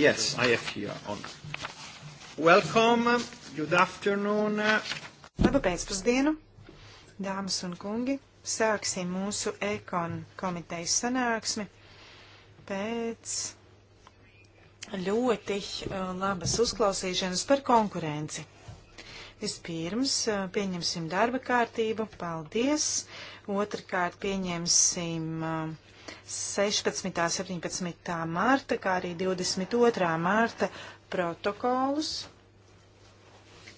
Yes, I have here on. Welcome, good afternoon. Labu pēcpusdienu, dāmas un kungi. Sāksim mūsu ekon komitejas sanāksmi pēc ļoti uh, labas uzklausīšanas par konkurenci. Vispirms uh, pieņemsim darba kārtību, paldies. Otrakārt pieņemsim uh, 16. un 17. marta, kā arī 22. marta protokolus.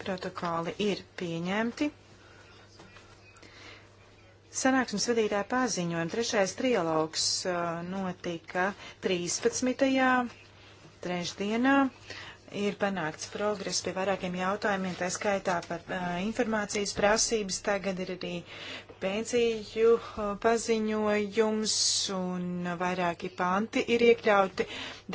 Protokoli ir pieņemti. Sanāksmes vadītāja paziņojuma trešais trialogs uh, notika 13. trešdienā. Ir panākts progress pie vairākiem jautājumiem, tā skaitā par uh, informācijas prasības. Tagad ir arī pensiju uh, paziņojums un vairāki panti ir iekļauti.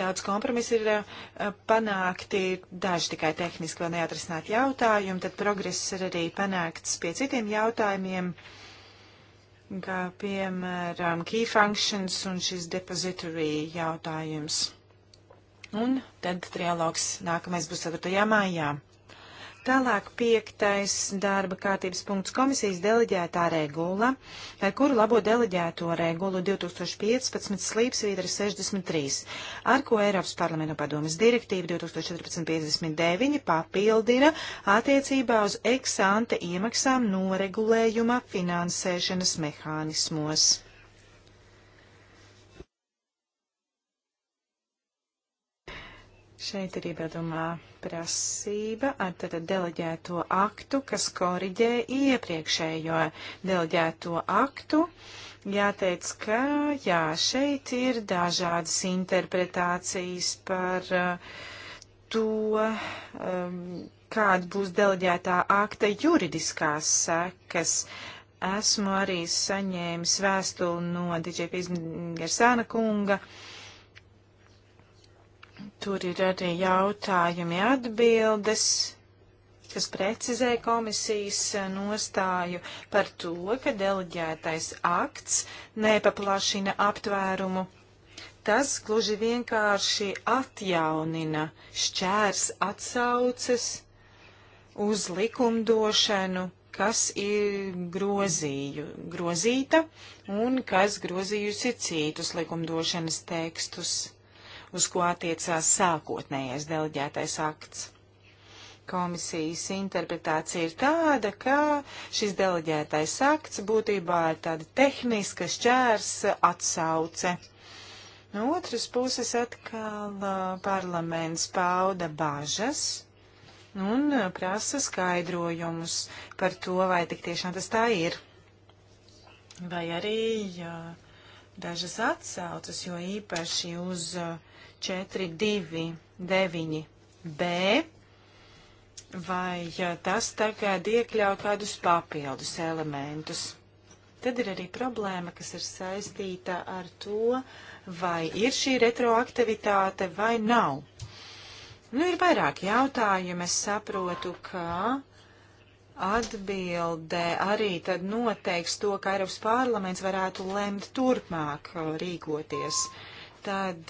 Daudz kompromisu ir uh, panākti, daži tikai tehniski vēl neatrisināt jautājumi, tad progress ir arī panākts pie citiem jautājumiem, kā piemēram key functions un šis depository jautājums. Un tad trialogs nākamais būs 4. maijā. Tālāk piektais darba kārtības punkts komisijas deleģētā regula, ar kuru labo deleģēto regulu 2015 slīpsvīdra 63, ar ko Eiropas parlamenta padomas direktīva 2014-59 papildina attiecībā uz eksante iemaksām noregulējuma finansēšanas mehānismos. Šeit ir iebildumā prasība ar tātad deleģēto aktu, kas koriģē iepriekšējo deleģēto aktu. Jāteic, ka jā, šeit ir dažādas interpretācijas par uh, to, um, kāda būs deleģētā akta juridiskās sekas. Esmu arī saņēmis vēstuli no DJ Pizmgarsāna kunga. Uh, Tur ir arī jautājumi atbildes, kas precizē komisijas eh, nostāju par to, ka deleģētais akts nepaplašina aptvērumu. Tas gluži vienkārši atjaunina šķērs atsauces uz likumdošanu, kas ir grozīju, grozīta un kas grozījusi citus likumdošanas tekstus uz ko attiecās sākotnējais deleģētais akts. Komisijas interpretācija ir tāda, ka šis deleģētais akts būtībā ir tāda tehniska šķērs atsauce. No otras puses atkal parlaments pauda bažas un prasa skaidrojumus par to, vai tik tiešām tas tā ir. Vai arī jā, dažas atsaucas, jo īpaši uz uh, 4, 2, 9, B. Vai tas tagad iekļauj kādus papildus elementus? Tad ir arī problēma, kas ir saistīta ar to, vai ir šī retroaktivitāte vai nav. Nu, ir vairāk jautājumu. Es saprotu, ka atbilde arī tad noteiks to, ka Eiropas parlaments varētu lemt turpmāk uh, rīkoties. Uh, tad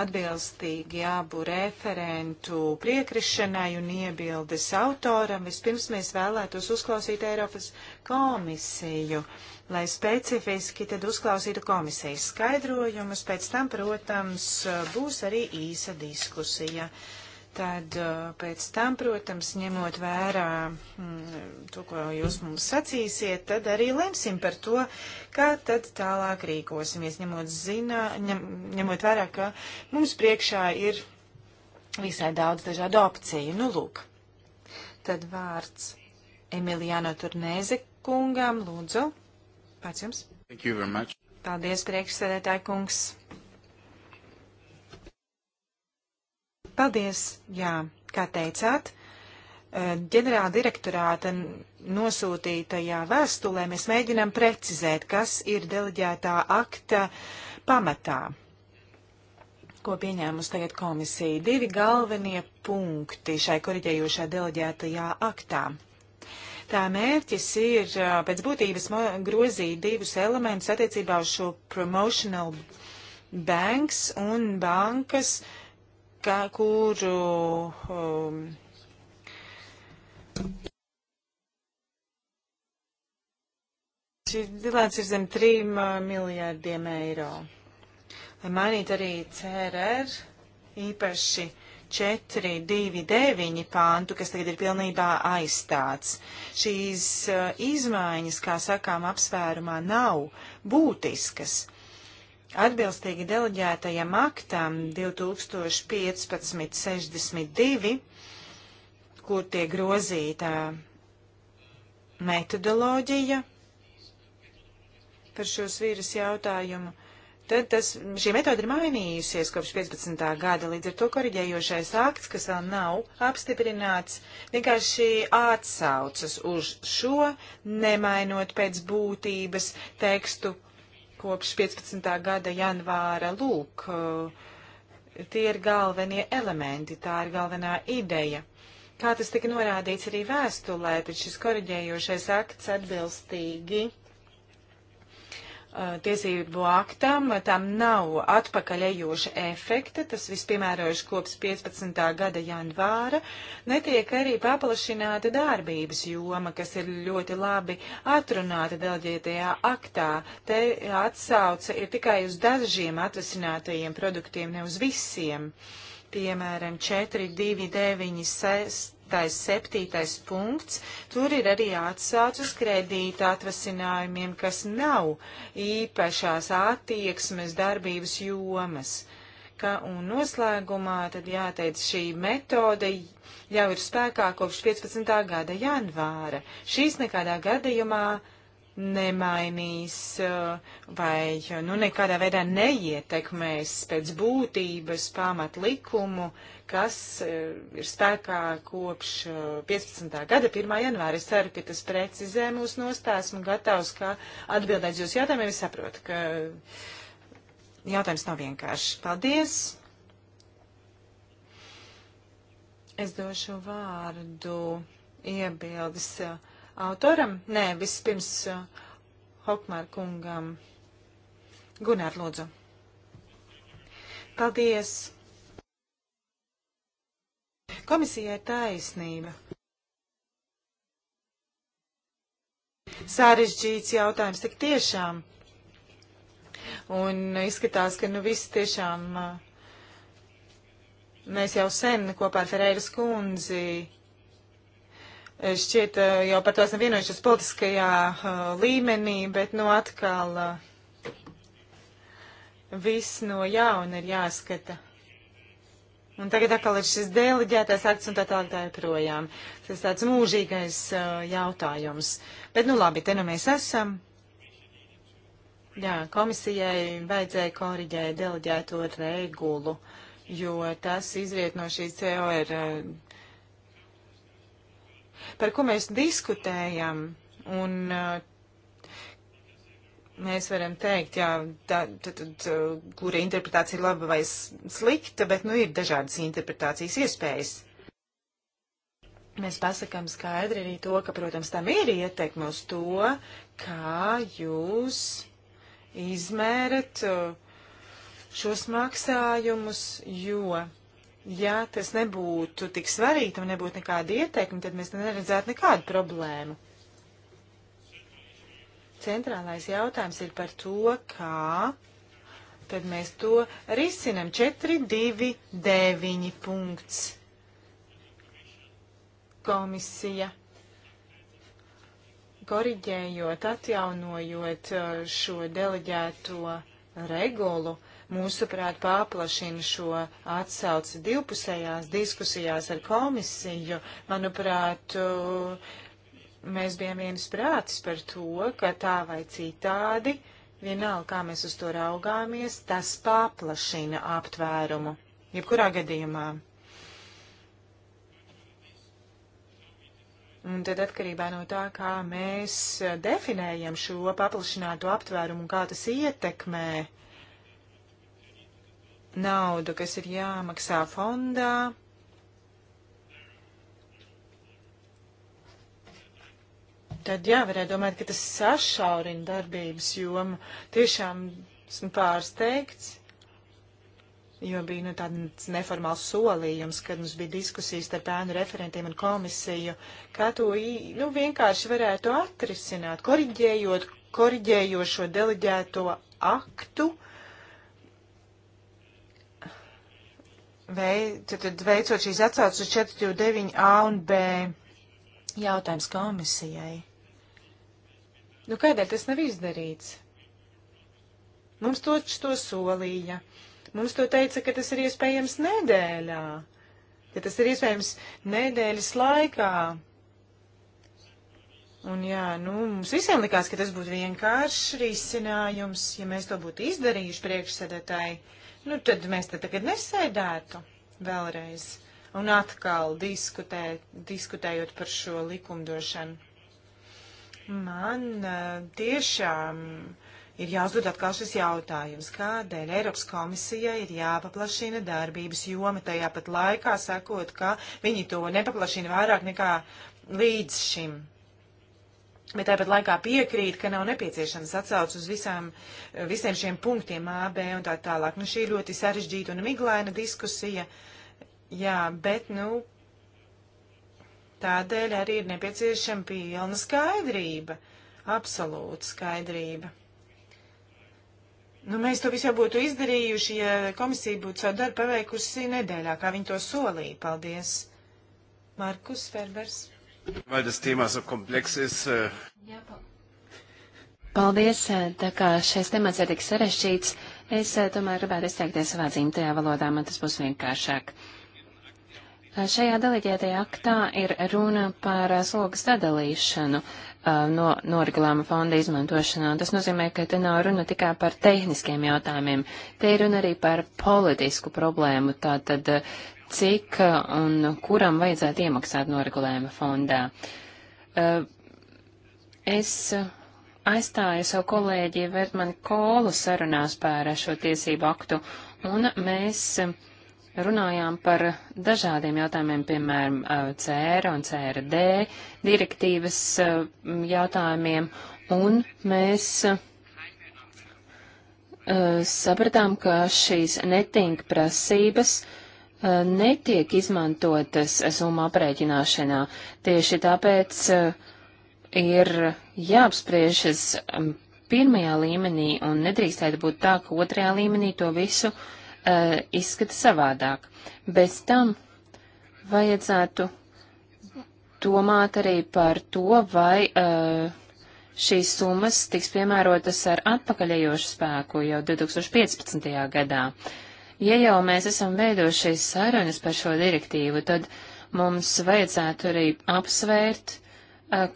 atbilstīgi abu referentu priekrišanai un iebildes autoram vispirms mēs vēlētos uzklausīt Eiropas komisiju, lai specifiski tad uzklausītu komisijas skaidrojumus, pēc tam, protams, būs arī īsa diskusija. Uh, Tad uh, pēc tam, protams, ņemot vērā mm, to, ko jūs mums sacīsiet, tad arī lemsim par to, kā tad tālāk rīkosimies, ņemot, zinā, ņem, ņemot vērā, ka mums priekšā ir visai daudz dažādu opciju. Nu, lūk, tad vārds Emiliano Turnēze kungam, lūdzu, pats jums. Paldies, priekšsēdētāji kungs. Paldies, jā, kā teicāt, e, ģenerāla direktorāta nosūtītajā vēstulē mēs mēģinām precizēt, kas ir deleģētā akta pamatā, ko pieņēmusi tagad komisija. Divi galvenie punkti šai koriģējošā deleģētajā aktā. Tā mērķis ir e, pēc būtības grozīt divus elementus attiecībā uz šo promotional banks un bankas uh, kā, kuru. Um, Šī bilants ir zem 3 uh, miljārdiem eiro. Lai mainītu arī CRR, īpaši 4, 2, 9 pāntu, kas tagad ir pilnībā aizstāts. Šīs uh, izmaiņas, kā sakām, apsvērumā nav būtiskas. Atbilstīgi deleģētajam aktam 2015-62, kur tiek grozīta metodoloģija par šos vīrus jautājumu, tad tas, šī metode ir mainījusies kopš 15. gada, līdz ar to koriģējošais akts, kas vēl nav apstiprināts, vienkārši atsaucas uz šo, nemainot pēc būtības tekstu kopš 15. gada janvāra. Lūk, eh, tie ir galvenie elementi, tā ir galvenā ideja. Kā tas tika norādīts arī vēstulē, tad šis koriģējošais akts atbilstīgi Uh, tiesību aktam, tam nav atpakaļejoša efekta, tas vispiemērojuši kops 15. gada janvāra, netiek arī paplašināta darbības joma, kas ir ļoti labi atrunāta delģietajā aktā. Te atsauce ir tikai uz dažiem atvasinātajiem produktiem, ne uz visiem. Piemēram, 4, 2, 9, 6, septītais punkts, tur ir arī atsauc uz kredīta atvasinājumiem, kas nav īpašās attieksmes darbības jomas. Ka, un noslēgumā tad jāteic šī metode jau ir spēkā kopš 15. gada janvāra. Šīs nekādā gadījumā uh, nemainīs eh, vai eh, nu, nekādā veidā neietekmēs pēc būtības pamatlikumu, kas eh, ir spēkā kopš 15. gada 1. janvāra. Es ceru, ka tas precizē mūsu nostājas un gatavs, ka atbildēt jūsu jautājumiem. Es saprotu, ka jautājums nav vienkārši. Paldies! Es došu vārdu iebildes. Uh, autoram? Nē, vispirms uh, Hokmār kungam. Gunār, lūdzu. Paldies! Komisijai taisnība. Sārežģīts jautājums tik tiešām. Un izskatās, ka nu viss tiešām uh, mēs jau sen kopā ar Ferēras kundzi Eh, šķiet eh, jau par to esam vienojušies politiskajā eh, līmenī, bet nu atkal viss no jauna ir jāskata. Un tagad atkal ir šis dēliģētais akts un tā tālāk tā joprojām. Tas tāds mūžīgais uh, jautājums. Bet nu labi, te nu mēs esam. Jā, komisijai vajadzēja koriģēt dēliģēto regulu, jo tas izriet no šīs COR uh, par ko mēs diskutējam. Un uh, mēs varam teikt, jā, tā, tad, tad, kura interpretācija ir laba vai slikta, bet nu ir dažādas interpretācijas iespējas. Mēs pasakām skaidri arī to, ka, protams, tam ir ietekme uz to, kā jūs izmērat uh, šos maksājumus, jo ja tas nebūtu tik svarīgi, tam nebūtu nekāda ieteikuma, tad mēs neredzētu nekādu problēmu. Centrālais jautājums ir par to, kā tad mēs to risinam. 4, 2, 9 punkts. Komisija koriģējot, atjaunojot uh, šo deleģēto regulu, uh, mūsuprāt, paplašina šo atsauci divpusējās diskusijās ar komisiju. Manuprāt, mēs bijām viens prātis par to, ka tā vai citādi, vienalga kā mēs uz to raugāmies, tas paplašina aptvērumu. Jebkurā gadījumā. Un tad atkarībā no tā, kā mēs definējam šo paplašināto aptvērumu un kā tas ietekmē uh, naudu, kas ir jāmaksā fondā. Tad jā, varētu domāt, ka tas sašaurina darbības jomu. Tiešām esmu pārsteigts, jo bija nu, tāds neformāls solījums, kad mums bija diskusijas ar pēnu referentiem un komisiju, kā to nu, vienkārši varētu atrisināt, koriģējot, koriģējošo deleģēto aktu. Uh, veicot šīs atsauces uz 429a un b jautājums komisijai. Nu, kādēļ tas nav izdarīts? Mums to, to solīja. Mums to teica, ka tas ir iespējams nedēļā, ka tas ir iespējams nedēļas laikā. Un jā, nu, mums visiem likās, ka tas būtu vienkāršs risinājums, ja mēs to būtu izdarījuši priekšsēdētāji. Uh, nu tad mēs te tagad nesēdētu vēlreiz un atkal diskutē, diskutējot par šo likumdošanu. Man eh, tiešām ir jāuzdod atkal šis jautājums, kādēļ Eiropas komisijai ir jāpaplašina darbības joma tajā pat laikā, sakot, ka viņi to nepaplašina vairāk nekā līdz šim. Bet tāpat laikā piekrīt, ka nav nepieciešams atsauc uz visām, visiem šiem punktiem A, B un tā tālāk. Nu, šī ir ļoti sarežģīta un miglaina diskusija, jā, bet, nu, tādēļ arī ir nepieciešama pilna skaidrība, absolūta skaidrība. Nu, mēs to visu jau būtu izdarījuši, ja komisija būtu savu darbu paveikusi nedēļā, kā viņi to solīja. Paldies, Markus Ferbers. Vai tas tēmās ir kompleksis? Äh, Paldies, tā kā šis temats ir tik sarešķīts, es tomēr gribētu izteikties savā dzimtajā valodā, man tas būs vienkāršāk. Šajā deleģētajā aktā ir runa par slogas sadalīšanu no noriglāma fonda izmantošanā. Tas nozīmē, ka te nav runa tikai par tehniskiem jautājumiem, te ir runa arī par politisku problēmu, tātad cik eh, un kuram vajadzētu iemaksāt noregulējuma fondā. Eh, es aizstāju savu kolēģi Vertmanu Kolu sarunās par šo tiesību aktu, un mēs runājām par dažādiem jautājumiem, piemēram, eh, CR un CRD direktīvas jautājumiem, un mēs sapratām, ka šīs netinka prasības uh, Uh, netiek izmantotas summa aprēķināšanā. Tieši tāpēc uh, ir jāapspriežas um, pirmajā līmenī un nedrīkstētu būt tā, ka otrajā līmenī to visu uh, izskata savādāk. Bez tam vajadzētu domāt arī par to, vai uh, šīs summas tiks piemērotas ar atpakaļējošu spēku jau 2015. gadā. Uh, Ja jau mēs esam veidojuši šīs sarunas par šo direktīvu, tad mums vajadzētu arī apsvērt,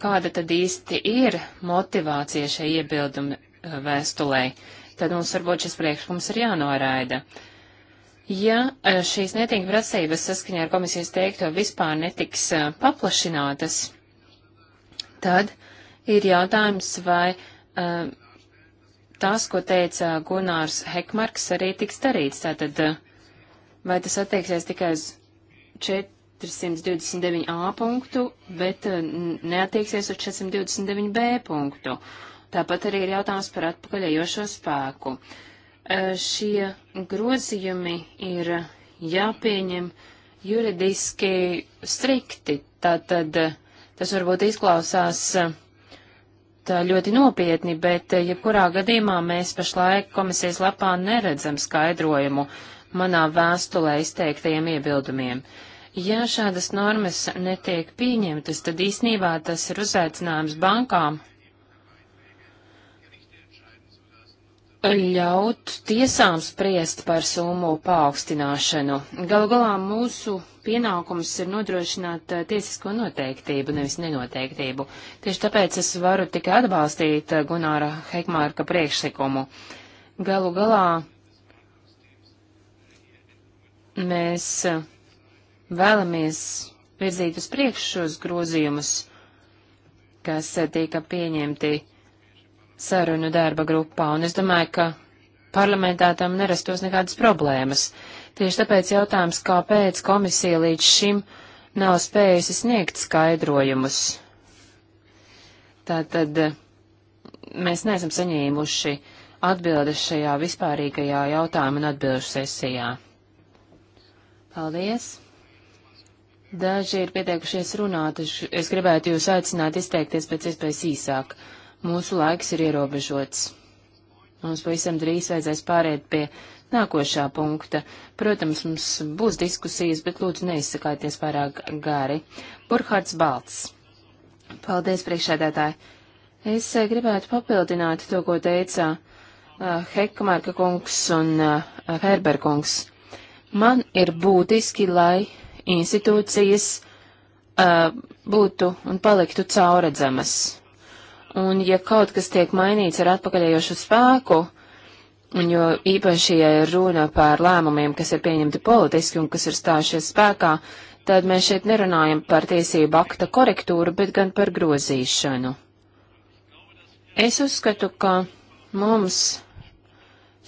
kāda tad īsti ir motivācija šai iebildumi vēstulē. Tad mums varbūt šis priekšlikums ir jānoraida. Ja šīs netiekuma prasības saskaņā ar komisijas teikto vispār netiks paplašinātas, tad ir jautājums, vai uh, tas, ko teica Gunārs Hekmarks, arī tiks darīts. Tātad, vai tas attieksies tikai uz 429a punktu, bet eh, neattieksies uz 429b punktu. Tāpat arī ir jautājums par atpakaļējošo spēku. Eh, šie grozījumi ir jāpieņem juridiski strikti, tātad tas varbūt izklausās uh, uztvert ļoti nopietni, bet jebkurā gadījumā mēs pašlaik komisijas lapā neredzam skaidrojumu manā vēstulē izteiktajiem iebildumiem. Ja šādas normas netiek pieņemtas, tad īsnībā tas ir uzaicinājums bankām ļaut tiesām spriest par summu paaugstināšanu. Galu galā mūsu pienākums ir nodrošināt eh, tiesisko noteiktību, nevis nenoteiktību. Tieši tāpēc es varu tikai atbalstīt eh, Gunāra Hekmārka priekšlikumu. Galu galā mēs eh, vēlamies virzīt uz priekšu šos grozījumus, kas tika pieņemti sarunu darba grupā, un es domāju, ka parlamentā tam nerastos nekādas problēmas. Uh, Tieši tāpēc jautājums, kāpēc komisija līdz šim nav spējusi sniegt skaidrojumus. Tātad eh, mēs neesam saņēmuši atbildes šajā vispārīgajā jautājuma un atbilžu sesijā. Paldies! Daži ir pieteikušies runāt, es gribētu jūs aicināt izteikties pēc iespējas īsāk. Mūsu laiks ir ierobežots. Mums pavisam drīz vajadzēs pāriet pie nākošā punkta. Protams, mums būs diskusijas, bet lūdzu neizsakāties pārāk gari. Burhards Balts. Paldies, priekšēdētāji. Es eh, gribētu papildināt to, ko teica uh, eh, Hekmārka kungs un uh, Herber kungs. Man ir būtiski, lai institūcijas uh, būtu un paliktu cauredzamas. Un ja kaut kas tiek mainīts ar atpakaļējošu spēku, uh, Un jo īpaši, ja ir runa par lēmumiem, kas ir pieņemti politiski un kas ir stājušies spēkā, tad mēs šeit nerunājam par tiesību akta korektūru, bet gan par grozīšanu. Es uzskatu, ka mums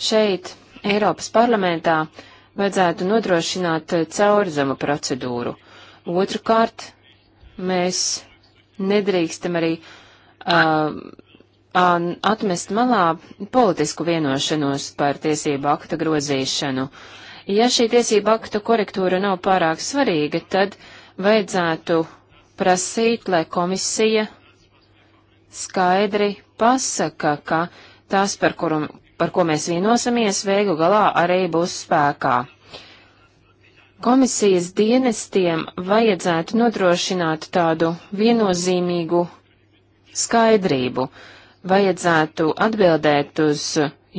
šeit, Eiropas parlamentā, vajadzētu nodrošināt caurzamu procedūru. Otrakārt, mēs nedrīkstam arī uh, atmest malā politisku vienošanos par tiesību akta grozīšanu. Ja šī tiesību akta korektūra nav pārāk svarīga, tad vajadzētu prasīt, lai komisija skaidri pasaka, ka tās, par, kuru, par ko mēs vienosimies, veigu galā arī būs spēkā. Komisijas dienestiem vajadzētu nodrošināt tādu viennozīmīgu skaidrību, vajadzētu atbildēt uz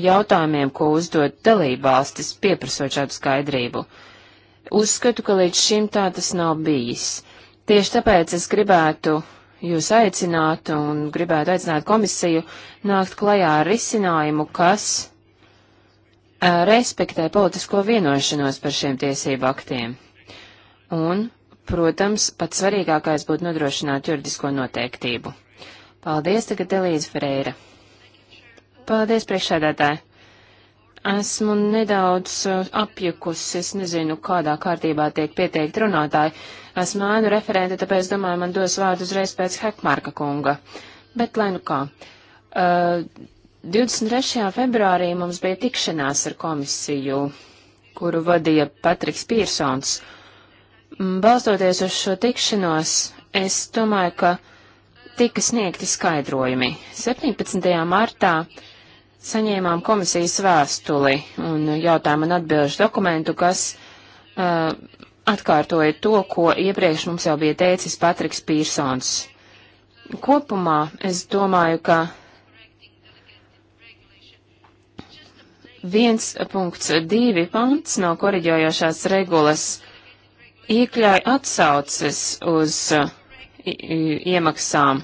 jautājumiem, ko uzdod dalībvalstis, pieprasot šādu skaidrību. Uzskatu, ka līdz šim tā tas nav bijis. Tieši tāpēc es gribētu jūs aicināt un gribētu aicināt komisiju nākt klajā ar risinājumu, kas respektē politisko vienošanos par šiem tiesību aktiem. Un, protams, pats svarīgākais būtu nodrošināt juridisko noteiktību. Paldies, tagad Elīze Ferreira. Paldies, priekšsēdētāji. Esmu nedaudz uh, apjukusi, es nezinu, kādā kārtībā tiek pieteikti runātāji. Esmu ēnu referente, tāpēc domāju, man dos vārdu uzreiz pēc Hekmarka kunga. Bet lai nu kā. Uh, 23. februārī mums bija tikšanās ar komisiju, kuru vadīja Patriks Pīrsons. Mm, balstoties uz šo tikšanos, es domāju, ka tika sniegti skaidrojumi. 17. martā saņēmām komisijas vēstuli un jautājumu un atbilžu dokumentu, kas uh, atkārtoja to, ko iepriekš mums jau bija teicis Patriks Pīrsons. Kopumā es domāju, ka 1.2 pants no koriģojošās regulas iekļauj atsauces uz uh, iemaksām.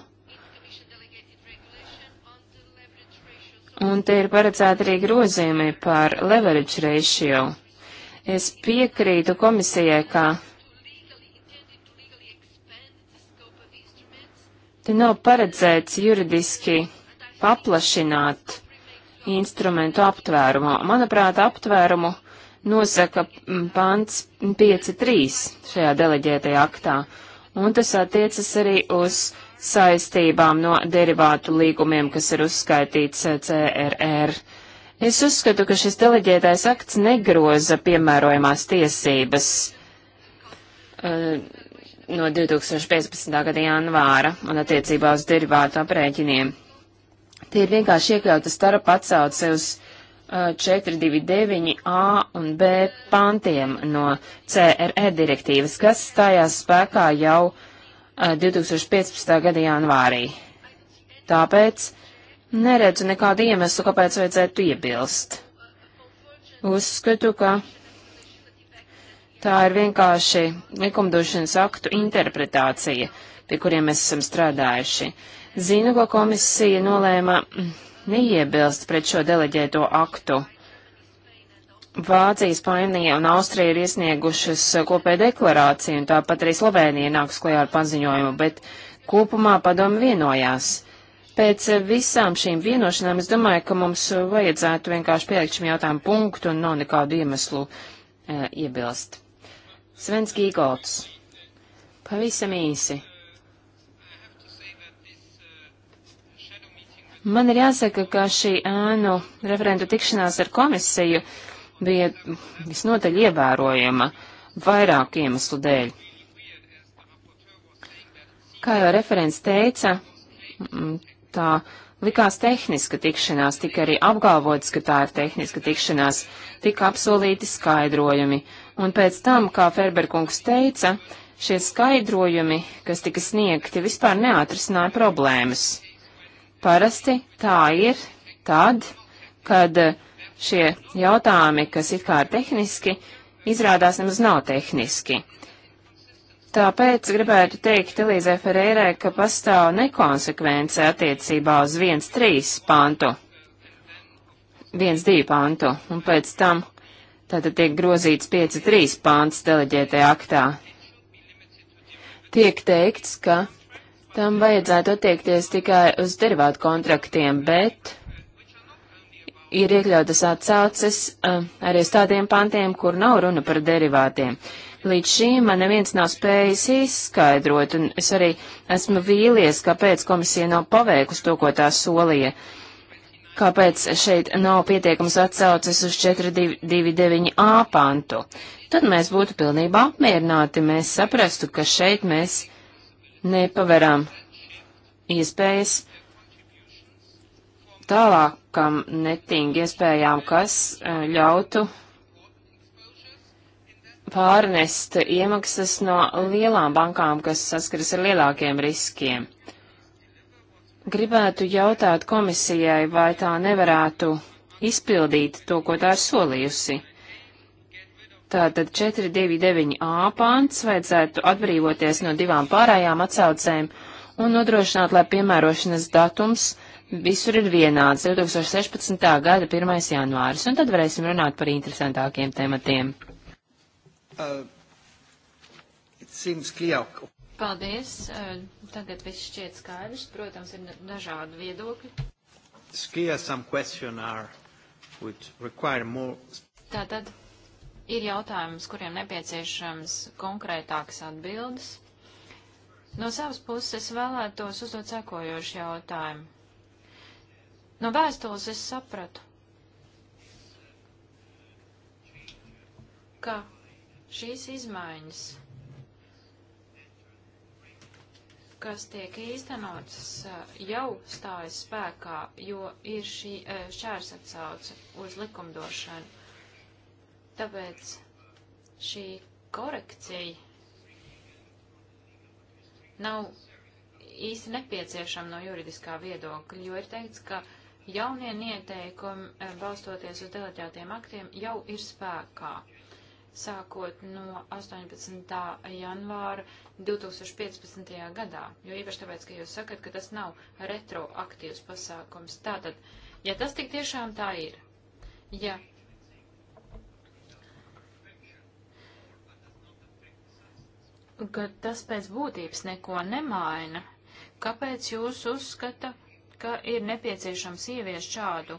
Un te ir paredzēta arī grozījumi par leverage ratio. Es piekrītu komisijai, ka te nav paredzēts juridiski paplašināt instrumentu aptvērumu. Manuprāt, aptvērumu nosaka pants 5.3 šajā deleģētajā aktā un tas attiecas arī uz saistībām no derivātu līgumiem, kas ir uzskaitīts eh, CRR. Es uzskatu, ka šis deleģētais akts negroza piemērojamās tiesības uh, no 2015. gada janvāra un attiecībā uz derivātu aprēķiniem. Tie ir vienkārši iekļauti starp atsauce uz 429a un b pantiem no CRE direktīvas, kas stājās spēkā jau 2015. gada janvārī. Tāpēc neredzu nekādu iemeslu, kāpēc vajadzētu iebilst. Uzskatu, ka tā ir vienkārši likumdošanas aktu interpretācija, pie kuriem mēs esam strādājuši. Zinu, ko komisija nolēma neiebilst pret šo deleģēto aktu. Vācija, Spānija un Austrija ir iesniegušas kopēju deklarāciju, un tāpat arī Slovēnija nāks klajā ar paziņojumu, bet kopumā padomu vienojās. Pēc visām šīm vienošanām es domāju, ka mums vajadzētu vienkārši pielikt šim jautājumu punktu un nav nekādu iemeslu e, iebilst. Svens Gīgolds. Pavisam īsi. Man ir jāsaka, ka šī ēnu referentu tikšanās ar komisiju bija visnotaļ ievērojama vairāku iemeslu dēļ. Kā jau referents teica, tā likās tehniska tikšanās, tika arī apgalvots, ka tā ir tehniska tikšanās, tika apsolīti skaidrojumi, un pēc tam, kā Ferberkungs teica, šie skaidrojumi, kas tika sniegti, vispār neatrisināja problēmas. Parasti tā ir tad, kad eh, šie jautājumi, kas it kā ir tehniski, izrādās nemaz nav tehniski. Tāpēc gribētu teikt Elīzē Ferērē, ka pastāv nekonsekvence attiecībā uz 1.3 pantu, 1.2 pantu, un pēc tam tātad tiek grozīts 5.3 pants deleģētajā aktā. Tiek teikts, ka Tam vajadzētu attiekties tikai uz derivātu kontraktiem, bet ir iekļautas atsauces uh, arī uz tādiem pantiem, kur nav runa par derivātiem. Līdz šīm man neviens nav spējis izskaidrot, un es arī esmu vīlies, kāpēc komisija nav paveikusi to, ko tā solīja. Kāpēc šeit nav pietiekams atsauces uz 429a pantu? Tad mēs būtu pilnībā apmierināti, mēs saprastu, ka šeit mēs nepaveram iespējas tālākam netingi iespējām, kas e, ļautu pārnest iemaksas no lielām bankām, kas saskaras ar lielākiem riskiem. Gribētu jautāt komisijai, vai tā nevarētu izpildīt to, ko tā ir solījusi. Tātad 429a pants vajadzētu atbrīvoties no divām pārējām atsaucēm un nodrošināt, lai piemērošanas datums visur ir vienāds 2016. gada 1. janvāris, un tad varēsim runāt par interesantākiem tematiem. Uh, Paldies. Uh, tagad viss šķiet skaidrs. Protams, ir dažādi viedokļi. It's clear some question are would require more Tātad Ir jautājums, kuriem nepieciešams konkrētākas atbildes. No savas puses vēlētos uzdot sekojošu jautājumu. No vēstules es sapratu, ka šīs izmaiņas, kas tiek īstenotas, eh, jau stājas spēkā, jo ir šī eh, šķērs atsauce uz likumdošanu. Tāpēc šī korekcija nav īsti nepieciešama no juridiskā viedokļa, jo ir teikts, ka jaunie ieteikumi eh, balstoties uz deleģētiem aktiem jau ir spēkā. Sākot no 18. janvāra 2015. gadā, jo īpaši tāpēc, ka jūs sakat, ka tas nav retroaktīvs pasākums. Tātad, ja tas tik tiešām tā ir, ja ka tas pēc būtības neko nemaina. Kāpēc jūs uzskata, ka ir nepieciešams ieviest šādu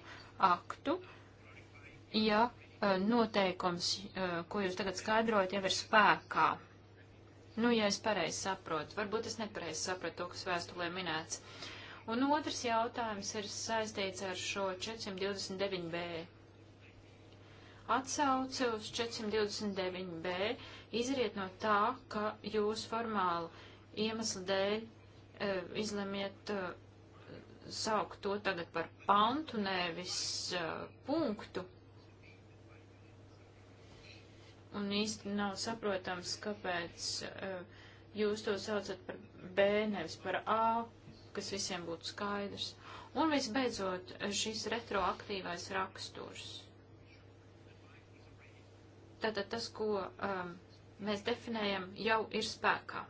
aktu, ja eh, noteikums, eh, ko jūs tagad skaidrojat, jau ir spēkā? Nu, ja es pareizi saprotu, varbūt es nepareizi sapratu to, kas vēstulē minēts. Un otrs jautājums ir saistīts ar šo 429b Atsauce uz 429b izriet no tā, ka jūs formālu iemeslu dēļ e, izlemiet e, saukt to tagad par pantu, nevis e, punktu. Un īsti nav saprotams, kāpēc e, jūs to saucat par B, nevis par A, kas visiem būtu skaidrs. Un visbeidzot, šis retroaktīvais raksturs. Tātad tas, ko um, mēs definējam, jau ir spēkā.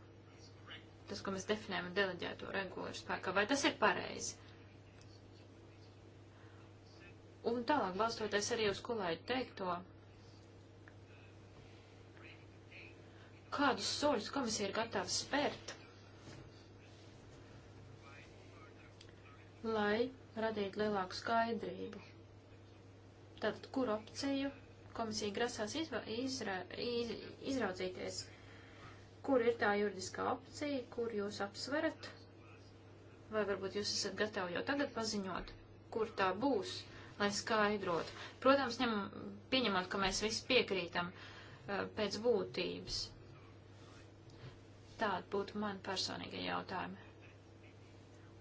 Tas, ko mēs definējam deleģēto regulu, ir spēkā. Vai tas ir pareizi? Un tālāk, balstoties arī uz kolēģi teikto, kādus soļus komisija ir gatava spērt, lai radītu lielāku skaidrību. Tātad, kur opciju komisija grasās izra, iz, izraudzīties, kur ir tā juridiskā opcija, kur jūs apsverat, vai varbūt jūs esat gatavi jau tagad paziņot, kur tā būs, lai skaidrotu. Protams, ņem, pieņemot, ka mēs visi piekrītam pēc būtības. Tāda būtu man personīga jautājuma.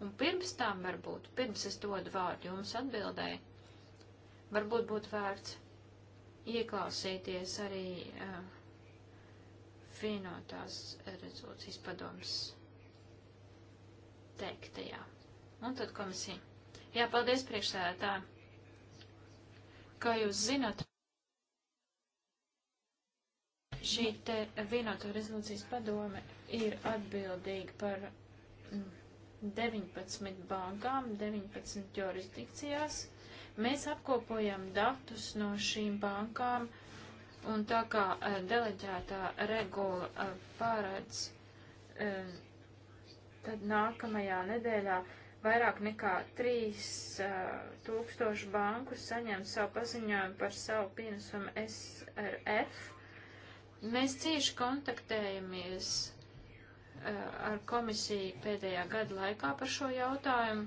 Un pirms tam varbūt, pirms es dodu vārdu jums atbildēju, varbūt būtu vērts ieklausīties arī uh, vienotās rezolūcijas padomas teiktajā. Un tad komisija. Jā, paldies priekšsēdētāji. Kā jūs zinat, šī te vienoto rezolūcijas padome ir atbildīga par 19 mm, bankām, 19 jurisdikcijās. Mēs apkopojam datus no šīm bankām, un tā kā eh, deleģētā regula eh, pārēdz, eh, tad nākamajā nedēļā vairāk nekā 3000 banku saņem savu paziņojumu par savu pienesumu SRF. Mēs cieši kontaktējamies ar komisiju pēdējā gada laikā par šo jautājumu.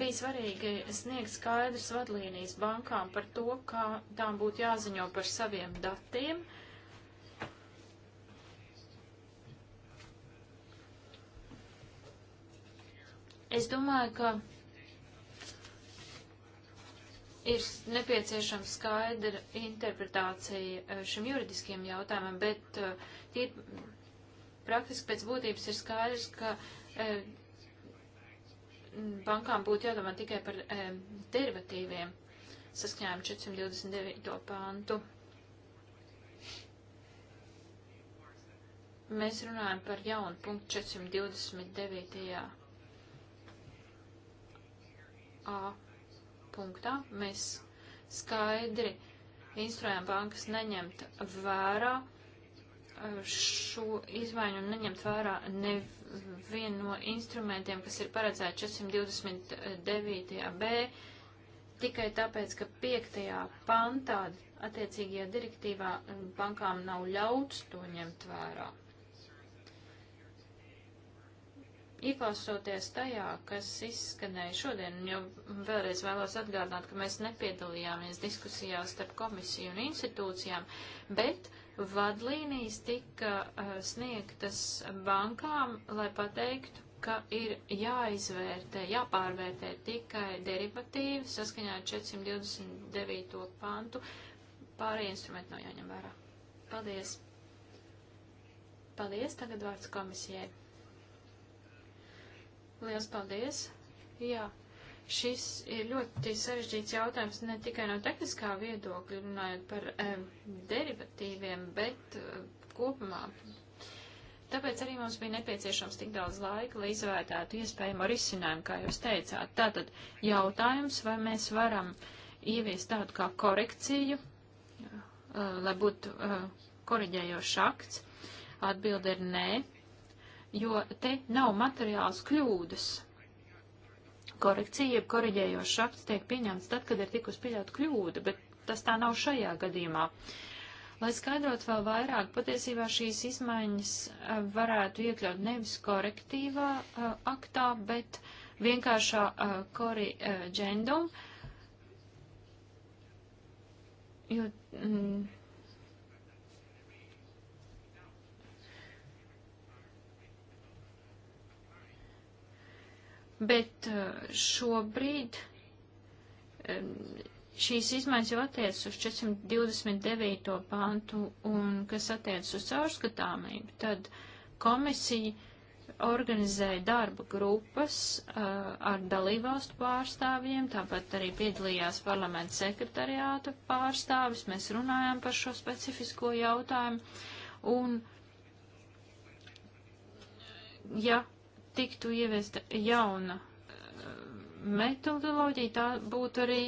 bija svarīgi sniegt skaidrs vadlīnijas bankām par to, kā tām būtu jāziņo par saviem datiem. Es domāju, ka ir nepieciešama skaidra interpretācija eh, šim juridiskiem jautājumam, bet eh, tie praktiski pēc būtības ir skaidrs, ka eh, Mm, bankām būtu jādomā tikai par e, derivatīviem saskaņām 429. pāntu. Mēs runājam par jaunu punktu 429. A punktā. Mēs skaidri instruējam bankas neņemt vērā eh, šo izmaiņu un neņemt vērā nevienu vienu no instrumentiem, kas ir paredzēts 429.b, tikai tāpēc, ka 5. pantā attiecīgajā direktīvā um, bankām nav ļauts to ņemt vērā. Ieklausoties tajā, kas izskanēja šodien, jo vēlreiz vēlos atgādināt, ka mēs nepiedalījāmies diskusijās starp komisiju un institūcijām, bet uh, vadlīnijas tika uh, sniegtas bankām, lai pateiktu, ka ir jāizvērtē, jāpārvērtē tikai derivatīvi saskaņā ar 429. pantu. Pārējie instrumenti nav jāņem vērā. Paldies! Paldies! Tagad vārds komisijai. Liels paldies! Jā, Šis ir ļoti sarežģīts jautājums ne tikai no tehniskā viedokļa, runājot par eh, derivatīviem, bet eh, kopumā. Tāpēc arī mums bija nepieciešams tik daudz laika, lai izvērtētu iespējamo risinājumu, kā jūs teicāt. Tātad jautājums, vai mēs varam ieviest tādu kā korekciju, eh, lai būtu eh, koriģējošs akts. Atbilde ir nē, jo te nav materiāls kļūdas. Korekcija, jeb koreģējošs akts tiek pieņemts tad, kad ir tikus pieļaut kļūda, bet tas tā nav šajā gadījumā. Lai skaidrotu vēl vairāk, patiesībā šīs izmaiņas eh, varētu iekļaut nevis korektīvā uh, aktā, bet vienkāršā uh, eh, koreģendum, jo mm, bet uh, šobrīd um, šīs izmaiņas jau attiec uz 429. pantu un kas attiec uz caurskatāmību, tad komisija organizēja darba grupas uh, ar dalībvalstu pārstāvjiem, tāpat arī piedalījās parlamenta sekretariāta pārstāvis, mēs runājām par šo specifisko jautājumu, un ja tiktu ieviesta jauna eh, metodoloģija, tā būtu arī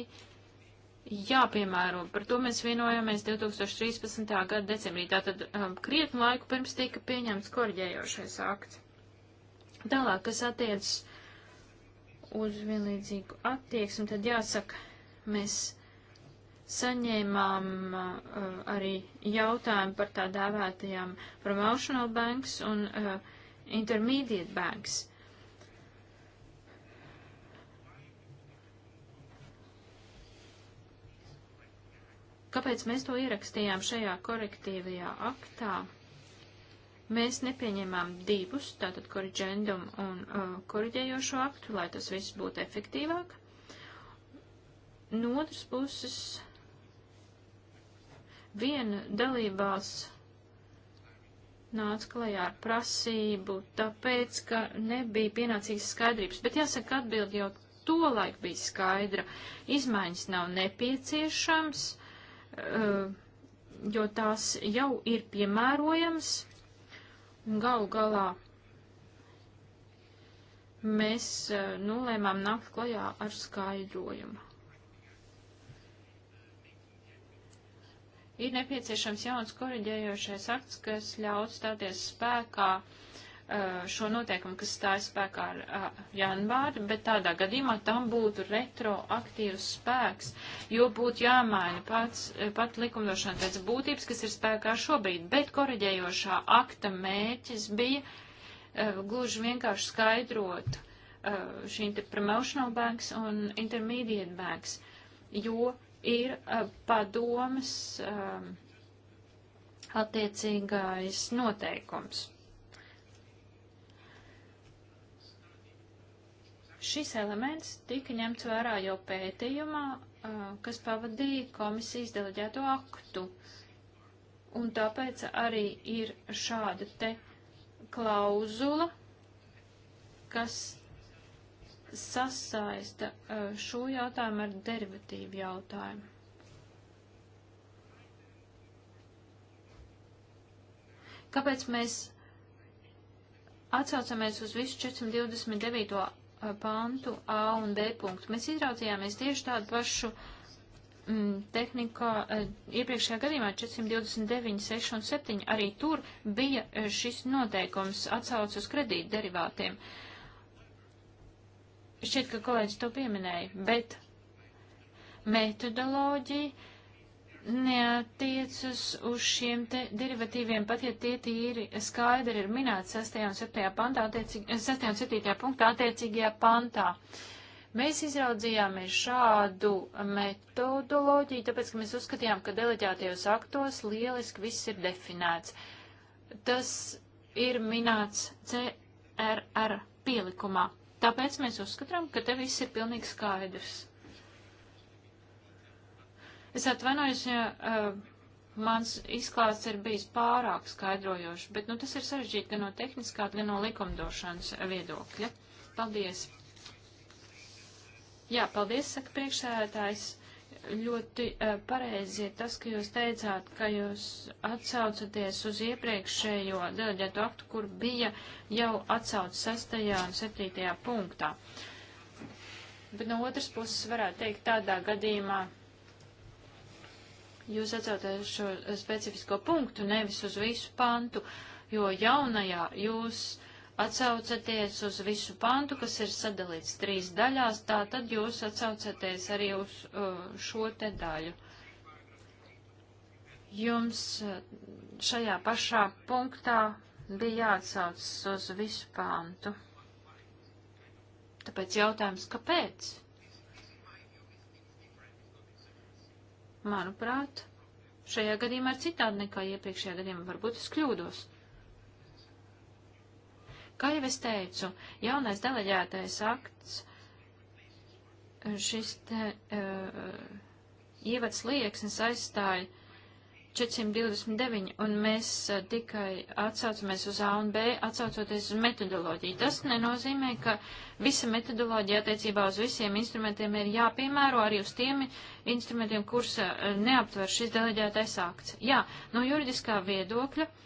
jāpiemēro. Par to mēs vienojāmies 2013. gada decembrī, tātad um, krietnu laiku pirms tika pieņemts korģējošais akts. Tālāk, kas attiecas uz vienlīdzīgu attieksmi, tad jāsaka, mēs saņēmām uh, arī jautājumu par tā dēvētajām promotional banks un uh, intermediate banks. Kāpēc mēs to ierakstījām šajā korektīvajā aktā? Mēs nepieņēmām divus, tātad korriģendumu un uh, korriģējošo aktu, lai tas viss būtu efektīvāk. No otras puses, viena dalībās nāca klajā ar prasību, tāpēc, ka nebija pienācīgas skaidrības. Bet jāsaka, atbildi jau tolaik bija skaidra. Izmaiņas nav nepieciešams, eh, jo tās jau ir piemērojams. Un galu galā mēs eh, nolēmām nu, nākt klajā ar skaidrojumu. ir nepieciešams jauns koriģējošais akts, kas ļautu stāties spēkā uh, šo noteikumu, kas stājas spēkā ar uh, janvāru, bet tādā gadījumā tam būtu retroaktīvs spēks, jo būtu jāmaina pats, uh, pat likumdošana pēc būtības, kas ir spēkā šobrīd, bet koriģējošā akta mēķis bija uh, gluži vienkārši skaidrot uh, šī te promotional banks un intermediate banks, jo ir eh, padomas eh, attiecīgais noteikums. Šis elements tika ņemts vērā jau pētījumā, eh, kas pavadīja komisijas deleģēto aktu, un tāpēc arī ir šāda te klauzula, kas sasaista eh, šo jautājumu ar derivatīvu jautājumu. Kāpēc mēs atsaucamies uz visu 429. Eh, pantu A un B punktu? Mēs izraudzījāmies tieši tādu pašu mm, tehniku, kā eh, iepriekšējā gadījumā 429, 6 un 7. Arī tur bija šis noteikums atsauc uz kredīt derivātiem. Uh, šķiet, ka kolēģis to pieminēja, bet metodoloģija neatiecas uz šiem te derivatīviem, pat ja tie tīri skaidri ir minēti 6. un 7. pantā, attiecīgi, 6. un 7. punktā attiecīgajā pantā. Mēs izraudzījāmies šādu metodoloģiju, tāpēc, ka mēs uzskatījām, ka deleģētajos aktos lieliski viss ir definēts. Tas ir minēts CRR pielikumā. Tāpēc mēs uzskatām, ka te viss ir pilnīgi skaidrs. Es atvainojos, ja uh, mans izklāsts ir bijis pārāk skaidrojošs, bet nu, tas ir sarežģīti gan no tehniskā, gan no likumdošanas viedokļa. Paldies! Jā, paldies, saka priekšsēdētājs ļoti uh, pareizi ir tas, ka jūs teicāt, ka jūs atsaucaties uz iepriekšējo deleģētu aktu, kur bija jau atsauc 6. un 7. punktā. Bet no otras puses varētu teikt tādā gadījumā, jūs atsaucaties šo specifisko punktu, nevis uz visu pantu, jo jaunajā jūs atsaucaties uz visu pantu, kas ir sadalīts trīs daļās, tā tad jūs atsaucaties arī uz uh, šo te daļu. Jums uh, šajā pašā punktā bija jāatsaucas uz visu pantu. Tāpēc jautājums, kāpēc? Manuprāt, šajā gadījumā ir citādi nekā iepriekšējā gadījumā. Varbūt es kļūdos. Kā jau es teicu, jaunais deleģētais akts, šis te uh, ievads lieksnes aizstāja 429, un mēs uh, tikai atsaucamies uz A un B, atsaucoties uz metodoloģiju. Tas nenozīmē, ka visa metodoloģija attiecībā uz visiem instrumentiem ir jāpiemēro arī uz tiem instrumentiem, kurus uh, neaptver šis deleģētais akts. Jā, no juridiskā viedokļa. Uh,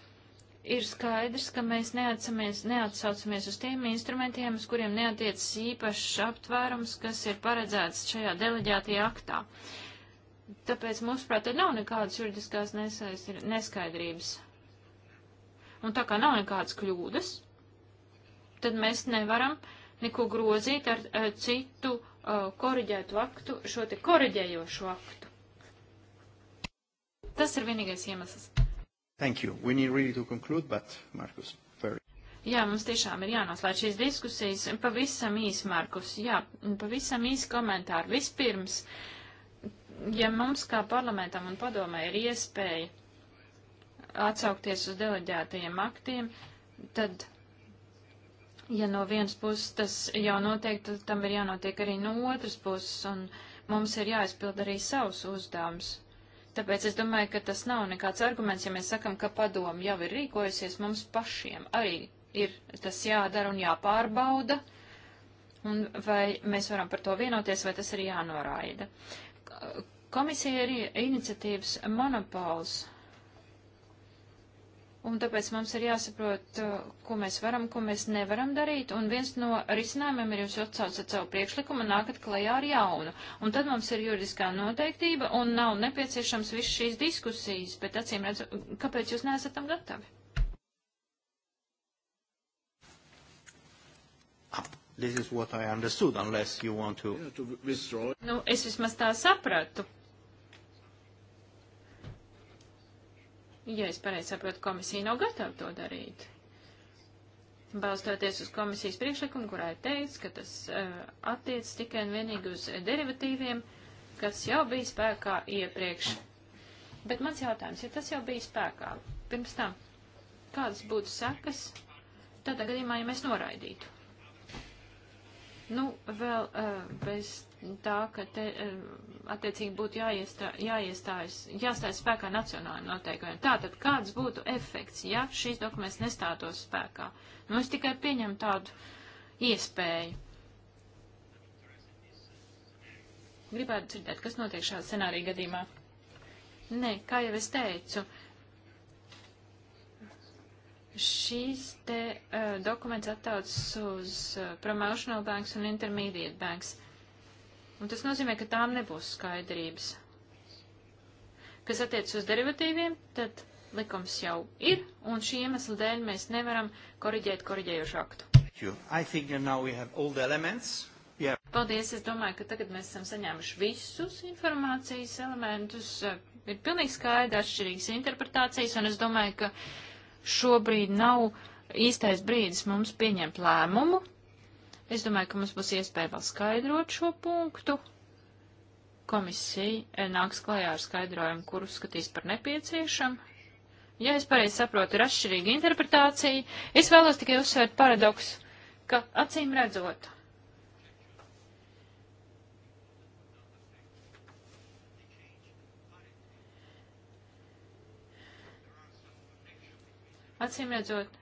ir skaidrs, ka mēs neatsaucamies uz tiem instrumentiem, uz kuriem neatiecas īpašs aptvērums, kas ir paredzēts šajā deleģētajā aktā. Tāpēc, mūsuprāt, te nav nekādas juridiskās neskaidrības. Un tā kā nav nekādas kļūdas, tad mēs nevaram neko grozīt ar, ar citu uh, koriģētu aktu, šo te koriģējošo aktu. Tas ir vienīgais iemesls. Thank you. We need really to conclude, but Markus, very. Jā, mums tiešām ir jānoslēdz šīs diskusijas. Pavisam īsi, Markus, jā, pavisam īsi komentāri. Vispirms, ja mums kā parlamentam un padomē ir iespēja atsaukties uz deleģētajiem aktiem, tad, ja no vienas puses tas jau notiek, tad tam ir jānotiek arī no otras puses, un mums ir jāizpild arī savus uzdevumus. Tāpēc es domāju, ka tas nav nekāds arguments, ja mēs sakam, ka padomu jau ir rīkojusies, mums pašiem arī ir tas jādara un jāpārbauda, un vai mēs varam par to vienoties, vai tas ir jānoraida. Komisija ir iniciatīvas monopols, Un tāpēc mums ir jāsaprot, uh, ko mēs varam, ko mēs nevaram darīt. Un viens no risinājumiem ir jūs atsaucat savu priekšlikumu un nākat klajā ar jaunu. Un tad mums ir juridiskā noteiktība un nav nepieciešams viss šīs diskusijas. Bet acīm redzot, kāpēc jūs neesat tam gatavi? Ah, this is what I understood, unless you want to... Yeah, to withdraw. Nu, es vismaz tā sapratu. Ja es pareizi saprotu, komisija nav gatava to darīt. Balstoties uz komisijas priekšlikumu, kurā ir teikts, ka tas uh, attiec tikai un vienīgi uz derivatīviem, kas jau bija spēkā iepriekš. Bet mans jautājums, ja tas jau bija spēkā pirms tam, kādas būtu sekas tādā gadījumā, ja mēs noraidītu? Nu, vēl uh, bez tā, ka te e, attiecīgi būtu jāiestā, jāiestājas, jāstājas spēkā nacionālajiem noteikumiem. Tātad, kāds būtu efekts, ja šīs dokuments nestātos spēkā? Nu, es tikai pieņemu tādu iespēju. Gribētu dzirdēt, kas notiek šāda scenārija gadījumā. Nē, kā jau es teicu, šīs te uh, dokuments attaucas uz uh, promotional banks un intermediate banks. Uh, Un tas nozīmē, ka tām nebūs skaidrības. Kas attiecas uz derivatīviem, tad likums jau ir, un šī iemesla dēļ mēs nevaram koriģēt koriģējušu aktu. Yeah. Paldies, es domāju, ka tagad mēs esam saņēmuši visus informācijas elementus. Ir pilnīgi skaidri atšķirīgas interpretācijas, un es domāju, ka šobrīd nav īstais brīdis mums pieņemt lēmumu. Es domāju, ka mums būs iespēja vēl skaidrot šo punktu. Komisija eh, nāks klajā ar skaidrojumu, kuru skatīs par nepieciešamu. Ja es pareizi saprotu, ir atšķirīga interpretācija. Es vēlos tikai uzsvērt paradoksu, ka acīm redzot, Acīm redzot,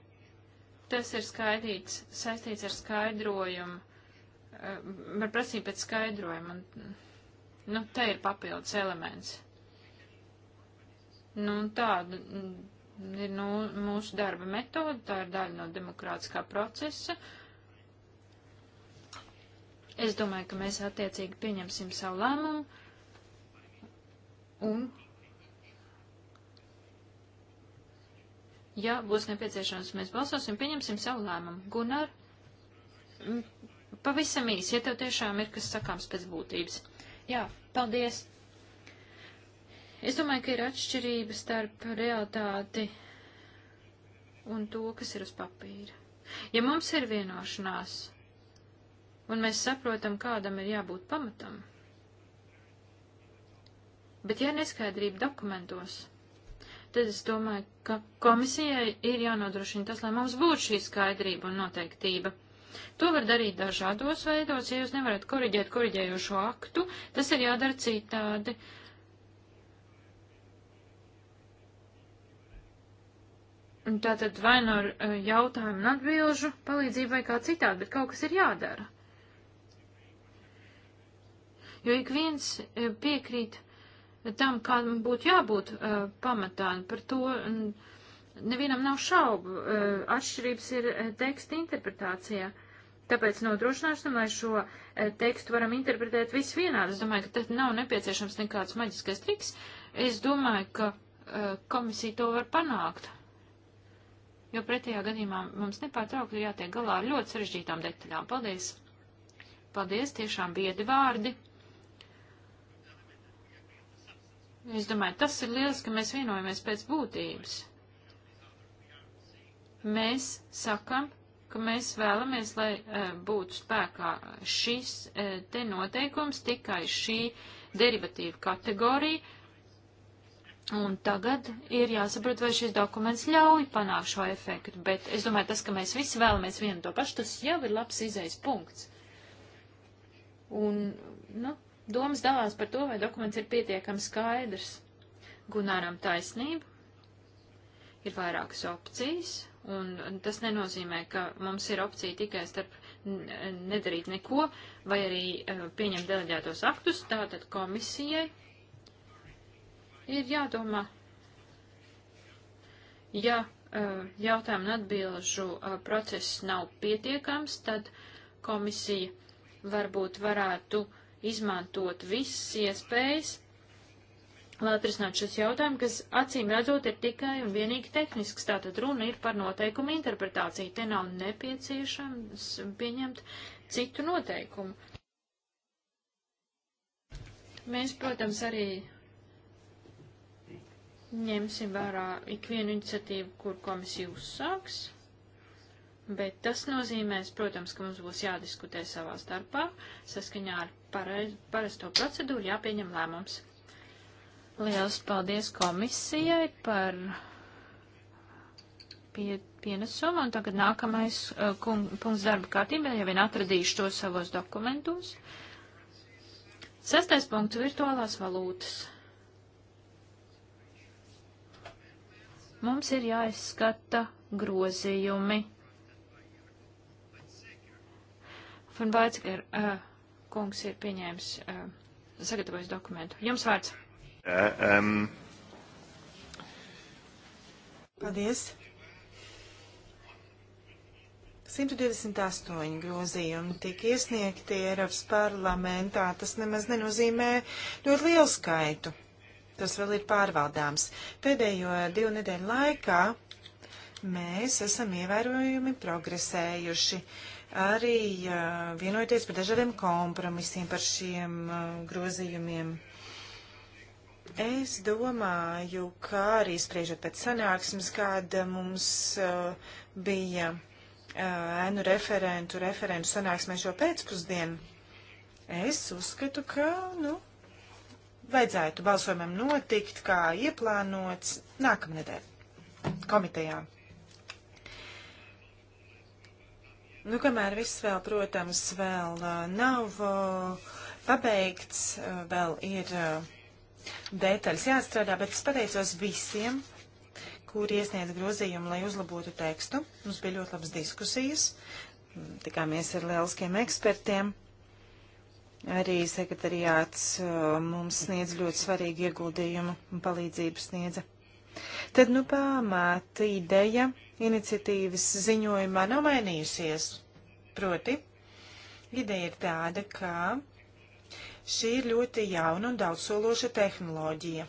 Tas ir skaidīts, saistīts ar skaidrojumu, var eh, prasīt pēc skaidrojuma. Un, nu, te ir papildus elements. Nu, tāda mm, ir nu, mūsu darba metoda, tā ir daļa no demokrātiskā procesa. Es domāju, ka mēs attiecīgi pieņemsim savu lēmumu un ja būs nepieciešams. Mēs balsosim, pieņemsim savu lēmumu. Gunār, pavisam īsi, ja tev tiešām ir kas sakāms pēc būtības. Jā, paldies. Es domāju, ka ir atšķirība starp realitāti un to, kas ir uz papīra. Ja mums ir vienošanās, un mēs saprotam, kādam ir jābūt pamatam, bet ja neskaidrība dokumentos, tad es domāju, ka komisijai ir jānodrošina tas, lai mums būtu šī skaidrība un noteiktība. To var darīt dažādos veidos, ja jūs nevarat koriģēt koriģējošo aktu, tas ir jādara citādi. Tātad vai no nu eh, jautājumu un atbilžu palīdzību vai kā citādi, bet kaut kas ir jādara. Jo ik viens eh, piekrīt tam, kādam būtu jābūt uh, pamatā. Par to mm, nevienam nav šaubu. Uh, atšķirības ir uh, teksta interpretācijā. Tāpēc nodrošināsim, lai šo tekstu varam interpretēt visi vienādi. Es domāju, ka tad nav nepieciešams nekāds maģiskais triks. Es domāju, ka komisija to var panākt. Jo pretējā gadījumā mums nepārtraukti jātiek galā ar ļoti sarežģītām detaļām. Paldies! Paldies, tiešām biedi vārdi! Es domāju, tas ir liels, ka mēs vienojamies pēc būtības. Mēs sakam, ka mēs vēlamies, lai e, būtu spēkā šis e, te noteikums, tikai šī derivatīva kategorija. Un tagad ir jāsaprot, vai šis dokuments ļauj panākt šo efektu. Bet es domāju, tas, ka mēs visi vēlamies vienu to pašu, tas jau ir labs izējas punkts. Un, nu, Domas dalās par to, vai dokuments ir pietiekami skaidrs. Gunāram taisnību, ir vairākas opcijas, un tas nenozīmē, ka mums ir opcija tikai starp nedarīt neko, vai arī uh, pieņemt deleģētos aktus, tātad komisijai ir jādomā, ja uh, jautājumu un atbilžu uh, process nav pietiekams, tad komisija varbūt varētu uh, izmantot visas iespējas, lai atrisinātu šis jautājums, kas acīm redzot ir tikai un vienīgi tehnisks. Tātad runa ir par noteikumu interpretāciju. Te nav nepieciešams pieņemt citu noteikumu. Mēs, protams, arī ņemsim vērā ikvienu iniciatīvu, kur komisija uzsāks, bet tas nozīmēs, protams, ka mums būs jādiskutē savā starpā saskaņā ar pareiz, parasto procedūru jāpieņem lēmums. Liels paldies komisijai par pie, pienesumu, un tagad nākamais uh, kung, punkts darba kārtībā, ja vien atradīšu to savos dokumentos. Sestais punkts - virtuālās valūtas. Mums ir jāizskata grozījumi. Funvaits ir uh, kungs ir pieņēmis, uh, sagatavojis dokumentu. Jums vārds. Uh, um. Paldies. 128 grozījumi tika iesniegti Eiropas parlamentā. Tas nemaz nenozīmē ļoti lielu skaitu. Tas vēl ir pārvaldāms. Pēdējo divu nedēļu laikā mēs esam ievērojumi progresējuši. Uh, arī uh, vienojoties par dažādiem kompromisiem, par šiem uh, grozījumiem. Es domāju, kā arī spriežot pēc sanāksmes, kāda mums uh, bija ēnu referentu, referentu sanāksmē šo pēcpusdienu, es uzskatu, ka, nu, vajadzētu balsojumam notikt, kā ieplānots nākamnedēļ komitejām. Nu, kamēr viss vēl, protams, vēl nav pabeigts, vēl ir detaļas jāstrādā, bet es pateicos visiem, kuri iesniedz grozījumu, lai uzlabotu tekstu. Mums bija ļoti labas diskusijas, tikāmies ar lieliskiem ekspertiem. Arī sekretariāts mums sniedz ļoti svarīgu ieguldījumu un palīdzību sniedza. Tad, nu, pamāta ideja iniciatīvas ziņojumā nav mainījusies. Proti, ideja ir tāda, ka šī ir ļoti jauna un daudzsološa tehnoloģija.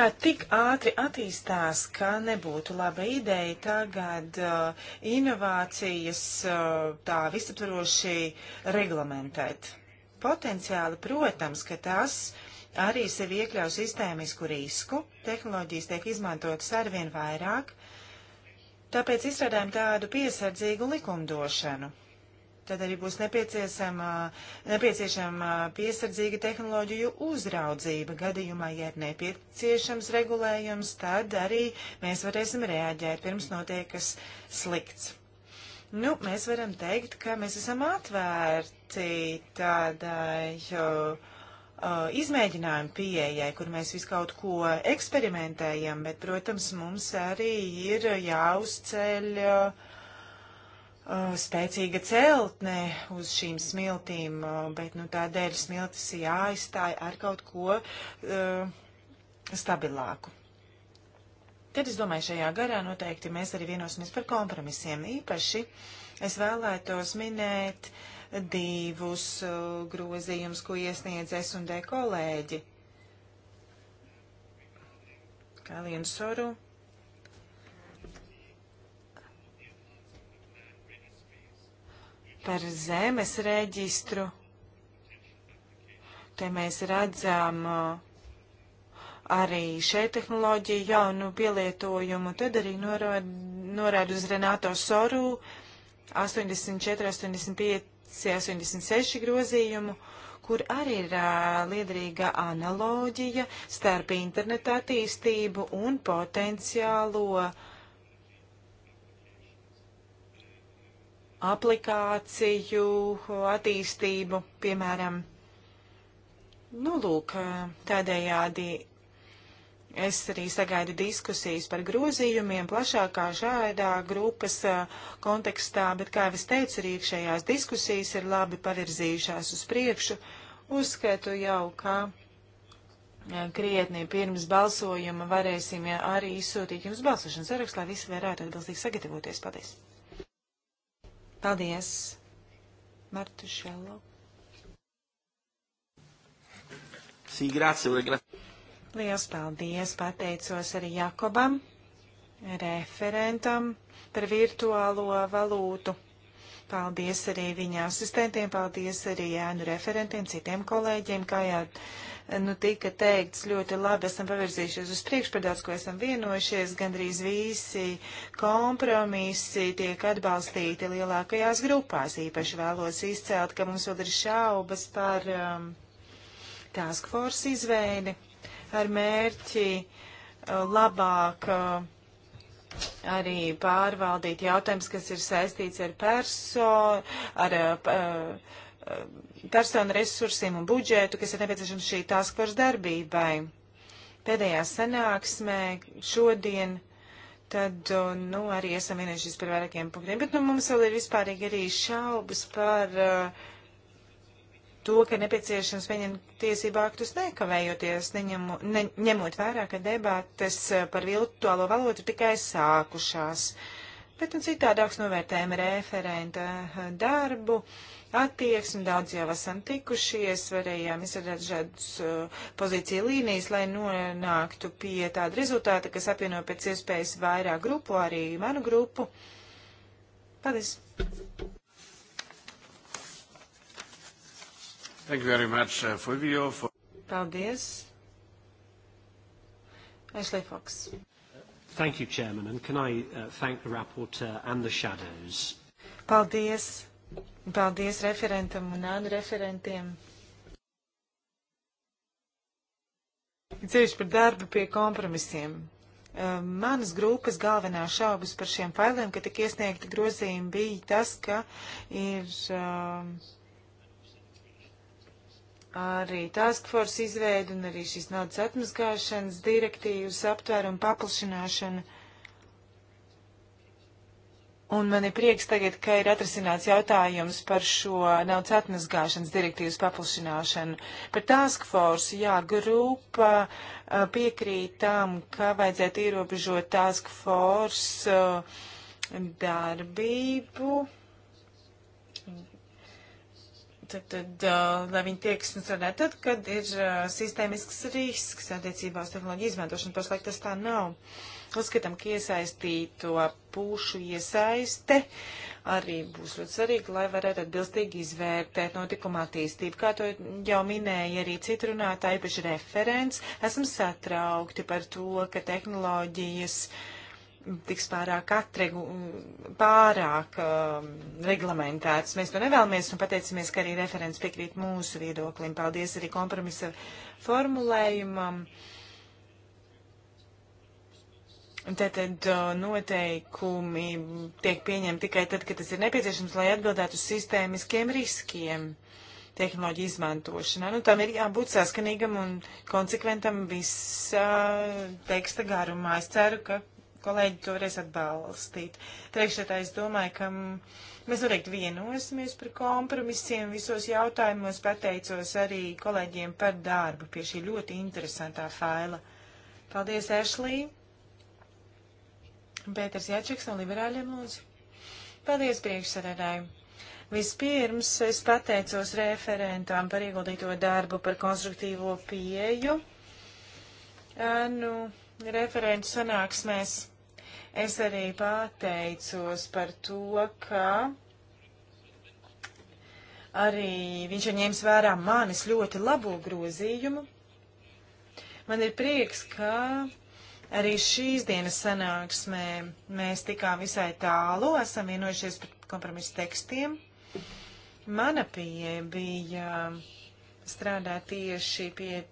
Tā tik ātri attīstās, ka nebūtu laba ideja tagad uh, inovācijas uh, tā visaptvaroši reglamentēt. Potenciāli, protams, ka tas uh, arī sevi iekļauj sistēmisku risku, tehnoloģijas tiek izmantotas arvien vairāk, tāpēc izstrādājam tādu piesardzīgu likumdošanu. Tad arī būs nepieciešama, nepieciešama piesardzīga tehnoloģiju uzraudzība. Gadījumā, ja ir nepieciešams regulējums, tad arī mēs varēsim reaģēt pirms notiek kas slikts. Nu, mēs varam teikt, ka mēs esam atvērti tādai. Uh, uh, izmēģinājumu pieejai, kur mēs visu kaut ko eksperimentējam, bet, protams, mums arī ir jāuzceļ uh, spēcīga celtne uz šīm smiltīm, uh, bet, nu, tādēļ smiltis jāaizstāja ar kaut ko uh, stabilāku. Tad es domāju, šajā garā noteikti mēs arī vienosimies par kompromisiem. Īpaši es vēlētos minēt uh, divus uh, grozījumus, ko iesniedz S&D kolēģi. Kalien Soru. Par zemes reģistru. Te mēs redzam uh, arī šeit tehnoloģiju jaunu pielietojumu. Tad arī norāda norād uz Renato Soru 84, 85 C86 grozījumu, kur arī ir ā, liederīga analoģija starp internetu attīstību un potenciālo aplikāciju attīstību, piemēram, nu lūk, tādējādi Es arī sagaidu diskusijas par grozījumiem plašākā šādā grupas kontekstā, bet, kā jau es teicu, arī iekšējās diskusijas ir labi pavirzījušās uz priekšu. Uzskatu jau, ka krietni pirms balsojuma varēsim arī izsūtīt jums balsošanas sarakstu, lai visi varētu atbilstīgi sagatavoties. Paldies! Paldies! Martu Šello. Sī, grazie, grazie. Liels paldies! Pateicos arī Jakobam, referentam par virtuālo valūtu. Paldies arī viņa asistentiem, paldies arī ēnu referentiem, citiem kolēģiem, kā jau nu, tika teikts, ļoti labi esam pavirzījušies uz priekšu par daudz, ko esam vienojušies, gandrīz visi kompromisi tiek atbalstīti lielākajās grupās. Īpaši vēlos izcelt, ka mums vēl ir šaubas par um, task force izveidi ar mērķi uh, labāk uh, arī pārvaldīt jautājums, kas ir saistīts ar personu, ar uh, personu resursiem un budžetu, kas ir nepieciešams šī task force darbībai. Pēdējā sanāksmē šodien tad, nu, arī esam vienojušies par vairākiem punktiem, bet, nu, mums vēl ir vispārīgi arī šaubas par uh, to, ka nepieciešams pieņemt tiesību aktus nekavējoties, neņemu, ne, ņemot vērā, ka debates par virtuālo valodu tikai sākušās. Bet un nu citādāks novērtējam referenta darbu, attieksmi, daudz jau esam tikušies, varējām izrādāt dažādas uh, pozīciju līnijas, lai nonāktu pie tāda rezultāta, kas apvieno pēc iespējas vairāk grupu, arī manu grupu. Paldies! Thank you very much, uh, Fulvio. For... Paldies. Ashley Fox. Thank you, Chairman, and can I uh, thank the rapporteur and the shadows. Paldies. Paldies referentam un ānu referentiem. Ceļš par darbu pie kompromisiem. Uh, manas grupas galvenā šaubas par šiem failiem, ka tik iesniegti grozījumi, bija tas, ka ir. Uh, arī task force izveidu un arī šīs naudas atmazgāšanas direktīvas aptvērumu paplašināšana. Un man ir prieks tagad, ka ir atrasināts jautājums par šo naudas atmazgāšanas direktīvas paplašināšanu. Par task force, jā, grupa piekrīt tam, ka vajadzētu ierobežot task force darbību Tad, lai viņi tieksmes var netad, kad ir sistēmisks risks attiecībā uz tehnoloģiju izmantošanu, pašlaik tas tā nav. Uzskatām, ka iesaistīto pušu iesaiste arī būs ļoti svarīga, lai varētu atbilstīgi izvērtēt notikuma attīstību. Kā to jau minēja arī citu runātāju, īpaši referents, esam satraukti par to, ka tehnoloģijas uh, tiks pārāk atregu, pārāk um, reglamentēts. Mēs to nevēlamies un pateicamies, ka arī referents piekrīt mūsu viedoklim. Paldies arī kompromisa formulējumam. Tātad uh, noteikumi tiek pieņemti tikai tad, kad tas ir nepieciešams, lai atbildētu uz sistēmiskiem riskiem tehnoloģiju izmantošanā. Nu, tam ir jābūt saskanīgam un konsekventam visā teksta garumā. Es ceru, ka kolēģi to varēs atbalstīt. Priekšētā es domāju, ka mēs noteikti vienosimies par kompromisiem visos jautājumos. Pateicos arī kolēģiem par darbu pie šī ļoti interesantā faila. Paldies, Ešlī! Pēters Jāčeks no liberāļiem lūdzu. Paldies, priekšsarēdāji! Vispirms es pateicos referentām par ieguldīto darbu, par konstruktīvo pieju. Nu, referentu sanāksmēs Es arī pateicos par to, ka arī viņš ir ņēmis vērā manis ļoti labo grozījumu. Man ir prieks, ka arī šīs dienas sanāksmē mēs tikām visai tālu, esam vienojušies par kompromisu tekstiem. Mana pieeja bija strādāt tieši pie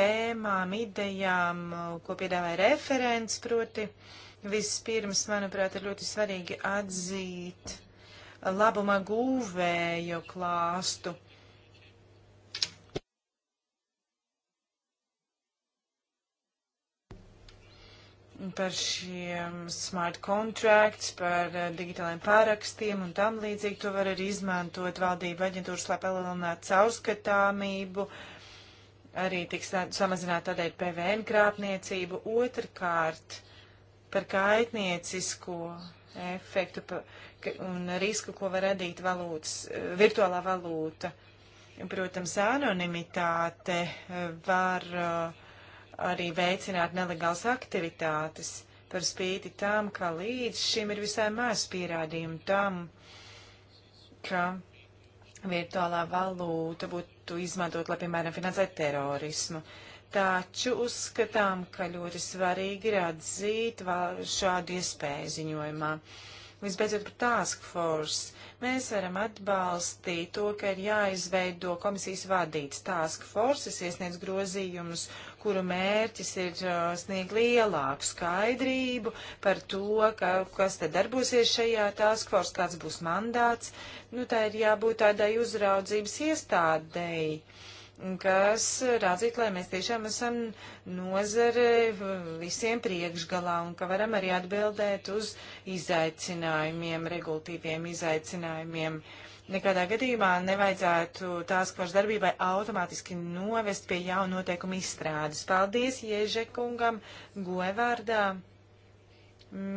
tēmām, idejām, ko piedāvāja referents, proti. Uh, Vispirms, manuprāt, ir ļoti svarīgi atzīt labuma gūvēju klāstu. Par šiem smart contracts, par eh, digitāliem pārakstiem un tam līdzīgi to var arī izmantot valdība aģentūras, lai palielinātu caurskatāmību, arī tiks samazināta tādēļ PVN krāpniecību. Otrkārt, par kaitniecisko efektu un risku, ko var radīt valūtas, eh, virtuālā valūta. Protams, anonimitāte eh, var eh, arī veicināt nelegālas aktivitātes par spīti tam, ka līdz šim ir visai maz pierādījumu tam, ka virtuālā valūta būtu izmantot, lai, piemēram, finansētu terorismu. Uh, Taču uzskatām, ka ļoti svarīgi ir atzīt šādu iespēju ziņojumā. Visbeidzot par task force, mēs varam atbalstīt to, ka ir jāizveido komisijas vadīts task force, es iesniedz grozījumus, kuru mērķis ir uh, sniegt lielāku skaidrību par to, ka, kas tad darbosies šajā task force, kāds būs mandāts. Nu, tā ir jābūt tādai uzraudzības iestādēji kas rādīt, lai mēs tiešām esam nozare visiem priekšgalā un ka varam arī atbildēt uz izaicinājumiem, regulatīviem izaicinājumiem. Nekādā gadījumā nevajadzētu tās kvarš darbībai automātiski novest pie jaunu noteikumu izstrādes. Paldies Ježekungam, Govārdā,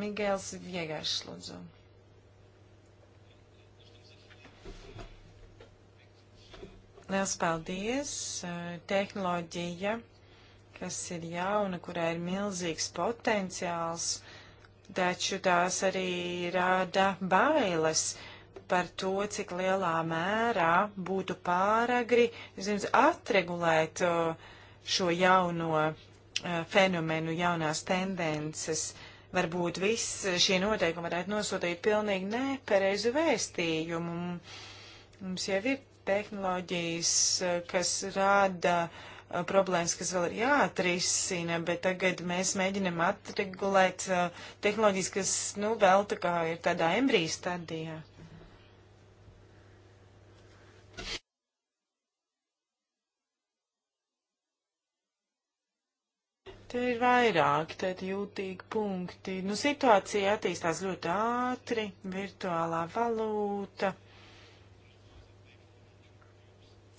Migēls Viegašs, lūdzu. Liels paldies! Tehnoloģija, kas ir jauna, kurai ir milzīgs potenciāls, taču tās arī rada bailes par to, cik lielā mērā būtu pāragri zins, atregulēt šo jauno fenomenu, jaunās tendences. Varbūt viss šie noteikumi varētu nosūtīt pilnīgi nepareizu vēstījumu. Mums jau ir tehnoloģijas, eh, kas rāda eh, problēmas, kas vēl ir jāatrisina, bet tagad mēs mēģinam atregulēt eh, tehnoloģijas, kas, nu, vēl tā kā ir tādā embrija stadijā. Te ir vairāki tādi jūtīgi punkti. Nu, situācija attīstās ļoti ātri, virtuālā valūta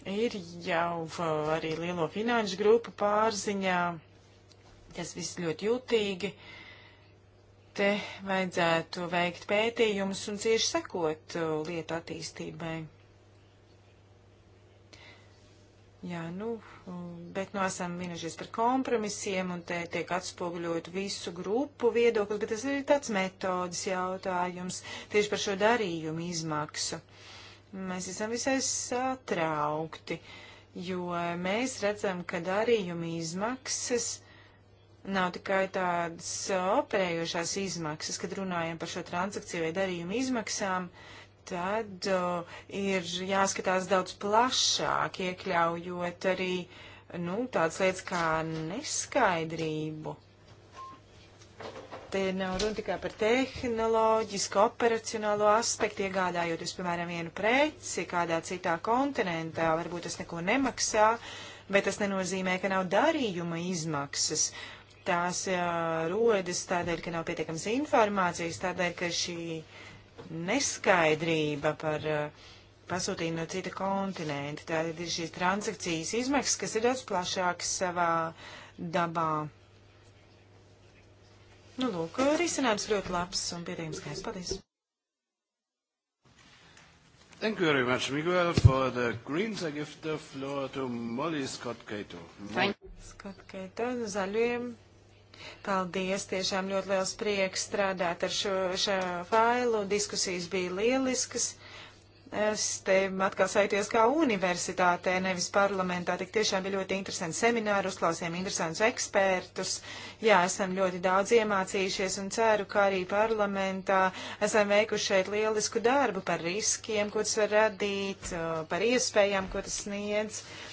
ir jau uh, arī lielo finanšu grupu pārziņā. Tas viss ļoti jūtīgi. Te vajadzētu veikt pētījumus un cieši sekot uh, lietu attīstībai. Jā, nu, uh, bet nu esam vienojušies par kompromisiem un te tiek atspoguļot visu grupu viedokli, bet tas ir tāds metodas jautājums tieši par šo darījumu izmaksu Mēs esam visai satraukti, jo mēs redzam, ka darījuma izmaksas nav tikai tādas operējošās izmaksas, kad runājam par šo transakciju vai darījumu izmaksām, tad uh, ir jāskatās daudz plašāk, iekļaujot arī nu, tādas lietas kā neskaidrību te nav runa tikai par tehnoloģisku, operacionālo aspektu, iegādājoties, piemēram, vienu preci kādā citā kontinentā, varbūt tas neko nemaksā, bet tas nenozīmē, ka nav darījuma izmaksas. Tās uh, rodas tādēļ, ka nav pietiekams informācijas, tādēļ, ka šī neskaidrība par uh, pasūtījumu no cita kontinenta, tātad ir šīs transakcijas izmaksas, kas ir daudz plašākas savā dabā. Nu, lūk, risinājums ļoti labs un pietiekams skaists. Paldies! Thank you very much, Miguel. For the Greens, I give the floor to Molly Scott Cato. Thank you. Scott Cato, zaļiem. Paldies, tiešām ļoti liels prieks strādāt ar šo, šo failu. Diskusijas bija lieliskas. Es te atkal saities kā universitātē, nevis parlamentā. Tik tiešām bija ļoti interesanti semināri, uzklausījām interesantus ekspertus. Jā, esam ļoti daudz iemācījušies un ceru, ka arī parlamentā esam veikuši šeit lielisku darbu par riskiem, ko tas var radīt, par iespējām, ko tas sniedz. Uh,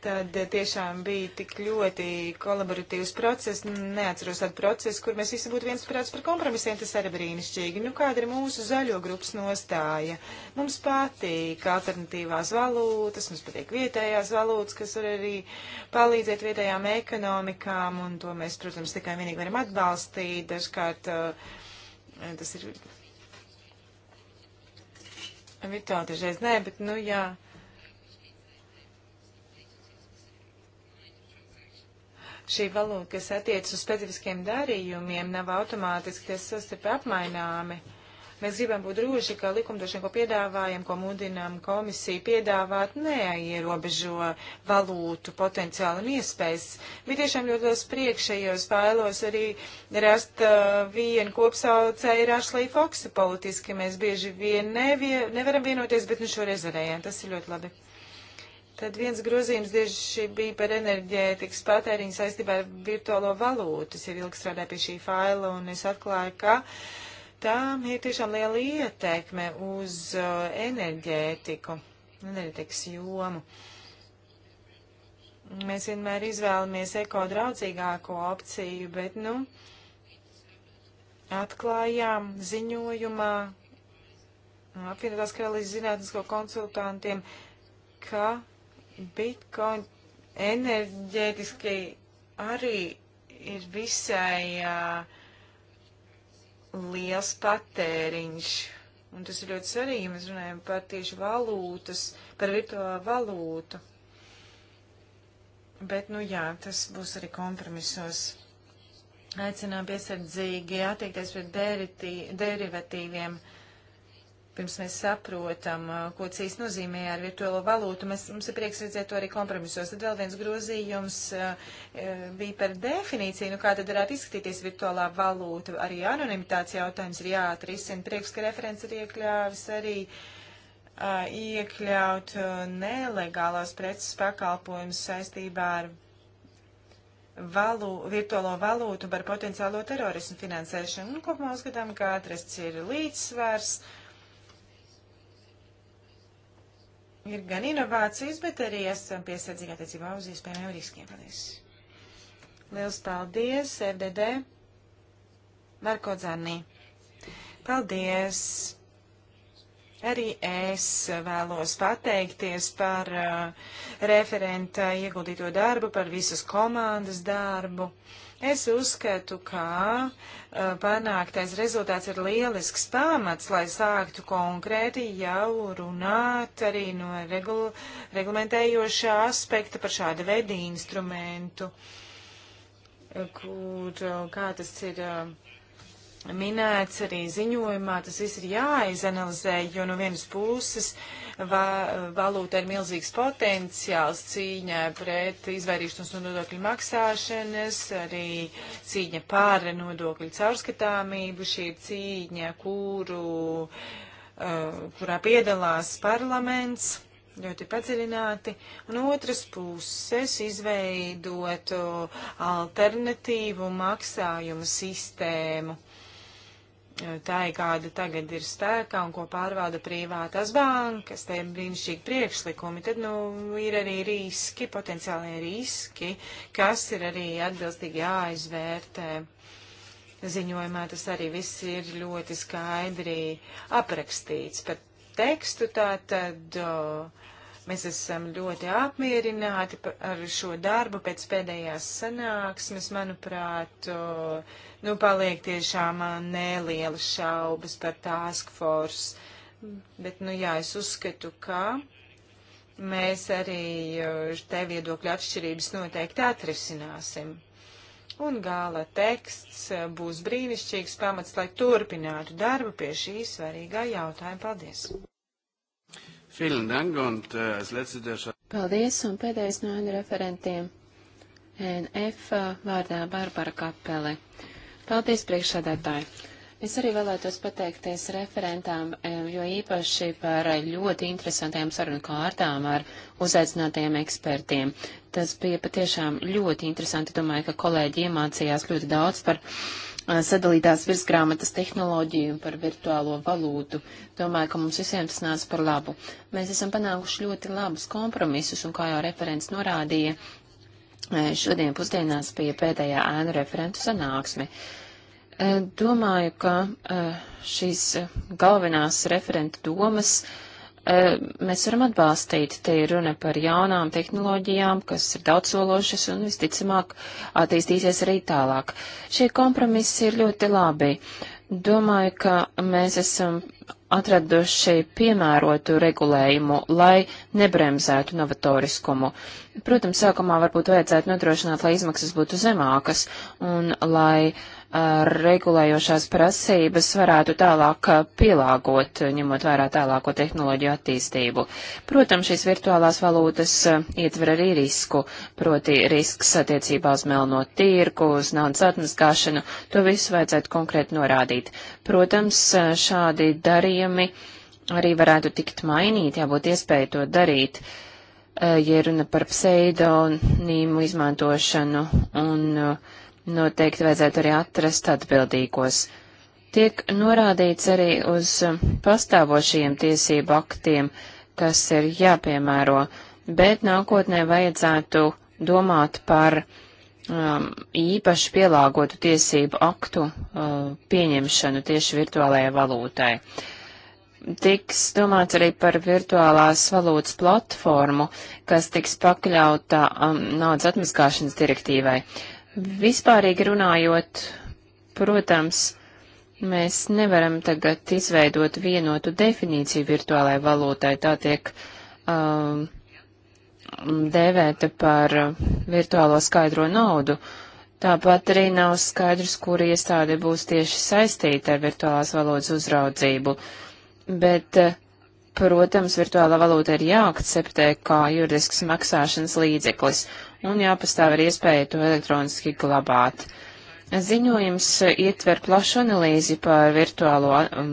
tad eh, tiešām bija tik ļoti kolaboratīvs process. Neatceros tādu procesu, kur mēs visi būtu viensprāts par kompromisiem. Tas arī brīnišķīgi. Nu, kāda ir mūsu zaļo grupas nostāja? Mums patīk alternatīvās valūtas, mums patīk vietējās valūtas, kas var arī palīdzēt vietējām ekonomikām, un to mēs, protams, tikai vienīgi varam atbalstīt. Dažkārt eh, tas ir. Virtuāli dažreiz nē, bet, nu, jā. Ja šī valūta, kas attiecas uz specifiskiem darījumiem, nav automātiski, tas sastarpē apmaināmi. Mēs gribam būt droši, ka likumdošana, ko piedāvājam, ko mudinām komisiju piedāvāt, neierobežo valūtu potenciālu un iespējas. Bija tiešām ļoti liels priekšējos failos arī rast uh, vienu kopsaucēju ar Ašlī Foksu politiski. Mēs bieži vien nevie, nevaram vienoties, bet nu šoreiz varējām. Tas ir ļoti labi. Tad viens grozījums tieši bija par enerģētikas patēriņu saistībā ar virtuālo valūtu. Es jau ilgi strādāju pie šī faila un es atklāju, ka tām ir tiešām liela ietekme uz uh, enerģētiku, enerģētikas jomu. Mēs vienmēr izvēlamies ekodraudzīgāko opciju, bet, nu, atklājām ziņojumā apvienotās karalīs zinātnisko konsultantiem, ka Bitcoin enerģētiski arī ir visai uh, liels patēriņš. Un tas ir ļoti svarīgi, ja mēs runājam par tieši valūtas, par virtuālo valūtu. Bet, nu jā, tas būs arī kompromisos. Aicinām piesardzīgi attiekties pret derivatīviem. Uh, pirms mēs saprotam, ko tas īsti nozīmē ar virtuālo valūtu. Mēs, mums ir prieks redzēt to arī kompromisos. Tad vēl viens grozījums bija par definīciju, nu kā tad varētu izskatīties virtuālā valūta. Arī anonimitāts jautājums ir jāatrisina. Prieks, ka referents ir iekļāvis arī iekļaut nelegālos preces pakalpojumus saistībā ar valū, virtuālo valūtu par potenciālo terorismu finansēšanu. Un nu, kopumā uzskatām, ka atrasts ir līdzsvars. Uh, ir gan inovācijas, bet arī esam piesardzīgi attiecībā uz iespējamiem riskiem. Paldies! Liels paldies, FDD! Marko Dzanī! Paldies! Arī es vēlos pateikties par uh, referenta ieguldīto darbu, par visas komandas darbu. Uh, Es uzskatu, ka uh, panāktais rezultāts ir lielisks pamats, lai sāktu konkrēti jau runāt arī no regul reglamentējošā aspekta par šādu veidu instrumentu, uh, kur, uh, kā tas ir. Uh, minēts arī ziņojumā, tas viss ir jāizanalizē, jo no vienas puses va, valūta ir milzīgs potenciāls cīņā pret izvairīšanos no nodokļu maksāšanas, arī cīņa pār nodokļu caurskatāmību, šī ir cīņa, kuru, uh, kurā piedalās parlaments ļoti padziļināti, un otras puses izveidot uh, alternatīvu maksājumu sistēmu tā ir kāda tagad ir spēkā un ko pārvalda privātās bankas, tie ir brīnišķīgi priekšlikumi, tad, nu, ir arī riski, potenciālie riski, kas ir arī atbilstīgi jāizvērtē. Ziņojumā tas arī viss ir ļoti skaidri aprakstīts par tekstu, tā tad. Uh, Mēs esam ļoti apmierināti ar šo darbu pēc pēdējās sanāksmes. Manuprāt, nu, paliek tiešām nelielas šaubas par task force. Bet, nu, jā, es uzskatu, ka mēs arī te viedokļu atšķirības noteikti atrisināsim. Un gala teksts būs brīnišķīgs pamats, lai turpinātu darbu pie šī svarīgā jautājuma. Paldies! Äh, Paldies, un pēdējais no ANU referentiem. NF uh, vārdā Barbara Kapele. Paldies, priekšsādātāji. Es arī vēlētos pateikties referentām, e, jo īpaši par ļoti interesantiem sarunu kārtām ar uzaicinātajiem ekspertiem. Tas bija patiešām ļoti interesanti. Domāju, ka kolēģi iemācījās ļoti daudz par sadalītās virsgrāmatas tehnoloģiju un par virtuālo valūtu. Domāju, ka mums visiem tas nāca par labu. Mēs esam panākuši ļoti labus kompromisus, un kā jau referents norādīja, eh, šodien pusdienās bija pēdējā ēnu referentu sanāksme. Eh, domāju, ka eh, šīs galvenās referentu domas uh, mēs varam atbalstīt. Te ir runa par jaunām tehnoloģijām, kas ir daudzsološas un visticamāk attīstīsies arī tālāk. Šie kompromisi ir ļoti labi. Domāju, ka mēs esam atraduši piemērotu regulējumu, lai nebremzētu novatoriskumu. Protams, sākumā varbūt vajadzētu nodrošināt, lai izmaksas būtu zemākas un lai uh, regulējošās prasības varētu tālāk uh, pielāgot, ņemot vērā tālāko tehnoloģiju attīstību. Protams, šīs virtuālās valūtas uh, ietver arī risku, proti risks attiecībā uz melno tirku, uz naudas atmaskāšanu, to visu vajadzētu konkrēti norādīt. Protams, uh, šādi darījumi arī varētu tikt mainīti, jābūt iespēju to darīt ja runa par pseidonīmu izmantošanu un uh, Noteikti vajadzētu arī atrast atbildīgos. Tiek norādīts arī uz pastāvošajiem tiesību aktiem, kas ir jāpiemēro, bet nākotnē vajadzētu domāt par um, īpaši pielāgotu tiesību aktu uh, pieņemšanu tieši virtuālajai valūtai. Tiks domāts arī par virtuālās valūtas platformu, kas tiks pakļauta um, naudas atmaskāšanas direktīvai. Uh, Vispārīgi runājot, protams, mēs nevaram tagad izveidot vienotu definīciju virtuālai valūtai. Tā tiek um, dēvēta par virtuālo skaidro naudu. Tāpat arī nav skaidrs, kur iestāde būs tieši saistīta ar virtuālās valodas uzraudzību. Bet uh, Protams, virtuālā valūta ir jāakceptē kā juridisks maksāšanas līdzeklis, un jāpastāv ar iespēju to elektroniski glabāt. Ziņojums ietver plašu analīzi par virtuālo um,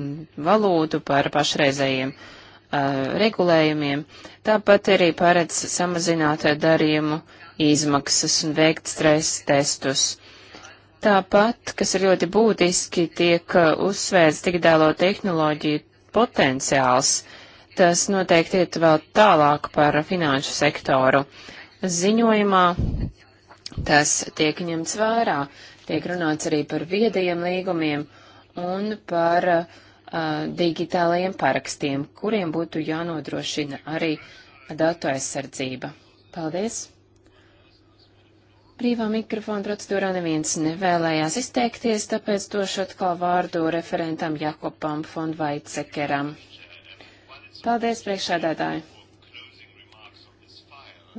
valūtu, par pašreizējiem uh, regulējumiem, tāpat arī paredz samazināt darījumu izmaksas un veikt stresa testus. Tāpat, kas ir ļoti būtiski, tiek uh, uzsvērts digitālo tehnoloģiju potenciāls. Tas noteikti iet vēl tālāk par finanšu sektoru ziņojumā tas tiek ņemts vērā. Tiek runāts arī par viedajiem līgumiem un par uh, digitālajiem parakstiem, kuriem būtu jānodrošina arī datu aizsardzība. Paldies! Brīvā mikrofona procedūrā neviens nevēlējās izteikties, tāpēc došu atkal vārdu referentam Jakobam von Vaicekeram. Paldies, priekšādātāji!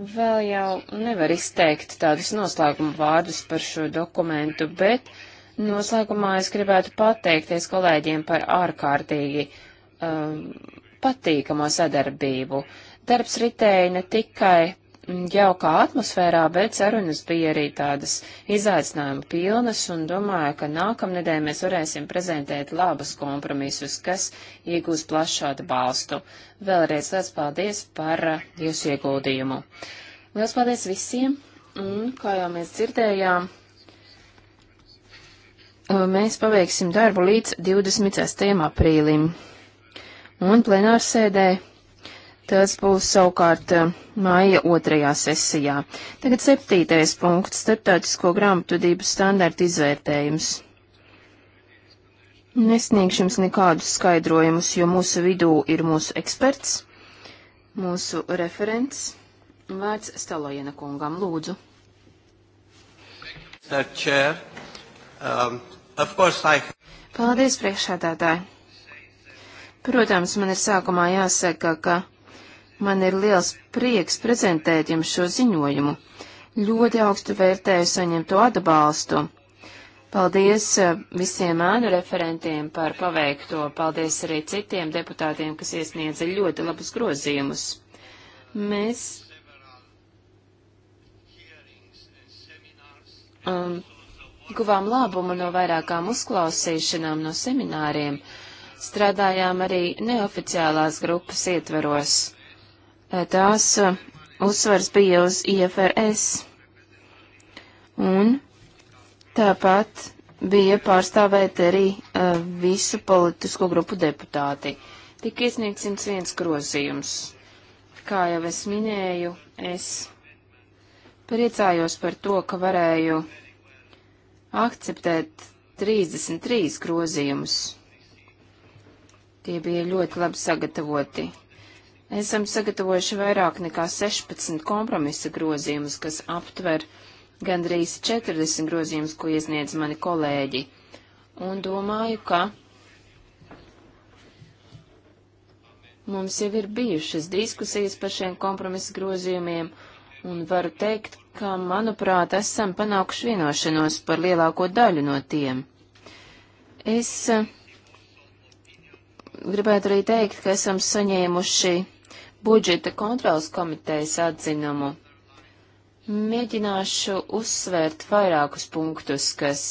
Vēl jau nevar izteikt tādus noslēguma vārdus par šo dokumentu, bet noslēgumā es gribētu pateikties kolēģiem par ārkārtīgi um, patīkamo sadarbību. Darbs ritēja ne tikai Mm, jaukā atmosfērā, bet sarunas bija arī tādas izaicinājuma pilnas, un domāju, ka nākamnedēļ mēs varēsim prezentēt labus kompromisus, kas iegūs plašu atbalstu. Vēlreiz liels paldies par uh, jūsu ieguldījumu. Liels paldies visiem, un kā jau mēs dzirdējām, uh, mēs paveiksim darbu līdz 26. aprīlim. Un plenārsēdē Tas būs savukārt eh, māja otrajā sesijā. Tagad septītais punkts - starptautisko grāmatvedības standarta izvērtējums. Nesniegšu jums nekādus skaidrojumus, jo mūsu vidū ir mūsu eksperts, mūsu referents. Vārds Stalojena kungam, lūdzu. Um, Paldies, priekšādātāji. Protams, man ir sākumā jāsaka, ka Man ir liels prieks prezentēt jums šo ziņojumu. Ļoti augstu vērtēju saņemto atbalstu. Paldies eh, visiem ēnu referentiem par paveikto. Paldies arī citiem deputātiem, kas iesniedza ļoti labus grozījumus. Mēs um, guvām labumu no vairākām uzklausīšanām, no semināriem. Strādājām arī neoficiālās grupas ietveros. Eh, tās eh, uzsvars bija uz IFRS. Un tāpat bija pārstāvēt arī uh, visu politisko grupu deputāti. Tik iesniegts 101 grozījums. Kā jau es minēju, es priecājos par to, ka varēju akceptēt 33 grozījumus. Tie bija ļoti labi sagatavoti. Esam sagatavojuši vairāk nekā 16 kompromisa grozījumus, kas aptver gandrīz 40 grozījumus, ko iesniedz mani kolēģi. Un domāju, ka mums jau ir bijušas diskusijas par šiem kompromisa grozījumiem, un varu teikt, ka, manuprāt, esam panākuši vienošanos par lielāko daļu no tiem. Es eh, gribētu arī teikt, ka esam saņēmuši budžeta kontrolas komitejas atzinumu. Mēģināšu uzsvērt vairākus punktus, kas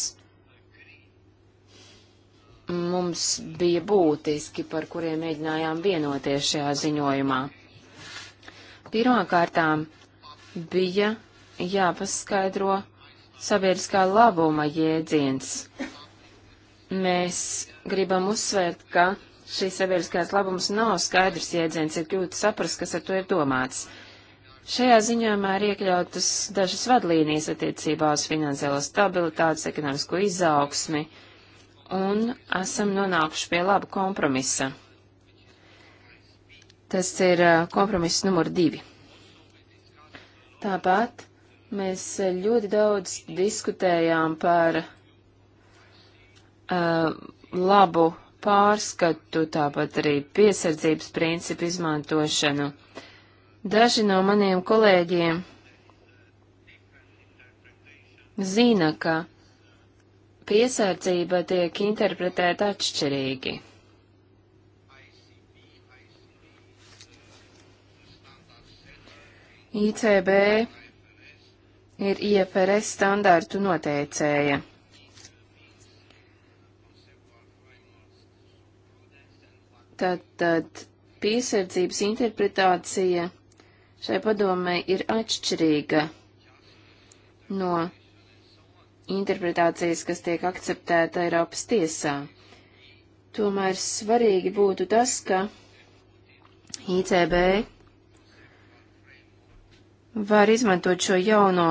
mums bija būtiski, par kuriem mēģinājām vienoties šajā ziņojumā. Pirmkārtām bija jāpaskaidro sabiedriskā labuma jēdziens. Mēs gribam uzsvērt, ka šīs sabiedriskās labums nav skaidrs jēdziens, ir grūti saprast, kas ar to ir domāts. Šajā ziņojumā ir iekļautas dažas vadlīnijas attiecībā uz finansiālo stabilitātes, ekonomisko izaugsmi, un esam nonākuši pie laba kompromisa. Tas ir uh, kompromiss numur divi. Tāpat mēs uh, ļoti daudz diskutējām par uh, labu pārskatu, tāpat arī piesardzības principu izmantošanu. Daži no maniem kolēģiem zina, ka piesardzība tiek interpretēta atšķirīgi. ICB ir IFRS standārtu noteicēja. Tātad piesardzības interpretācija šai padomē ir atšķirīga no interpretācijas, kas tiek akceptēta Eiropas tiesā. Tomēr svarīgi būtu tas, ka ICB var izmantot šo jauno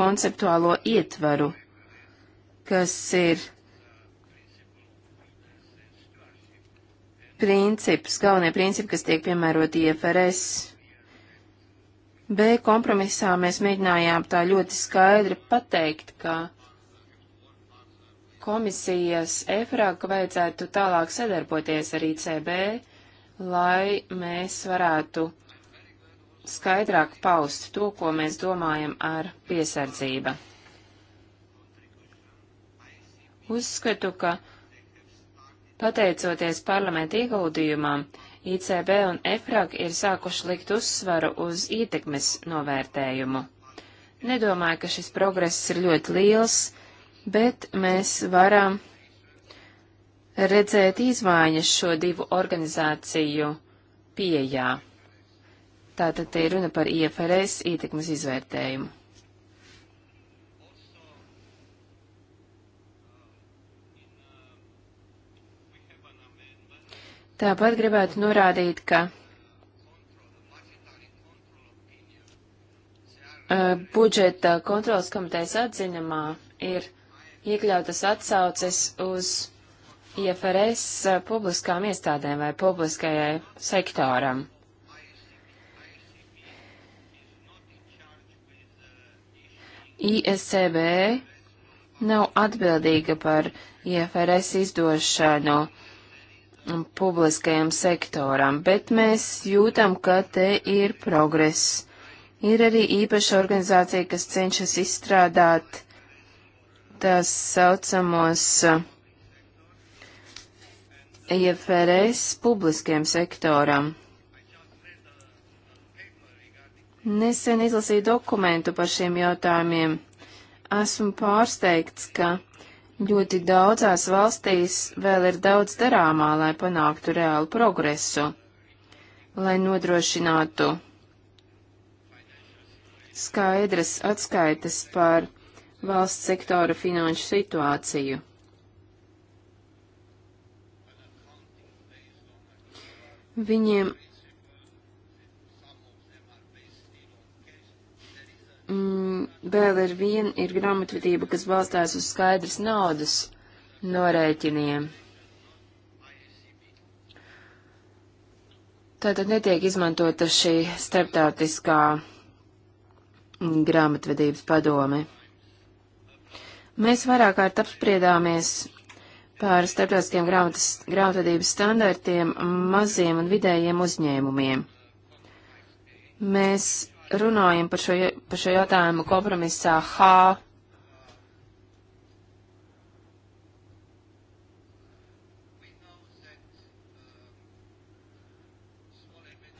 konceptuālo ietvaru, kas ir princips, galvenie principi, kas tiek piemēroti IFRS. B kompromisā mēs mēģinājām tā ļoti skaidri pateikt, ka komisijas EFRAG vajadzētu tālāk sadarboties ar ICB, lai mēs varētu skaidrāk paust to, ko mēs domājam ar piesardzību. Uzskatu, ka Pateicoties parlamenta ieguldījumam, ICB un EFRAG ir sākuši likt uzsvaru uz ietekmes novērtējumu. Nedomāju, ka šis progress ir ļoti liels, bet mēs varam redzēt izmaiņas šo divu organizāciju pieejā. Tātad te ir runa par IFRS ietekmes izvērtējumu. Tāpat gribētu norādīt, ka uh, budžeta kontrolas komitejas atziņamā ir iekļautas atsauces uz IFRS uh, publiskām iestādēm vai publiskajai sektoram. ISCB nav atbildīga par IFRS izdošanu. No publiskajam sektoram, bet mēs jūtam, ka te ir progress. Ir arī īpaša organizācija, kas cenšas izstrādāt tās saucamos uh, IFRS publiskajam sektoram. Nesen izlasīju dokumentu par šiem jautājumiem. Esmu pārsteigts, ka Ļoti daudzās valstīs vēl ir daudz darāmā, lai panāktu reālu progresu, lai nodrošinātu skaidras atskaites par valsts sektora finanšu situāciju. Viņiem mm, vēl ir viena ir grāmatvedība, kas balstās uz skaidrs naudas norēķiniem. Tātad netiek izmantota šī starptautiskā grāmatvedības padome. Mēs vairāk kārt apspriedāmies par starptautiskiem grāmatas, grāmatvedības standartiem maziem un vidējiem uzņēmumiem. Mēs runājam par šo, par šo jautājumu kompromisā H.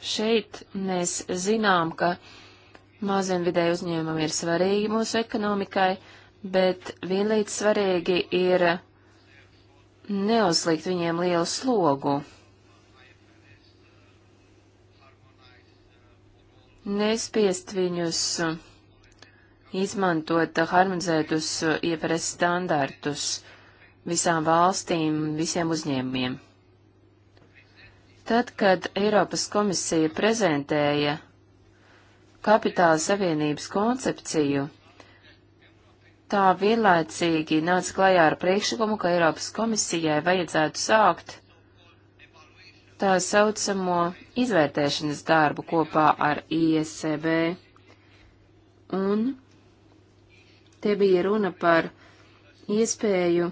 Šeit mēs zinām, ka mazenvidēji uzņēmumi ir svarīgi mūsu ekonomikai, bet vienlīdz svarīgi ir neuzlikt viņiem lielu slogu. nespiest viņus izmantot eh, harmonizētus eh, IFRS standartus visām valstīm, visiem uzņēmumiem. Tad, kad Eiropas komisija prezentēja kapitāla savienības koncepciju, tā vienlaicīgi nāca klajā ar priekšlikumu, ka Eiropas komisijai vajadzētu sākt tā saucamo izvērtēšanas darbu kopā ar ISCB, e un te bija runa par iespēju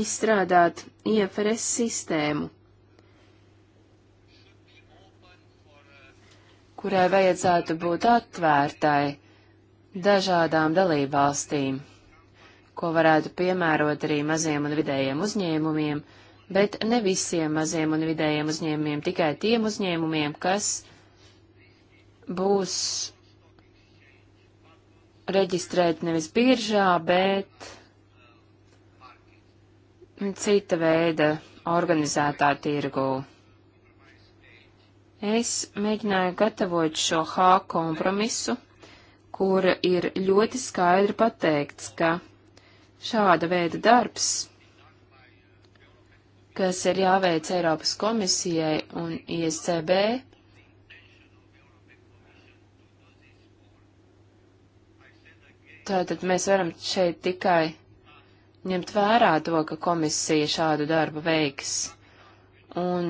izstrādāt IFRS sistēmu, kurai vajadzētu būt atvērtai dažādām dalībvalstīm, ko varētu piemērot arī maziem un vidējiem uzņēmumiem, bet ne visiem maziem un vidējiem uzņēmumiem, tikai tiem uzņēmumiem, kas būs reģistrēti nevis biržā, bet cita veida organizētā tirgū. Es mēģināju gatavot šo H kompromisu, kur ir ļoti skaidri pateikts, ka šāda veida darbs kas ir jāveic Eiropas komisijai un ISCB, tātad mēs varam šeit tikai ņemt vērā to, ka komisija šādu darbu veiks. Un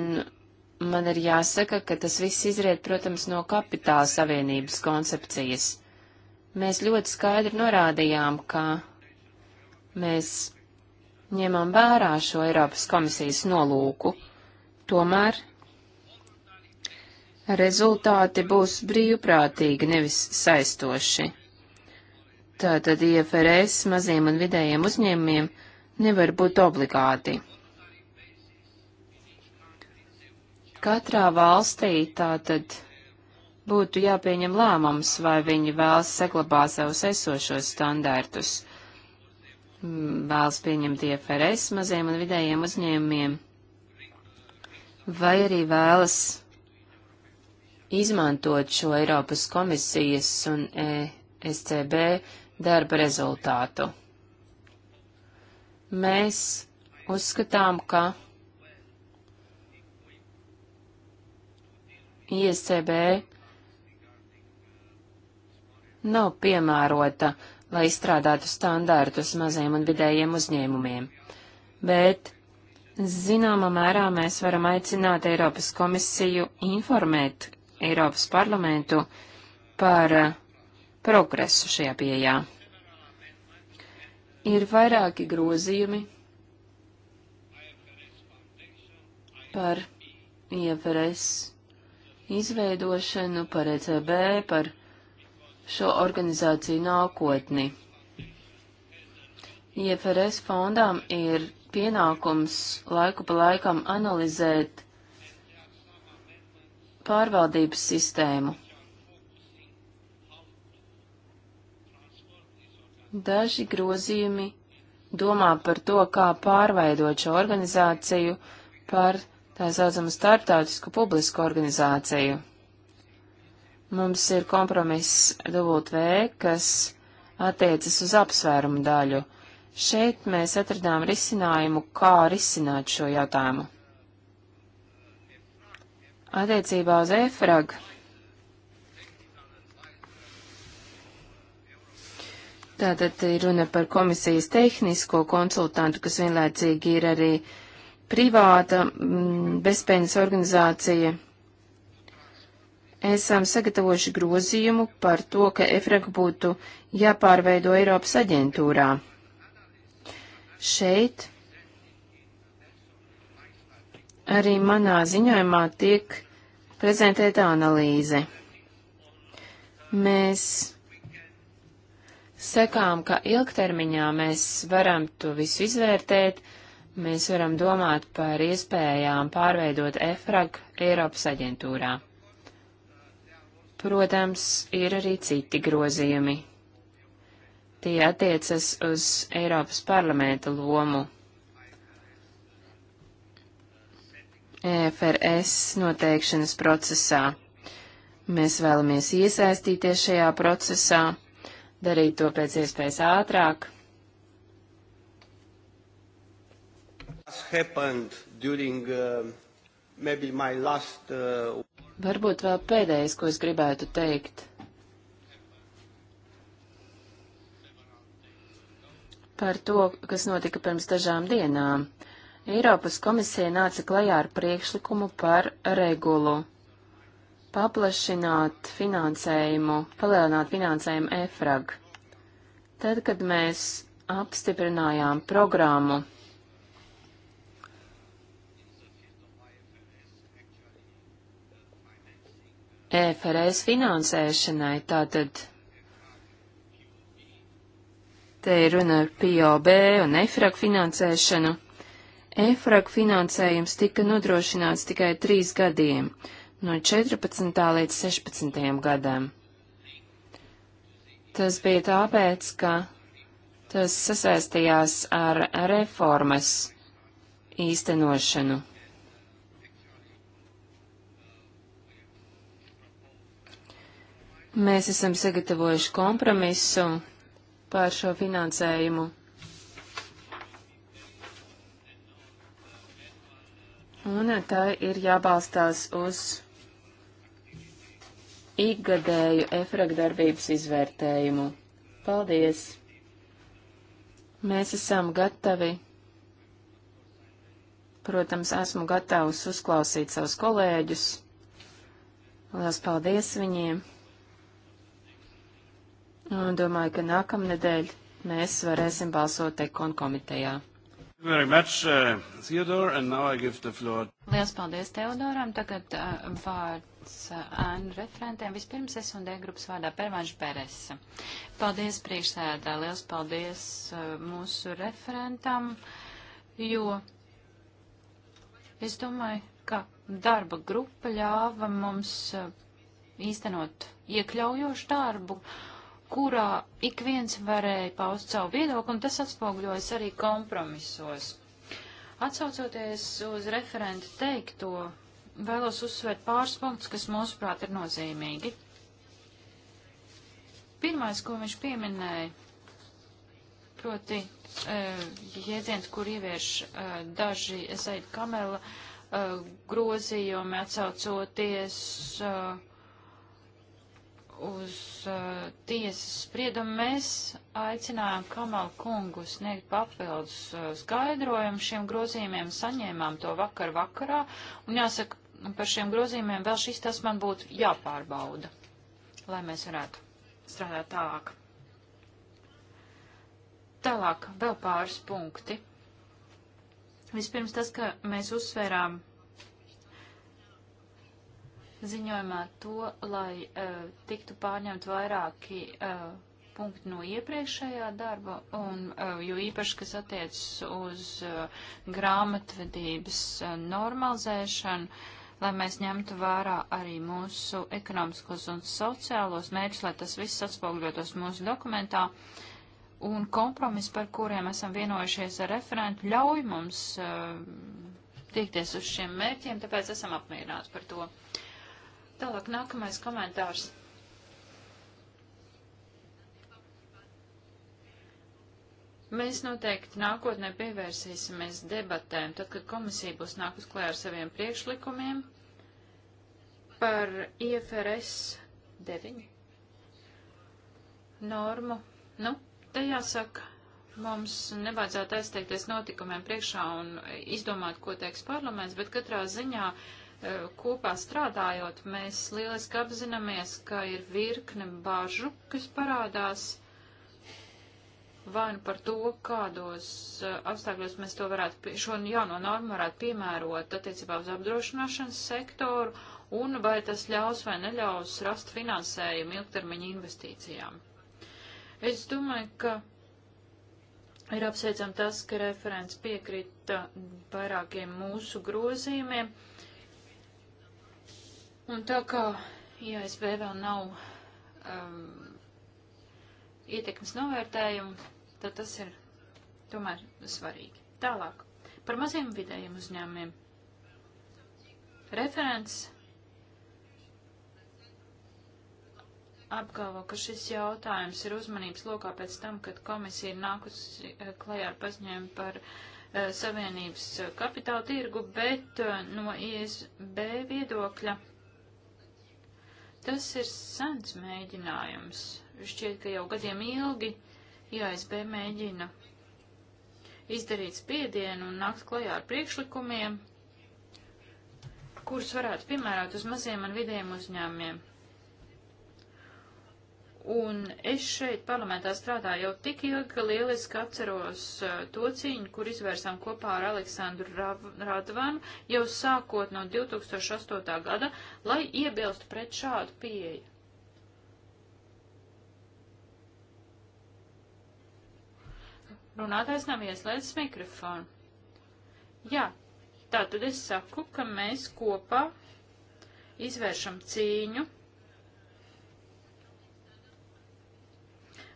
man ir jāsaka, ka tas viss izriet, protams, no kapitāla savienības koncepcijas. Mēs ļoti skaidri norādījām, ka mēs ņemam vērā šo Eiropas komisijas nolūku. Tomēr rezultāti būs brīvprātīgi, nevis saistoši. Tātad IFRS maziem un vidējiem uzņēmumiem nevar būt obligāti. Katrā valstī tātad būtu jāpieņem lēmums, vai viņi vēlas saglabāt savus esošos standārtus vēlas pieņemt IFRS maziem un vidējiem uzņēmumiem, vai arī vēlas izmantot šo Eiropas komisijas un ESCB darba rezultātu. Mēs uzskatām, ka ISCB nav piemērota uh, lai izstrādātu standārtus maziem un vidējiem uzņēmumiem. Bet Zināmā mērā mēs varam aicināt Eiropas komisiju informēt Eiropas parlamentu par eh, progresu šajā pieejā. Ir vairāki grozījumi par IFRS izveidošanu, par ECB, par šo organizāciju nākotni. IFRS fondām ir pienākums laiku pa laikam analizēt pārvaldības sistēmu. Daži grozījumi domā par to, kā pārveidot šo organizāciju par tā saucamu starptautisku publisku organizāciju. Mums ir kompromiss W, kas attiecas uz apsvērumu daļu. Šeit mēs atradām risinājumu, kā risināt šo jautājumu. Attiecībā uz efragu Tātad ir runa par komisijas tehnisko konsultantu, kas vienlaicīgi ir arī privāta mm, bezpējas organizācija, esam sagatavojuši grozījumu par to, ka EFRAK būtu jāpārveido Eiropas aģentūrā. Šeit arī manā ziņojumā tiek prezentēta analīze. Mēs sekām, ka ilgtermiņā mēs varam to visu izvērtēt, mēs varam domāt par iespējām pārveidot EFRAG Eiropas aģentūrā. Protams, ir arī citi grozījumi. Tie attiecas uz Eiropas parlamenta lomu. EFRS noteikšanas procesā. Mēs vēlamies iesaistīties šajā procesā, darīt to pēc iespējas ātrāk. Happened during uh, Last, uh... Varbūt vēl pēdējais, ko es gribētu teikt. Par to, kas notika pirms dažām dienām. Eiropas komisija nāca klajā ar priekšlikumu par regulu paplašināt finansējumu, palielināt finansējumu EFRAG. Tad, kad mēs apstiprinājām programmu EFRS finansēšanai, tātad te ir runa ar POB un EFRAG finansēšanu. EFRAG finansējums tika nodrošināts tikai trīs gadiem, no 14. līdz 16. gadam. Tas bija tāpēc, ka tas sasaistījās ar reformas īstenošanu. Mēs esam sagatavojuši kompromisu pār šo finansējumu. Un tā ir jābalstās uz ikgadēju efrag darbības izvērtējumu. Paldies! Mēs esam gatavi. Protams, esmu gatavs uzklausīt savus kolēģus. Lielas paldies viņiem! Nu, un domāju, ka nākamnedēļ mēs varēsim balsot ekon komitejā. Much, uh, Theodore, Liels paldies Teodoram. Tagad uh, vārds ēnu uh, referentiem. Vispirms es un D grupas vārdā Pervanš Beres. Paldies priekšsēdā. Liels paldies uh, mūsu referentam, jo es domāju, ka darba grupa ļāva mums uh, īstenot iekļaujošu darbu. Uh, kurā ik viens varēja paust savu viedokli, un tas atspoguļojas arī kompromisos. Atsaucoties uz referentu teikto, vēlos uzsvērt pāris punktus, kas mūsuprāt ir nozīmīgi. Pirmais, ko viņš pieminēja, proti e, jēdziens, kur ievieš e, daži Zaid Kamela e, grozījumi atsaucoties. E, uz uh, tiesas spriedumu, mēs aicinājām Kamalu kungu sniegt papildus uh, skaidrojumu šiem grozījumiem, saņēmām to vakar vakarā, un jāsaka, par šiem grozījumiem vēl šis tas man būtu jāpārbauda, lai mēs varētu strādāt tālāk. Tālāk vēl pāris punkti. Vispirms tas, ka mēs uzsvērām ziņojumā to, lai uh, tiktu pārņemt vairāki uh, punkti no iepriekšējā darba, un, uh, jo īpaši, kas attiecas uz uh, grāmatvedības uh, normalizēšanu, lai mēs ņemtu vērā arī mūsu ekonomiskos un sociālos mērķus, lai tas viss atspogļotos mūsu dokumentā. Un kompromis, par kuriem esam vienojušies ar referentu, ļauj mums uh, tiekties uz šiem mērķiem, tāpēc esam apmierināti par to. Uh, Tālāk nākamais komentārs. Mēs noteikti nākotnē pievērsīsimies debatēm, tad, kad komisija būs nākus klē ar saviem priekšlikumiem par IFRS 9 normu. Nu, te jāsaka, mums nevajadzētu aizteikties notikumiem priekšā un izdomāt, ko teiks parlaments, bet katrā ziņā uh, Eh, kopā strādājot, mēs lieliski apzināmies, ka ir virkne bažu, kas parādās vai nu par to, kādos eh, apstākļos mēs to varētu, šo jauno normu varētu piemērot attiecībā uz apdrošināšanas sektoru, un vai tas ļaus vai neļaus rast finansējumu ilgtermiņa investīcijām. Es domāju, ka ir apsveicam tas, ka referents piekrita vairākiem mūsu grozījumiem. Un tā kā ISB vēl nav um, ietekmes novērtējumu, tad tas ir tomēr svarīgi. Tālāk par maziem vidējiem uzņēmumiem. Referents apgalvo, ka šis jautājums ir uzmanības lokā pēc tam, kad komisija ir nākusi eh, klajā ar paziņojumu par uh, Savienības eh, kapitāla tirgu, bet uh, no ISB viedokļa Tas ir sens mēģinājums. Šķiet, ka jau gadiem ilgi IASB mēģina izdarīt spiedienu un nākt klajā ar priekšlikumiem, kurus varētu piemērot uz maziem un vidējiem uzņēmumiem. Un es šeit parlamentā strādāju jau tik ilgi, ka lieliski atceros uh, to cīņu, kur izvērsām kopā ar Aleksandru Radvanu jau sākot no 2008. gada, lai iebilstu pret šādu pieeju. Runātājs nav ieslēdzis mikrofonu. Jā, tātad es saku, ka mēs kopā izvēršam cīņu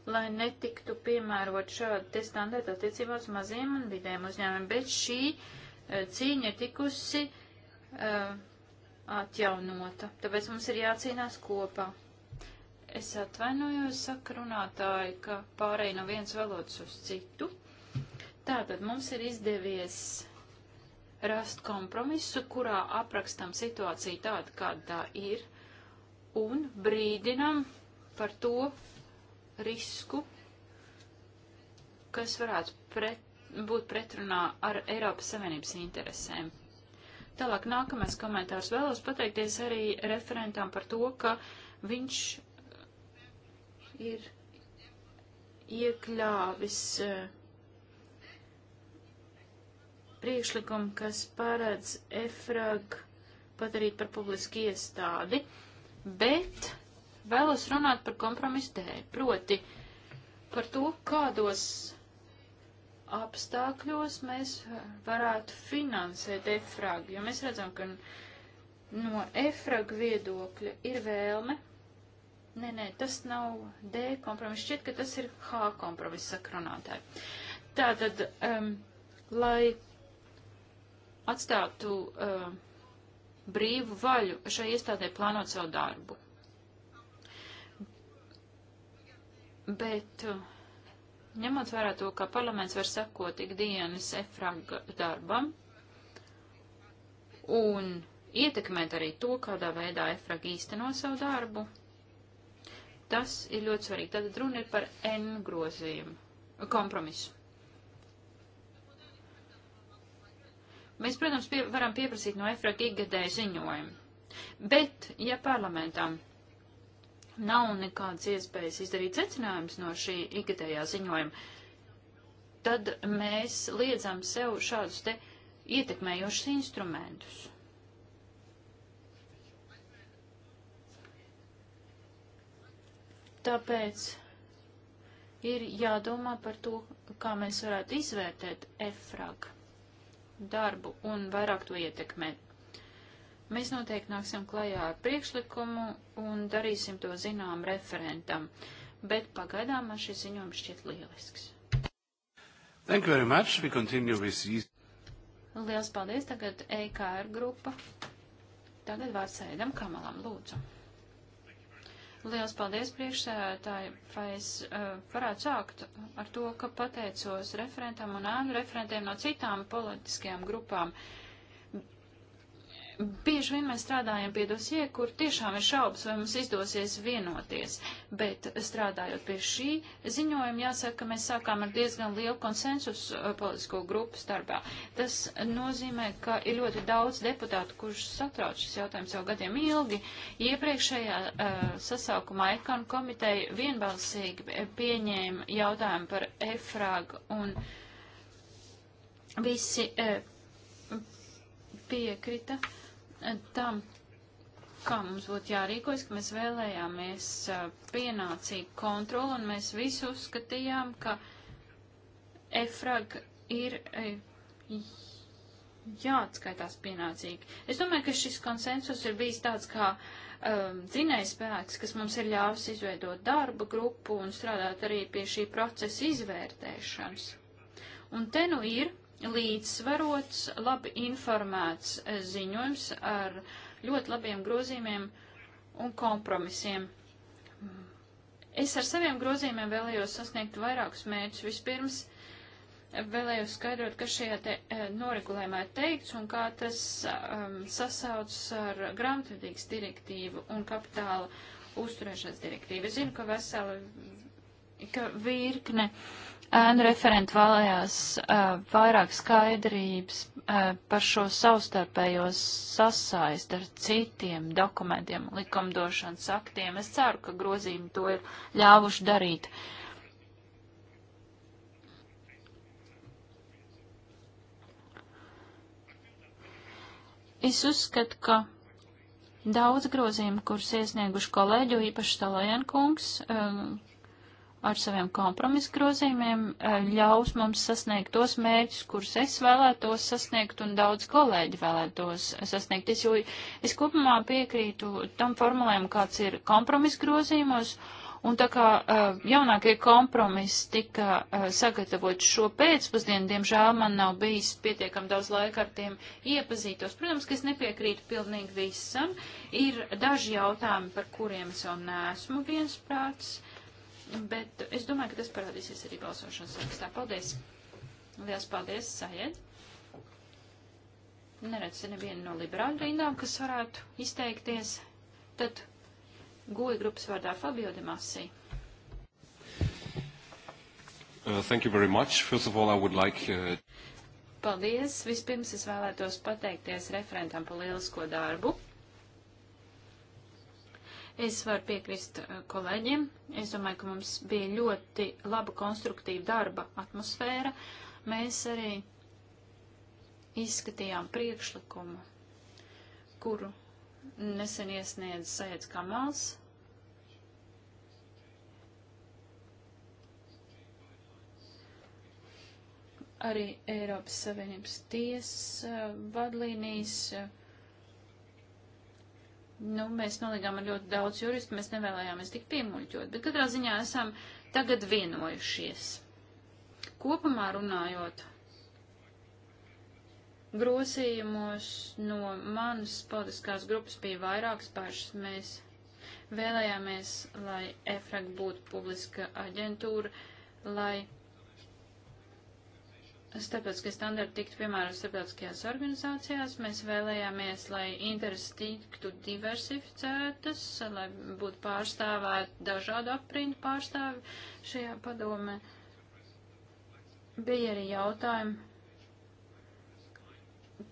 lai netiktu piemērot šādi te standarti attiecībā uz maziem un vidējiem uzņēmumiem, bet šī eh, cīņa ir tikusi uh, atjaunota, tāpēc mums ir jācīnās kopā. Es atvainojos, saka runātāji, ka pārēj no viens valodas uz citu. Tātad mums ir izdevies rast kompromisu, kurā aprakstam situāciju tādu, kāda tā ir, un brīdinam par to, risku, kas varētu pret, būt pretrunā ar Eiropas Savienības interesēm. Tālāk nākamais komentārs vēlos pateikties arī referentām par to, ka viņš ir iekļāvis eh, priekšlikumu, kas paredz efrag padarīt par publisku iestādi, bet vēlos runāt par kompromisu dēļ, proti par to, kādos apstākļos mēs varētu finansēt efragu, jo mēs redzam, ka no efragu viedokļa ir vēlme. Nē, nē, tas nav D kompromiss, šķiet, ka tas ir H kompromiss sakronātāji. Tātad, um, lai atstātu um, brīvu vaļu šai iestādē plānot savu darbu. Bet uh, ņemot vērā to, ka parlaments var sekot ikdienas efraga darbam un ietekmēt arī to, kādā veidā efraga īsteno savu darbu, tas ir ļoti svarīgi. Tad runa ir par N grozījumu kompromisu. Mēs, protams, pie, varam pieprasīt no efraga ikgadēju ziņojumu. Bet, ja parlamentam nav nekādas iespējas izdarīt secinājumus no šī ikgadējā ziņojuma, tad mēs liedzam sev šādus te ietekmējošus instrumentus. Tāpēc ir jādomā par to, kā mēs varētu izvērtēt efrag darbu un vairāk to ietekmēt. Mēs noteikti nāksim klajā ar priekšlikumu un darīsim to zinām referentam, bet pagaidām man šis ziņojums šķiet lielisks. Thank you very much. We continue with these. Liels paldies. Tagad EKR grupa. Tagad vārds ēdam Kamalam, lūdzu. Liels paldies priekšsēdētāji, vai es uh, varētu sākt ar to, ka pateicos referentam un ēnu referentiem no citām politiskajām grupām. Uh, Bieži vien mēs strādājam pie dosie, kur tiešām ir šaubas, vai mums izdosies vienoties, bet strādājot pie šī ziņojuma, jāsaka, ka mēs sākām ar diezgan lielu konsensus uh, politisko grupu starpā. Tas nozīmē, ka ir ļoti daudz deputātu, kurš satrauc šis jautājums jau gadiem ilgi. Iepriekšējā uh, sasaukumā ekonu komiteja vienbalsīgi uh, pieņēma jautājumu par efrāgu un visi. Uh, piekrita. Uh, tam, kā mums būtu jārīkojas, ka mēs vēlējāmies pienācīgu kontroli un mēs visi uzskatījām, ka efrag ir jāatskaitās pienācīgi. Es domāju, ka šis konsensus ir bijis tāds kā um, dzinējspēks, kas mums ir ļāvis izveidot darba grupu un strādāt arī pie šī procesa izvērtēšanas. Un te nu ir līdzsvarots, labi informēts eh, ziņojums ar ļoti labiem grozījumiem un kompromisiem. Es ar saviem grozījumiem vēlējos sasniegt vairākus mērķus. Vispirms eh, vēlējos skaidrot, kas šajā te, eh, noregulējumā ir teikts un kā tas um, sasaucas ar grāmatvedīgas direktīvu un kapitāla uzturēšanas direktīvu. Es zinu, ka veseli, ka virkne ēnu referenti vēlējās uh, vairāk skaidrības uh, par šo savstarpējo sasaist ar citiem dokumentiem, likumdošanas aktiem. Es ceru, ka grozījumi to ir ļāvuši darīt. Es uzskatu, ka daudz grozījumu, kurus iesnieguši kolēģi, īpaši Talēnkungs, uh, ar saviem kompromisu grozījumiem eh, ļaus mums sasniegt tos mērķus, kurus es vēlētos sasniegt un daudz kolēģi vēlētos sasniegt. Es, jo es kopumā piekrītu tam formulēm, kāds ir kompromisu grozījumos. Un tā kā uh, jaunākie kompromisi tika uh, eh, sagatavoti šo pēcpusdienu, diemžēl man nav bijis pietiekam daudz laika ar tiem iepazītos. Protams, ka es nepiekrītu pilnīgi visam. Ir daži jautājumi, par kuriem es vēl neesmu viensprāts bet es domāju, ka tas parādīsies arī balsošanas sarakstā. Paldies! Lielas paldies, Sajed! Neredzu nevienu no liberāļu rindām, kas varētu izteikties. Tad goja grupas vārdā Fabio de Masi. Uh, thank you very much. First of all, I would like... Uh... Paldies! Vispirms es vēlētos pateikties referentam par lielisko darbu. Es varu piekrist uh, kolēģiem. Es domāju, ka mums bija ļoti laba konstruktīva darba atmosfēra. Mēs arī izskatījām priekšlikumu, kuru nesen iesniedz Sēdz Kamals. Arī Eiropas Savienības tiesas uh, vadlīnijas uh, Nu, mēs nolīgām ar ļoti daudz juristu, mēs nevēlējāmies tik piemuļķot, bet katrā ziņā esam tagad vienojušies. Kopumā runājot, grozījumos no manas politiskās grupas bija vairākas pašas. Mēs vēlējāmies, lai EFRAG būtu publiska aģentūra, lai starptautiskie standarti tiktu piemērot starptautiskajās organizācijās. Mēs vēlējāmies, lai intereses tiktu diversificētas, lai būtu pārstāvēt dažādu aprindu pārstāvi šajā padomē. Bija arī jautājumi,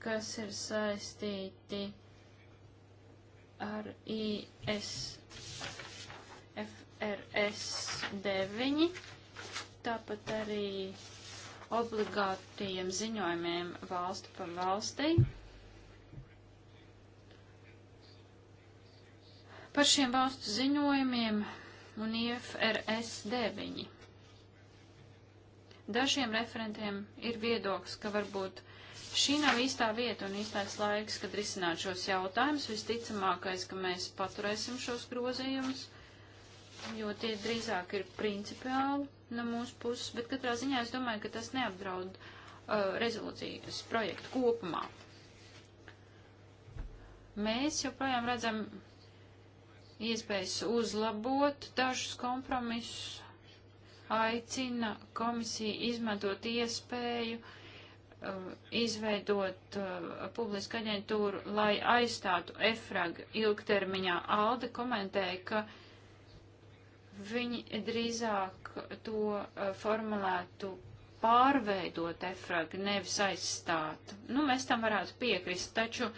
kas ir saistīti ar ISFRS 9, tāpat arī obligātajiem ziņojumiem valstu pa valstī. Par šiem valstu ziņojumiem un IFRS 9. Dažiem referentiem ir viedoklis, ka varbūt šī nav īstā vieta un īstais laiks, kad risināt šos jautājumus. Visticamākais, ka mēs paturēsim šos grozījumus jo tie drīzāk ir principiāli no mūsu puses, bet katrā ziņā es domāju, ka tas neapdraud uh, rezolūcijas projektu kopumā. Mēs joprojām redzam iespējas uzlabot dažus kompromisus, aicina komisiju izmantot iespēju uh, izveidot uh, publisku aģentūru, lai aizstātu EFRAG ilgtermiņā. Alde komentēja, ka uh, Viņi drīzāk to eh, formulētu pārveidot efragu, nevis aizstāt. Nu, mēs tam varētu piekrist, taču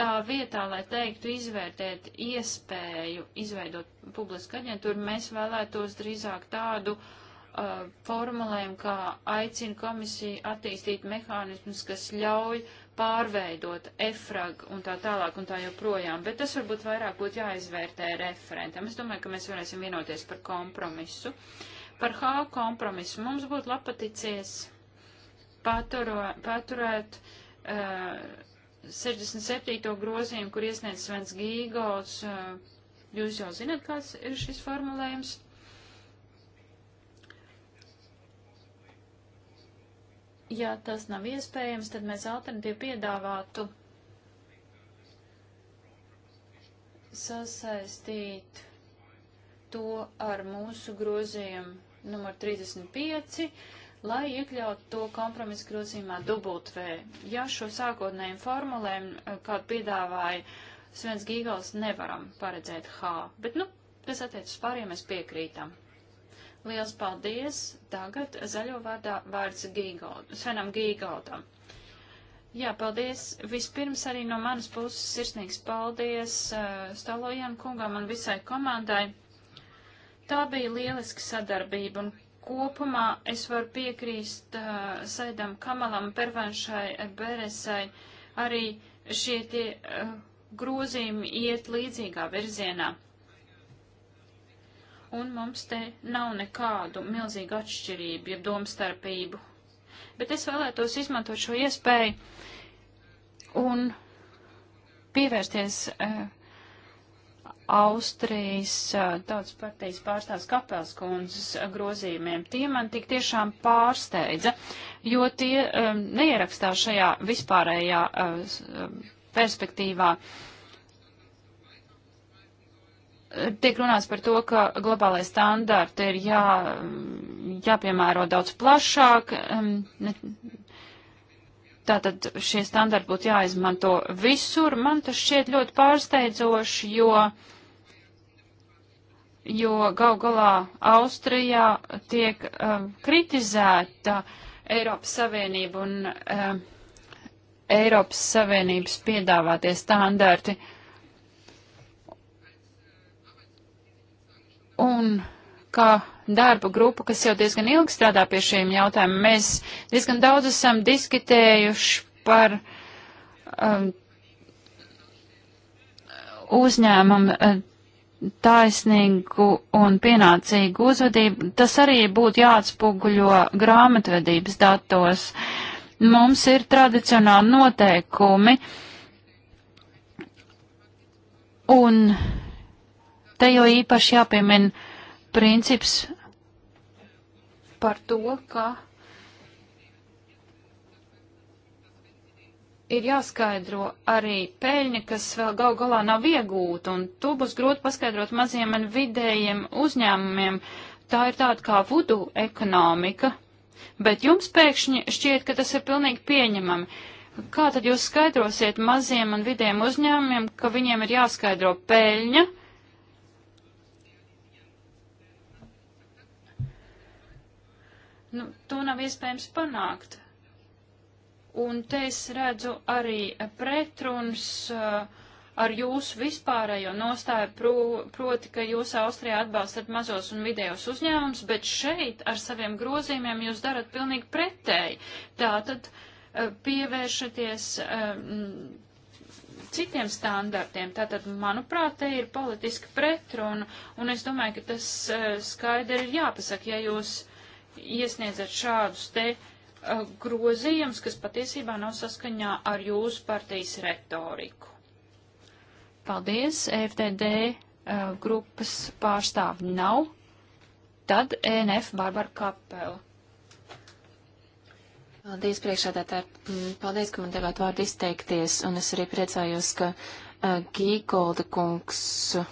tā vietā, lai teiktu izvērtēt iespēju izveidot publisku aģentūru, mēs vēlētos drīzāk tādu uh, formulējumu, kā aicina komisiju attīstīt mehānismus, kas ļauj uh, pārveidot efrag un tā tālāk un tā joprojām, bet tas varbūt vairāk būtu jāizvērtē referentam. Es domāju, ka mēs varēsim vienoties par kompromisu. Par H kompromisu mums būtu lapaticies paturo, paturēt uh, eh, 67. grozījumu, kur iesniedz Svens Gīgals. Uh, eh, jūs jau zināt, kāds ir šis formulējums. Ja tas nav iespējams, tad mēs alternatīvi piedāvātu sasaistīt to ar mūsu grozījumu numur 35, lai iekļautu to kompromisu grozījumā dubultvē. Ja šo sākotnējumu formulējumu, eh, kādu piedāvāja Svens Gīgals, nevaram paredzēt H, bet, nu, kas attiec uz pāriem, mēs piekrītam. Liels paldies! Tagad zaļo vārdā vārds Gīgaut, Svenam Gīgautam. Jā, paldies. Vispirms arī no manas puses sirsnīgs paldies uh, Stalojan kungam un visai komandai. Tā bija lieliska sadarbība un kopumā es varu piekrīst uh, Saidam Kamalam, Pervanšai, Beresai. Arī šie tie uh, grozījumi iet līdzīgā virzienā un mums te nav nekādu milzīgu atšķirību, jeb domstarpību. Bet es vēlētos izmantot šo iespēju un pievērsties uh, Austrijas uh, tautas partijas pārstāvs Kapels kundzes uh, grozījumiem. Tie man tik tiešām pārsteidza, jo tie um, neierakstās šajā vispārējā uh, perspektīvā. Uh, tiek runāts par to, ka globālai standarti ir jā, jāpiemēro daudz plašāk. Um, ne, tātad šie standarti būtu jāizmanto visur. Man tas šķiet ļoti pārsteidzoši, jo, jo gal galā Austrijā tiek um, kritizēta Eiropas Savienība un um, Eiropas Savienības piedāvātie standarti. Uh, Un kā darba grupa, kas jau diezgan ilgi strādā pie šiem jautājumiem, mēs diezgan daudz esam diskutējuši par um, uzņēmumu uh, taisnīgu un pienācīgu uzvedību. Tas arī būtu jāatspoguļo grāmatvedības datos. Mums ir tradicionāli noteikumi. Un Te jau īpaši jāpiemina princips par to, ka ir jāskaidro arī peļņa, kas vēl gal galā nav iegūta, un to būs grūti paskaidrot maziem un vidējiem uzņēmumiem. Tā ir tāda kā vudu ekonomika, bet jums pēkšņi šķiet, ka tas ir pilnīgi pieņemami. Kā tad jūs skaidrosiet maziem un vidējiem uzņēmumiem, ka viņiem ir jāskaidro peļņa? nu, to nav iespējams panākt. Un te es redzu arī pretruns uh, ar jūsu vispārējo nostāju, pro, proti, ka jūs Austrijā atbalstat mazos un vidējos uzņēmums, bet šeit ar saviem grozījumiem jūs darat pilnīgi pretēji. Tātad uh, pievēršaties uh, citiem standartiem. Tātad, manuprāt, te ir politiska pretruna, un es domāju, ka tas skaidri ir jāpasaka, ja jūs iesniedzat šādus te uh, eh, grozījums, kas patiesībā nav saskaņā ar jūsu partijas retoriku. Paldies, FDD uh, eh, grupas pārstāvji nav. Tad ENF Barbara Kapela. Paldies, priekšādātāji. Mm, paldies, ka man devāt vārdu izteikties, un es arī priecājos, ka uh, Gīgolda kungs uh,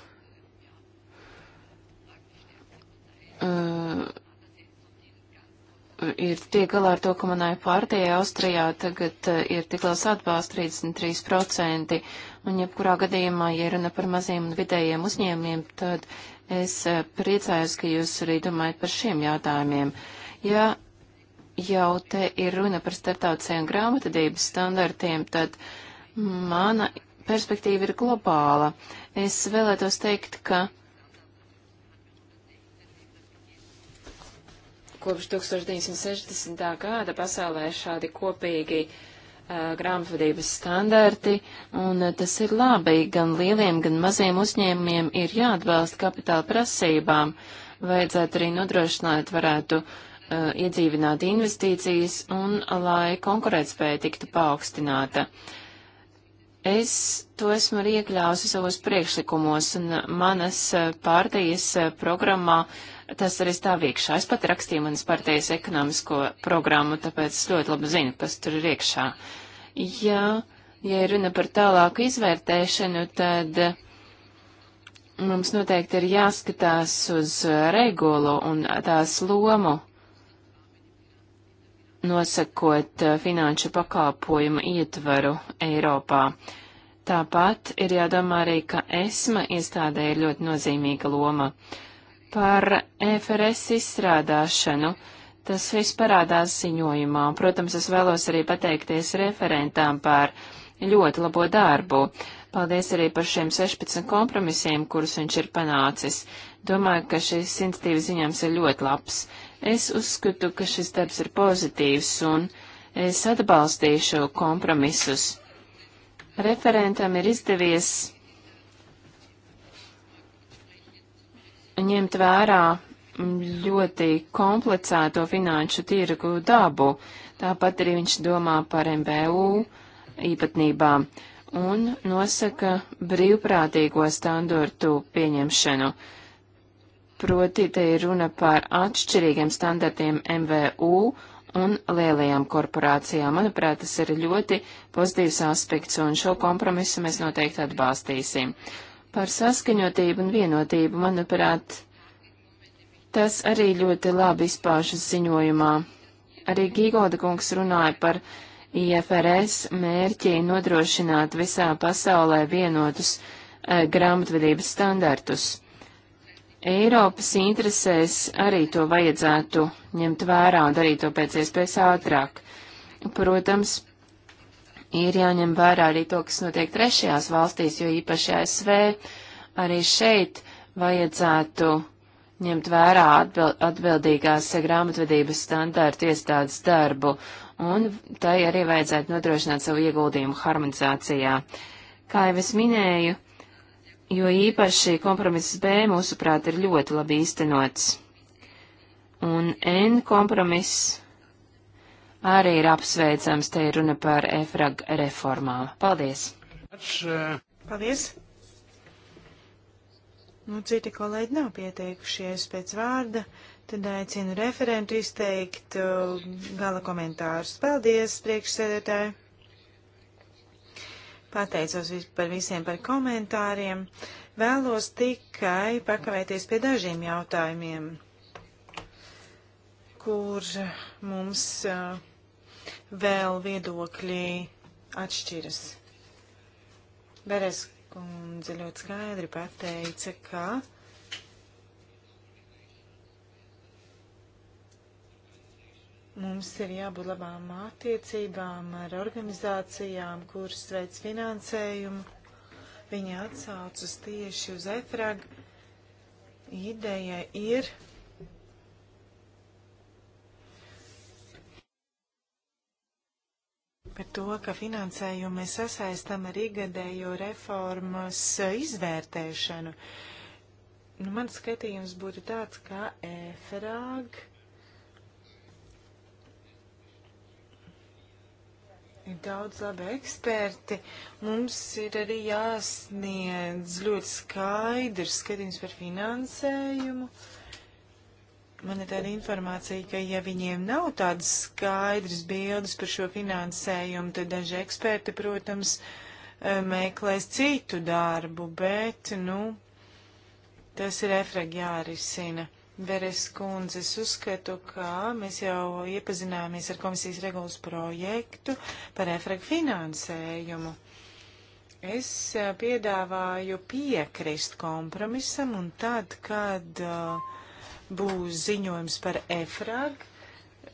ir tiek galā ar to, ka manai pārtījai Austrijā tagad eh, ir tik liels atbalsts 33%, un jebkurā gadījumā, ja runa par maziem un vidējiem uzņēmumiem, tad es eh, priecājos, ka jūs arī domājat par šiem jautājumiem. Ja jau te ir runa par starptautiskajiem grāmatvedības standartiem, tad mana perspektīva ir globāla. Es vēlētos teikt, ka Kopš 1960. gada pasaulē ir šādi kopīgi uh, grāmatvedības standarti, un uh, tas ir labi. Gan lieliem, gan maziem uzņēmumiem ir jāatbalsta kapitāla prasībām. Vajadzētu arī nodrošināt, varētu uh, iedzīvināt investīcijas un lai konkurētspēja tiktu paaugstināta. Es to esmu arī iekļāvusi savos priekšlikumos un manas pārtījas programmā tas arī stāv iekšā. Es pat rakstīju manas partijas ekonomisko programmu, tāpēc es ļoti labi zinu, kas tur ir iekšā. Ja, ja runa par tālāku izvērtēšanu, tad mums noteikti ir jāskatās uz regulu un tās lomu nosakot finanšu pakalpojumu ietvaru Eiropā. Tāpat ir jādomā arī, ka ESMA iestādē ir ļoti nozīmīga loma. Uh, par EFRS izstrādāšanu. Tas viss parādās ziņojumā. Protams, es vēlos arī pateikties referentām par ļoti labo darbu. Paldies arī par šiem 16 kompromisiem, kurus viņš ir panācis. Domāju, ka šis institīvas ziņojums ir ļoti labs. Es uzskatu, ka šis darbs ir pozitīvs un es atbalstīšu kompromisus. Referentam ir izdevies ņemt vērā ļoti komplicēto finanšu tirgu dabu. Tāpat arī viņš domā par MBU īpatnībām un nosaka brīvprātīgo standartu pieņemšanu. Proti, te ir runa par atšķirīgiem standartiem MVU un lielajām korporācijām. Manuprāt, tas ir ļoti pozitīvs aspekts, un šo kompromisu mēs noteikti atbalstīsim. Uh, Par saskaņotību un vienotību, manuprāt, tas arī ļoti labi izpaužas ziņojumā. Arī Gīgoda kungs runāja par IFRS mērķi nodrošināt visā pasaulē vienotus e, grāmatvedības standartus. Eiropas interesēs arī to vajadzētu ņemt vērā un darīt to pēc iespējas ātrāk. Protams, ir jāņem vērā arī to, kas notiek trešajās valstīs, jo īpaši ASV arī šeit vajadzētu ņemt vērā atbild, atbildīgās grāmatvedības standārtu iestādes darbu, un tai arī vajadzētu nodrošināt savu ieguldījumu harmonizācijā. Kā jau es minēju, jo īpaši kompromiss B mūsuprāt ir ļoti labi īstenots. Un N kompromiss arī ir apsveicams, te ir runa par EFRAG reformām. Paldies! Paldies! Nu, citi kolēģi nav pieteikušies pēc vārda, tad aicinu referentu izteikt uh, gala komentārus. Paldies, priekšsēdētāji! Pateicos par visiem par komentāriem. Vēlos tikai pakavēties pie dažiem jautājumiem, kur mums uh, vēl viedokļi atšķiras. Beres kundze ļoti skaidri pateica, ka mums ir jābūt labām attiecībām ar organizācijām, kuras veids finansējumu. Viņa atsaucas tieši uz EFRAG. Ideja ir par to, ka finansējumu mēs sasaistam ar igadējo reformas eh, izvērtēšanu. Nu, mans skatījums būtu tāds, kā efrāg ir daudz labi eksperti. Mums ir arī jāsniedz ļoti skaidrs skatījums par finansējumu. Uh, Man ir tāda informācija, ka ja viņiem nav tādas skaidras bildes par šo finansējumu, tad daži eksperti, protams, e, meklēs citu darbu, bet, nu, tas ir efragi jārisina. Veres kundze, es uzskatu, ka mēs jau iepazināmies ar komisijas regulas projektu par efragi finansējumu. Es e, piedāvāju piekrist kompromisam un tad, kad uh, būs ziņojums par EFRAG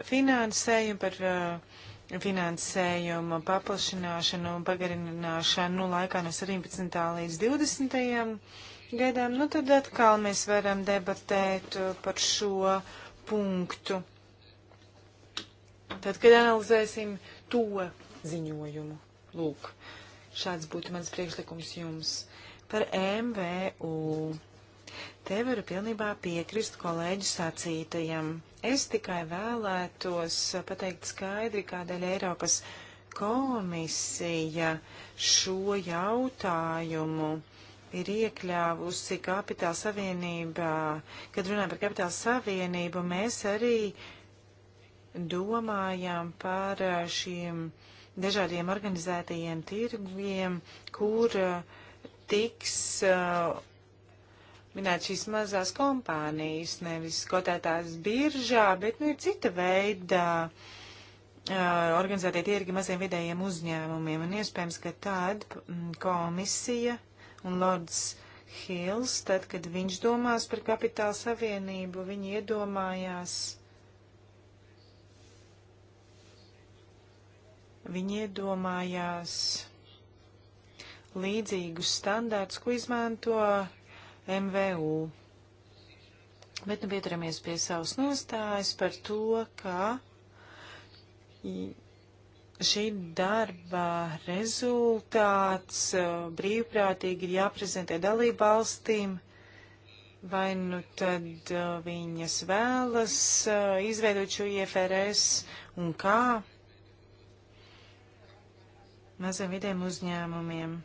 finansējumu, par uh, finansējumu paplašināšanu un pagarināšanu nu, laikā no 17. līdz 20. gadam. Nu, tad atkal mēs varam debatēt uh, par šo punktu. Tad, kad analizēsim to ziņojumu, lūk, šāds būtu mans priekšlikums jums par MVU Te varu pilnībā piekrist kolēģu sacītajam. Es tikai vēlētos pateikt skaidri, kādēļ Eiropas komisija šo jautājumu ir iekļāvusi kapitāla savienībā. Kad runājam par kapitāla savienību, mēs arī domājam par šiem dažādiem organizētajiem tirgiem, kur tiks uh, minēt šīs mazās kompānijas, nevis kotētās biržā, bet nu ir cita veida organizētie tirgi maziem vidējiem uzņēmumiem. Un iespējams, ka tad komisija un Lords Hills, tad, kad viņš domās par kapitāla savienību, viņi iedomājās. Viņi iedomājās līdzīgus standārts, ko izmanto MVU. Bet nu pieturamies pie savas nostājas par to, ka šī darba rezultāts brīvprātīgi ir jāprezentē dalību valstīm, vai nu tad viņas vēlas izveidot šo IFRS un kā maziem vidiem uzņēmumiem.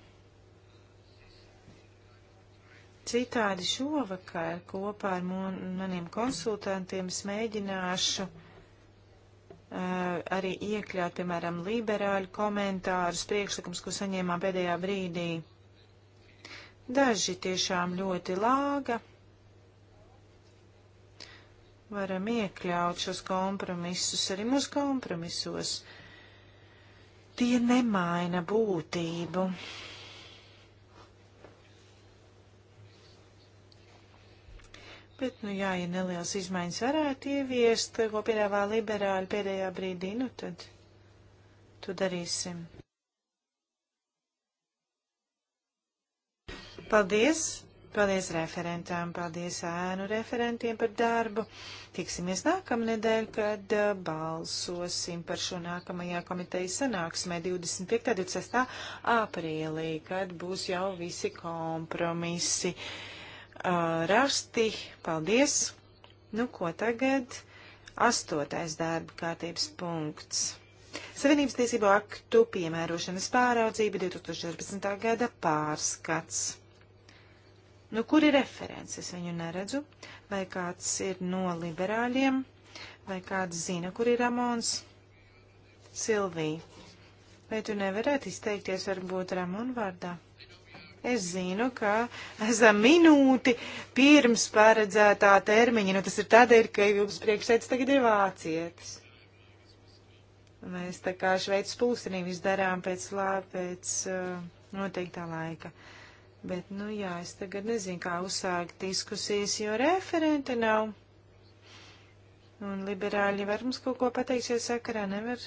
Citādi šovakar kopā ar mon, maniem konsultantiem es mēģināšu uh, arī iekļaut, piemēram, liberāļu komentārus, priekšlikums, ko saņēmām pēdējā brīdī. Daži tiešām ļoti lāga. Varam iekļaut šos kompromisus arī mūsu kompromisos. Tie nemaina būtību. Bet, nu jā, ja nelielas izmaiņas varētu ieviest, ko piedāvā liberāļi pēdējā brīdī, nu tad to darīsim. Paldies! Paldies referentām, paldies ēnu referentiem par darbu. Tiksimies nākamnedēļ, kad uh, balsosim par šo nākamajā komitejas sanāksmē 25. 26. aprīlī, kad būs jau visi kompromisi rasti. Paldies! Nu, ko tagad? Astotais darba kārtības punkts. Savienības tiesību aktu piemērošanas pāraudzība 2014. gada pārskats. Nu, kur ir referents? Es viņu neredzu. Vai kāds ir no liberāļiem? Vai kāds zina, kur ir Ramons? Silvija. Vai tu nevarētu izteikties varbūt Ramon vārdā? Es zinu, ka esam minūti pirms paredzētā termiņa. Nu, tas ir tādēļ, ka jums priekšsēdus tagad ir vācietis. Mēs tā kā šveicis pulsenī izdarām pēc, lā, pēc uh, noteiktā laika. Bet, nu jā, es tagad nezinu, kā uzsākt diskusijas, jo referente nav. Un liberāļi var mums kaut ko pateikt šajā sakarā, nevar?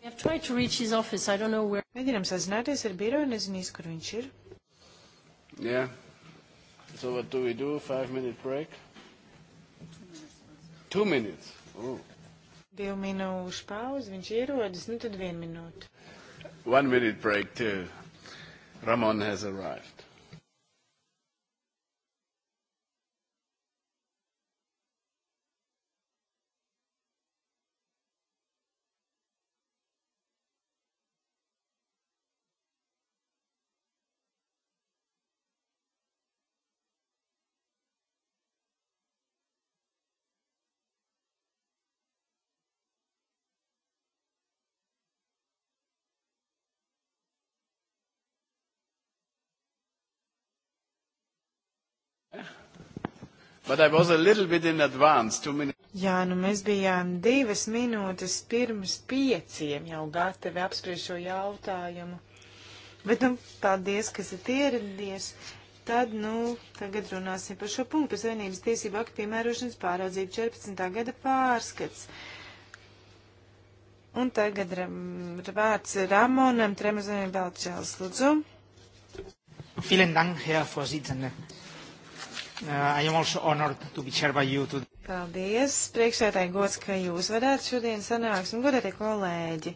Mēģinām sazināties ar biroju, nezinu īsti, kur viņš ir. Yeah. So what do we do? Five minute break? Two minutes. Oh. Divu minūšu pauze, viņš ierodas, nu tad vienu minūtu. One minute break too. Ramon has arrived. But I was a little bit in advance, two minutes. Jā, nu mēs bijām divas minūtes pirms pieciem jau gatavi apspriest šo jautājumu. Bet, nu, paldies, ka esat ieradies. Tad, nu, tagad runāsim par šo punktu savienības tiesību aktu piemērošanas pāraudzību 14. gada pārskats. Un tagad ram, vārds Ramonam Tremazonam Balčēlis, lūdzu. Vielen Dank, Herr Vorsitzende. Uh, Paldies, priekšsētāji gods, ka jūs vadāt šodien sanāks, un godētie kolēģi.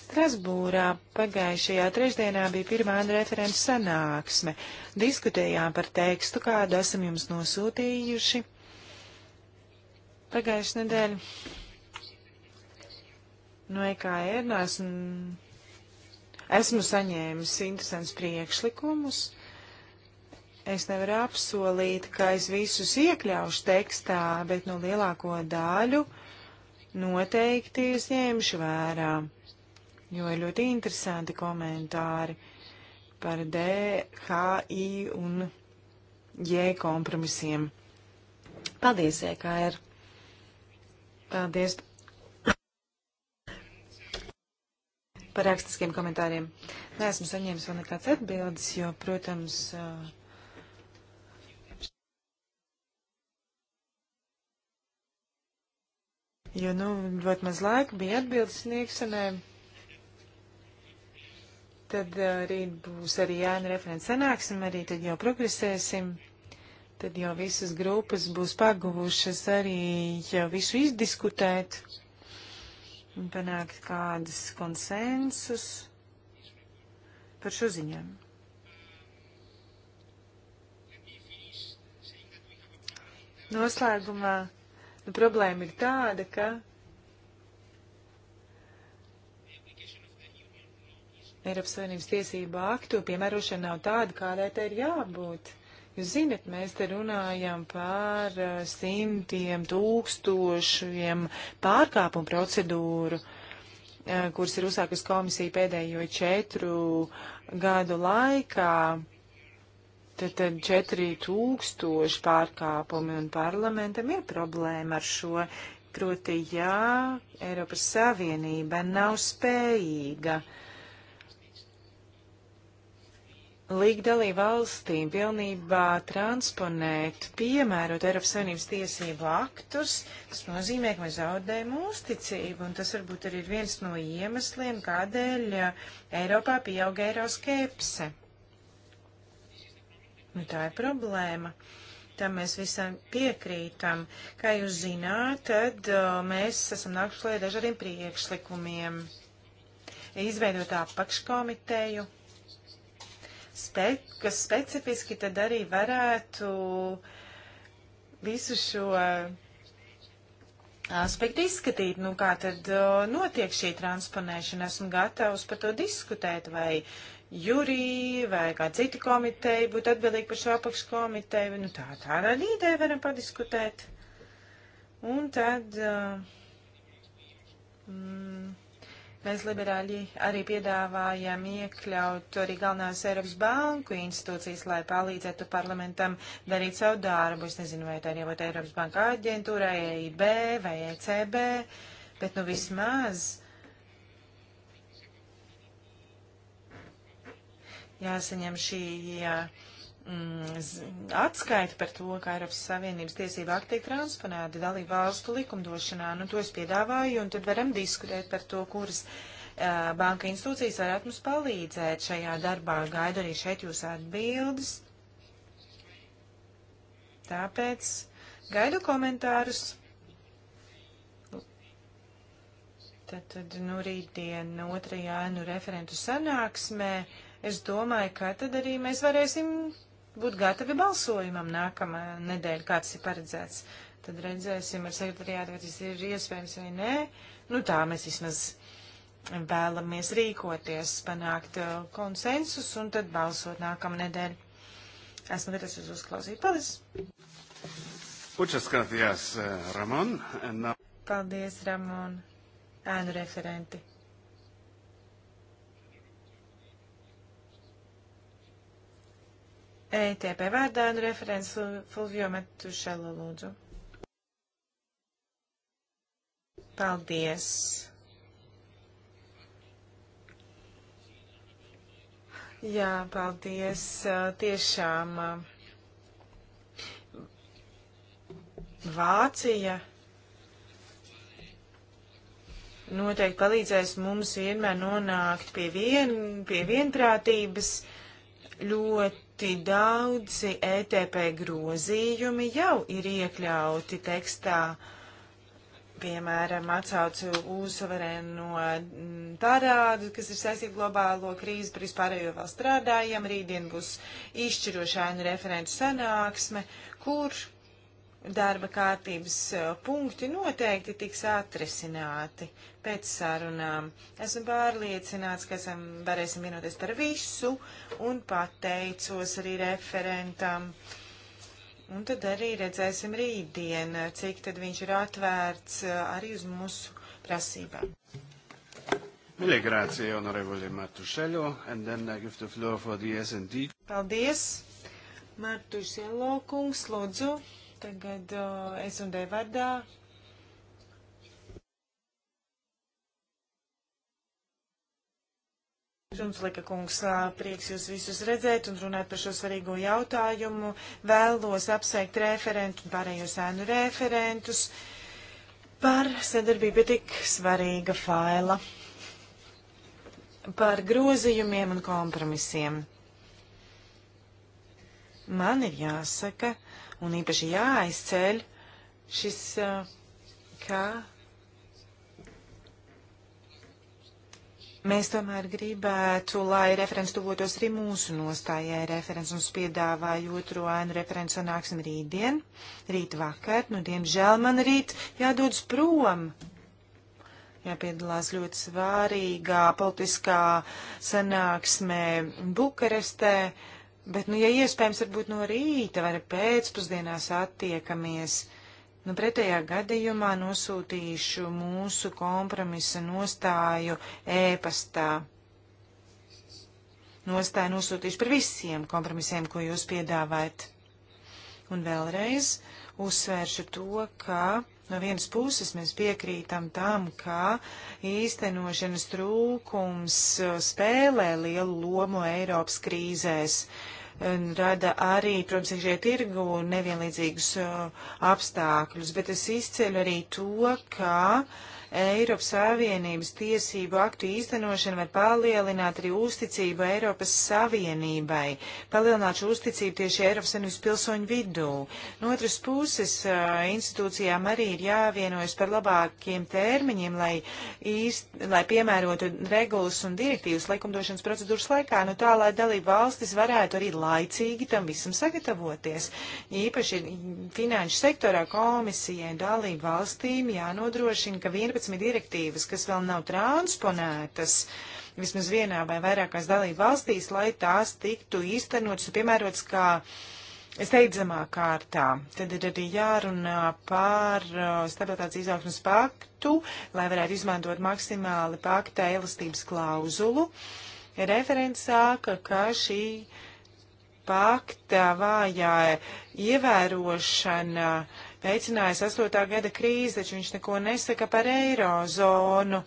Strasbūrā pagājušajā trešdienā bija pirmā referents sanāksme. Diskutējām par tekstu, kādu esam jums nosūtījuši pagājušajā nedēļā. No EKR neesmu Esmu saņēmis interesants priekšlikumus. Es nevaru apsolīt, ka es visus iekļaušu tekstā, bet no lielāko daļu noteikti es ņemšu vērā, jo ir ļoti interesanti komentāri par D, H, I un J kompromisiem. Paldies, EKR! Paldies par rakstiskiem komentāriem. Neesmu saņēmis vēl nekāds atbildes, jo, protams, jo, nu, ļoti maz laika bija atbildes sniegšanai. Tad arī būs arī jāna referents sanāksim, arī tad jau progresēsim. Tad jau visas grupas būs paguvušas arī jau visu izdiskutēt un panākt kādas konsensus par šo ziņām. Noslēgumā nu, problēma ir tāda, ka Eiropas Savienības tiesību aktu piemērošana nav tāda, kādai tai ir jābūt. Jūs zinat, mēs te runājam par eh, simtiem, tūkstošiem pārkāpumu procedūru, eh, kuras ir uzsākusi komisija pēdējo četru gadu laikā. Tad, tad 4000 pārkāpumi un parlamentam ir problēma ar šo. Proti, jā, Eiropas Savienība nav spējīga uh, liek dalību valstīm pilnībā transponēt, piemērot Eiropas Savienības tiesību aktus, tas nozīmē, ka mēs zaudējam uzticību, un tas varbūt arī ir viens no iemesliem, kādēļ Eiropā pieauga eiroskepse. Nu, tā ir problēma. Tam mēs visam piekrītam. Kā jūs zināt, tad o, mēs esam nākuši lai dažādiem priekšlikumiem. Izveidot apakškomiteju, spe, kas specifiski tad arī varētu visu šo uh, aspektu izskatīt, nu kā tad uh, notiek šī transponēšana. Esmu gatavs par to diskutēt, vai jūrī vai kā citi komiteji būtu atbildīgi par šo apakškomiteju. Nu, tā, tā arī ideja varam padiskutēt. Un tad uh, mm, Mēs liberāļi arī piedāvājam iekļaut arī galvenās Eiropas banku institūcijas, lai palīdzētu parlamentam darīt savu darbu. Es nezinu, vai tā ir jābūt Eiropas banka aģentūrai, EIB vai ECB, bet nu vismaz jāsaņem šī. Uh, Mm, atskaita par to, kā Eiropas Savienības tiesība akti tiek transponēti dalību valstu likumdošanā. Nu, to es piedāvāju, un tad varam diskutēt par to, kuras uh, banka institūcijas varētu mums palīdzēt šajā darbā. Gaidu arī šeit jūs atbildes. Tāpēc gaidu komentārus. Tad, tad nu, rītdien nu, otrajā nu, referentu sanāksmē. Es domāju, ka tad arī mēs varēsim būt gatavi balsojumam nākamā nedēļa, kāds ir paredzēts. Tad redzēsim ar sekretariātu, vai tas ir iespējams vai nē. Nu tā mēs vismaz vēlamies rīkoties, panākt uh, konsensus un tad balsot nākamā nedēļa. Esmu gatavs uz uzklausīt. Paldies! Pučas skatījās uh, Ramon. Now... Uh, Paldies, Ramon. Ēnu referenti. ETP vārdā un referents Fulvio Metušela lūdzu. Paldies! Jā, paldies. Tiešām Vācija noteikti palīdzēs mums vienmēr nonākt pie, vien, pie vienprātības ļoti ļoti daudzi ETP grozījumi jau ir iekļauti tekstā, piemēram, atsaucu uz suverēno mm, parādu, kas ir saistīta globālo krīzi, par vispārējo vēl strādājam, rītdien būs izšķirošā referentu sanāksme, kur darba kārtības eh, punkti noteikti tiks atrisināti pēc sarunām. Esmu pārliecināts, ka esam, varēsim vienoties par visu un pateicos arī referentam. Un tad arī redzēsim rītdien, cik tad viņš ir atvērts eh, arī uz mūsu prasībām. Mille grazie, onorevole Martušeļo, and then I give the floor for the S&D. Paldies, Martušeļo kungs, lūdzu. Tagad uh, es un Devardā. Jums lika kungs, uh, prieks jūs visus redzēt un runāt par šo svarīgo jautājumu. Vēlos apsveikt referentu un pārējos ēnu referentus par sadarbību tik svarīga faila, par grozījumiem un kompromisiem. Man ir jāsaka, ka un īpaši jāaizceļ šis, eh, kā Mēs tomēr gribētu, lai referents tuvotos arī mūsu nostājai. Referents mums piedāvāja otro ēnu referents sanāksim rītdien, rīt vakar. Nu, diemžēl man rīt jādodas prom. Jāpiedalās ļoti svārīgā politiskā sanāksmē Bukarestē. Uh, Bet, nu, ja iespējams, varbūt no rīta vai pēcpusdienās attiekamies, nu, pretējā gadījumā nosūtīšu mūsu kompromisa nostāju ēpastā. Nostāju nosūtīšu par visiem kompromisiem, ko jūs piedāvājat. Un vēlreiz uzsvēršu to, ka No vienas puses mēs piekrītam tam, ka īstenošanas trūkums uh, spēlē lielu lomu Eiropas krīzēs. Rada arī, protams, iekšē tirgu nevienlīdzīgus uh, apstākļus, bet es izceļu arī to, ka uh, Eiropas Savienības tiesību aktu īstenošana var palielināt arī uzticību Eiropas Savienībai, palielināt šo uzticību tieši Eiropas Savienības pilsoņu vidū. No otras puses, institūcijām arī ir jāvienojas par labākiem termiņiem, lai, īst, lai piemērotu regulas un direktīvas likumdošanas procedūras laikā, nu tā, lai dalība valstis varētu arī laicīgi tam visam sagatavoties. Īpaši finanšu sektorā komisijai dalību valstīm jānodrošina, ka 11 11 direktīvas, kas vēl nav transponētas vismaz vienā vai vairākās dalību valstīs, lai tās tiktu īstenotas un piemērotas kā steidzamā kārtā. Tad ir arī jārunā par uh, stabilitātes izaugsmas paktu, lai varētu izmantot maksimāli pakta elastības klauzulu. Referents sāka, ka šī pakta vājā ievērošana uh, veicinājis 8. gada krīzi, taču viņš neko nesaka par eirozonu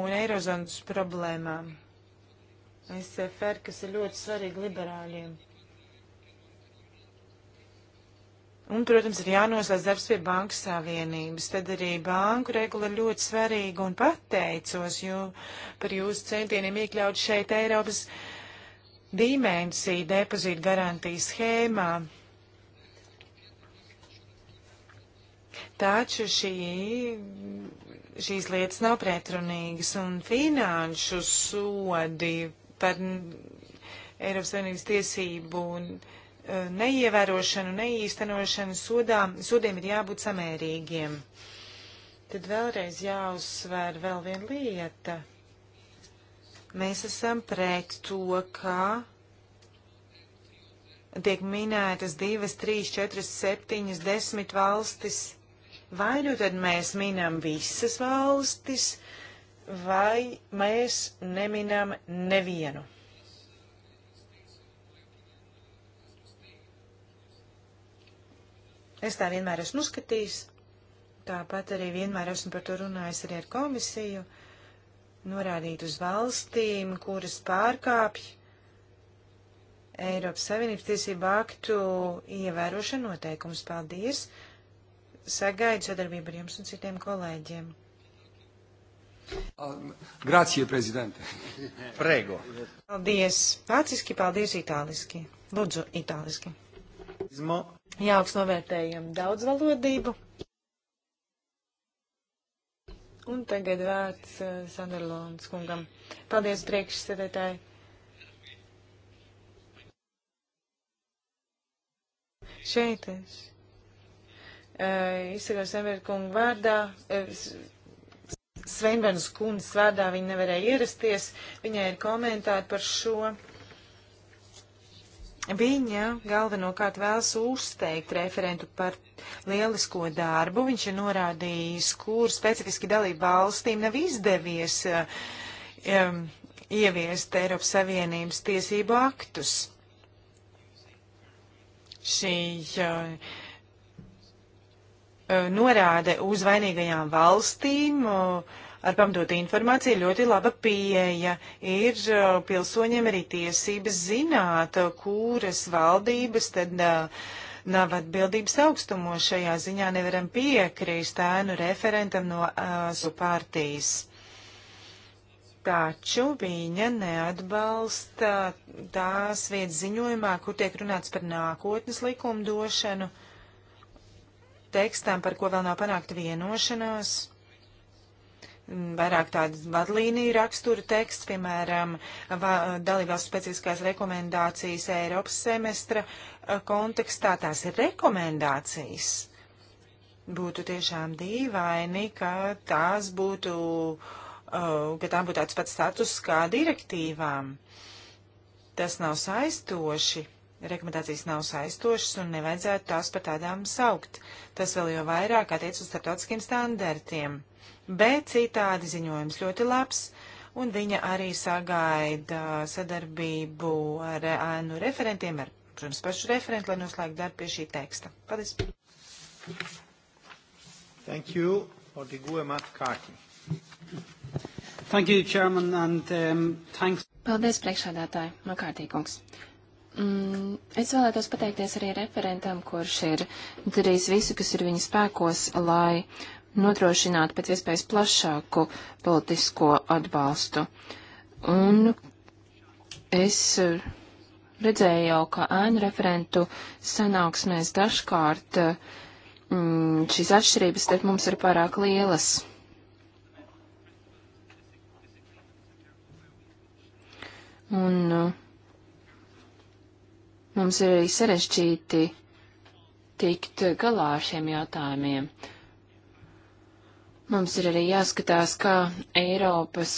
un eirozonas problēmām. SFR, kas ir ļoti svarīgi liberāļiem. Un, protams, ir jānoslēdz darbs pie bankas savienības. Tad arī banku regula ir ļoti svarīga un pateicos jū, par jūsu centieniem iekļaut šeit Eiropas dimensiju depozītu garantijas schēmā. Taču šī, šīs lietas nav pretrunīgas un finanšu sodi par Eiropas Savienības tiesību un e, neievērošanu, neīstenošanu sodām, sodiem ir jābūt samērīgiem. Tad vēlreiz jāuzsver vēl viena lieta. Mēs esam pret to, ka tiek minētas divas, trīs, četras, septiņas, desmit valstis Vai nu tad mēs minam visas valstis, vai mēs neminam nevienu? Es tā vienmēr esmu uzskatījis, tāpat arī vienmēr esmu par to runājis arī ar komisiju, norādīt uz valstīm, kuras pārkāpj Eiropas Savienības tiesību aktu ievērošana noteikums. Paldies! sagaidu sadarbību ar jums un citiem kolēģiem. Um, Grācija, prezidente. Prego. Paldies. Vāciski, paldies itāliski. Lūdzu, itāliski. Izmo. Jauks novērtējam daudzvalodību. Un tagad vērts uh, Sanderlons kungam. Paldies, priekšsēdētāji. Šeit es. Eh, izsakos Embera kunga vārdā. Eh, Sveinbernas kundas vārdā viņa nevarēja ierasties. Viņai ir komentāri par šo. Viņa galvenokārt vēlas uzteikt referentu par lielisko darbu. Viņš ir norādījis, kur specifiski dalību valstīm nav izdevies um, ieviest Eiropas Savienības tiesību aktus. Šī uh, E, norāde uz vainīgajām valstīm e, ar pamatotu informāciju ļoti laba pieeja. Ir e, pilsoņiem arī tiesības zināt, kuras valdības tad nav atbildības augstumos. Šajā ziņā nevaram piekrīst ēnu referentam no ASU partijas taču viņa neatbalsta tās vietas ziņojumā, kur tiek runāts par nākotnes likumdošanu. došanu tekstam, par ko vēl nav panākta vienošanās vairāk tāda vadlīnija rakstura teksts, piemēram, dalībvalsts specifiskās rekomendācijas Eiropas semestra kontekstā. Tās ir rekomendācijas. Būtu tiešām dīvaini, ka tās būtu, ka tām būtu tāds pats status kā direktīvām. Tas nav saistoši rekomendācijas nav saistošas un nevajadzētu tās par tādām saukt. Tas vēl jau vairāk attiec uz starptautiskiem standartiem. Bet citādi ziņojums ļoti labs, un viņa arī sagaida sadarbību ar ēnu referentiem, ar, protams, pašu referentu, lai noslēgtu darbu pie šī teksta. Paldies! Thank you. Odigue Matkaki. Thank you, Chairman, and um, thanks. Paldies, priekšādātāji, Makārtī kungs. Uh, Mm, es vēlētos pateikties arī referentam, kurš ir darījis visu, kas ir viņa spēkos, lai nodrošinātu pēc iespējas plašāku politisko atbalstu. Un es redzēju jau, ka ēnu referentu sanāksmēs dažkārt mm, šīs atšķirības starp mums ir pārāk lielas. Un uh, Mums ir arī sarežģīti tikt galā ar šiem jautājumiem. Mums ir arī jāskatās, kā Eiropas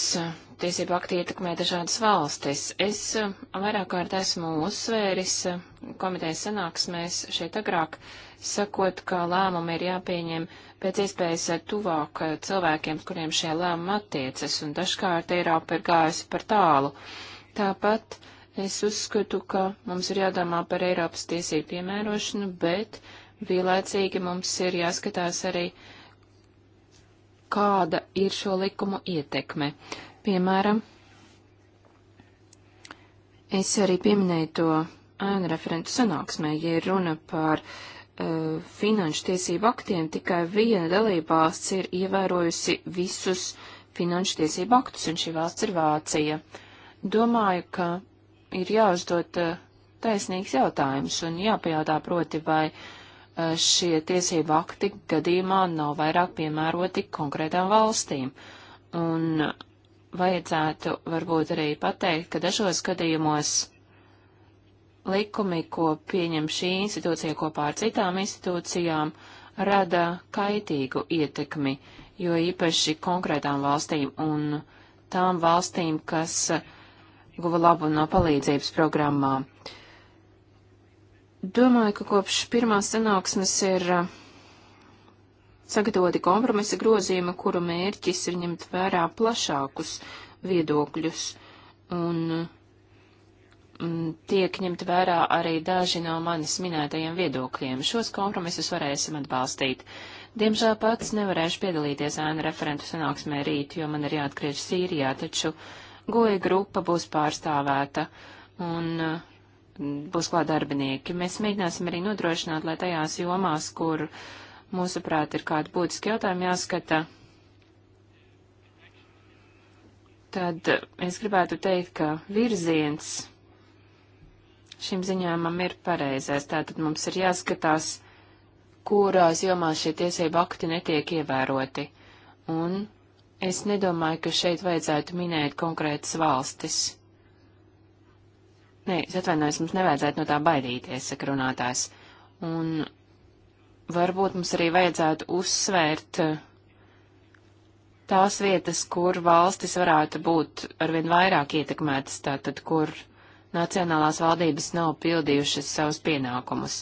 tiesība akti ietekmē dažādas valstis. Es eh, vairāk kārt esmu uzsvēris eh, komitejas sanāksmēs šeit agrāk, sakot, ka lēmumi ir jāpieņem pēc iespējas eh, tuvāk cilvēkiem, kuriem šie lēmumi attiecas, un dažkārt Eiropa ir gājusi par tālu. Tāpat Es uzskatu, ka mums ir jādomā par Eiropas tiesību piemērošanu, bet vienlaicīgi mums ir jāskatās arī, kāda ir šo likumu ietekme. Piemēram, es arī pieminēju to ēnu referentu sanāksmē, ja runa par uh, finanšu tiesību aktiem, tikai viena dalībvalsts ir ievērojusi visus finanšu tiesību aktus, un šī valsts ir Vācija. Domāju, ka ir jāuzdod eh, taisnīgs jautājums un jāpajautā proti, vai eh, šie tiesību akti gadījumā nav vairāk piemēroti konkrētām valstīm. Un vajadzētu varbūt arī pateikt, ka dažos gadījumos likumi, ko pieņem šī institūcija kopā ar citām institūcijām, rada kaitīgu ietekmi, jo īpaši konkrētām valstīm un tām valstīm, kas uh, guva labumu no palīdzības programmām. Domāju, ka kopš pirmās sanāksmes ir uh, sagatavoti kompromisa grozījumi, kuru mērķis ir ņemt vērā plašākus viedokļus un tiek ņemt vērā arī daži no manis minētajiem viedokļiem. Šos kompromisus varēsim atbalstīt. Diemžēl pats nevarēšu piedalīties ēnu referentu sanāksmē rīt, jo man ir jāatgriež Sīrijā, taču uh, goja grupa būs pārstāvēta un uh, būs klāt darbinieki. Mēs mēģināsim arī nodrošināt, lai tajās jomās, kur mūsuprāt ir kādi būtiski jautājumi jāskata, tad uh, es gribētu teikt, ka virziens šim ziņojumam ir pareizais. Tātad mums ir jāskatās, kurās jomās šie tiesība akti netiek ievēroti. Un Es nedomāju, ka šeit vajadzētu minēt konkrētas valstis. Nē, es atvainojos, mums nevajadzētu no tā baidīties, saka runātājs. Un varbūt mums arī vajadzētu uzsvērt eh, tās vietas, kur valstis varētu būt arvien vairāk ietekmētas, tātad, kur nacionālās valdības nav pildījušas savus pienākumus.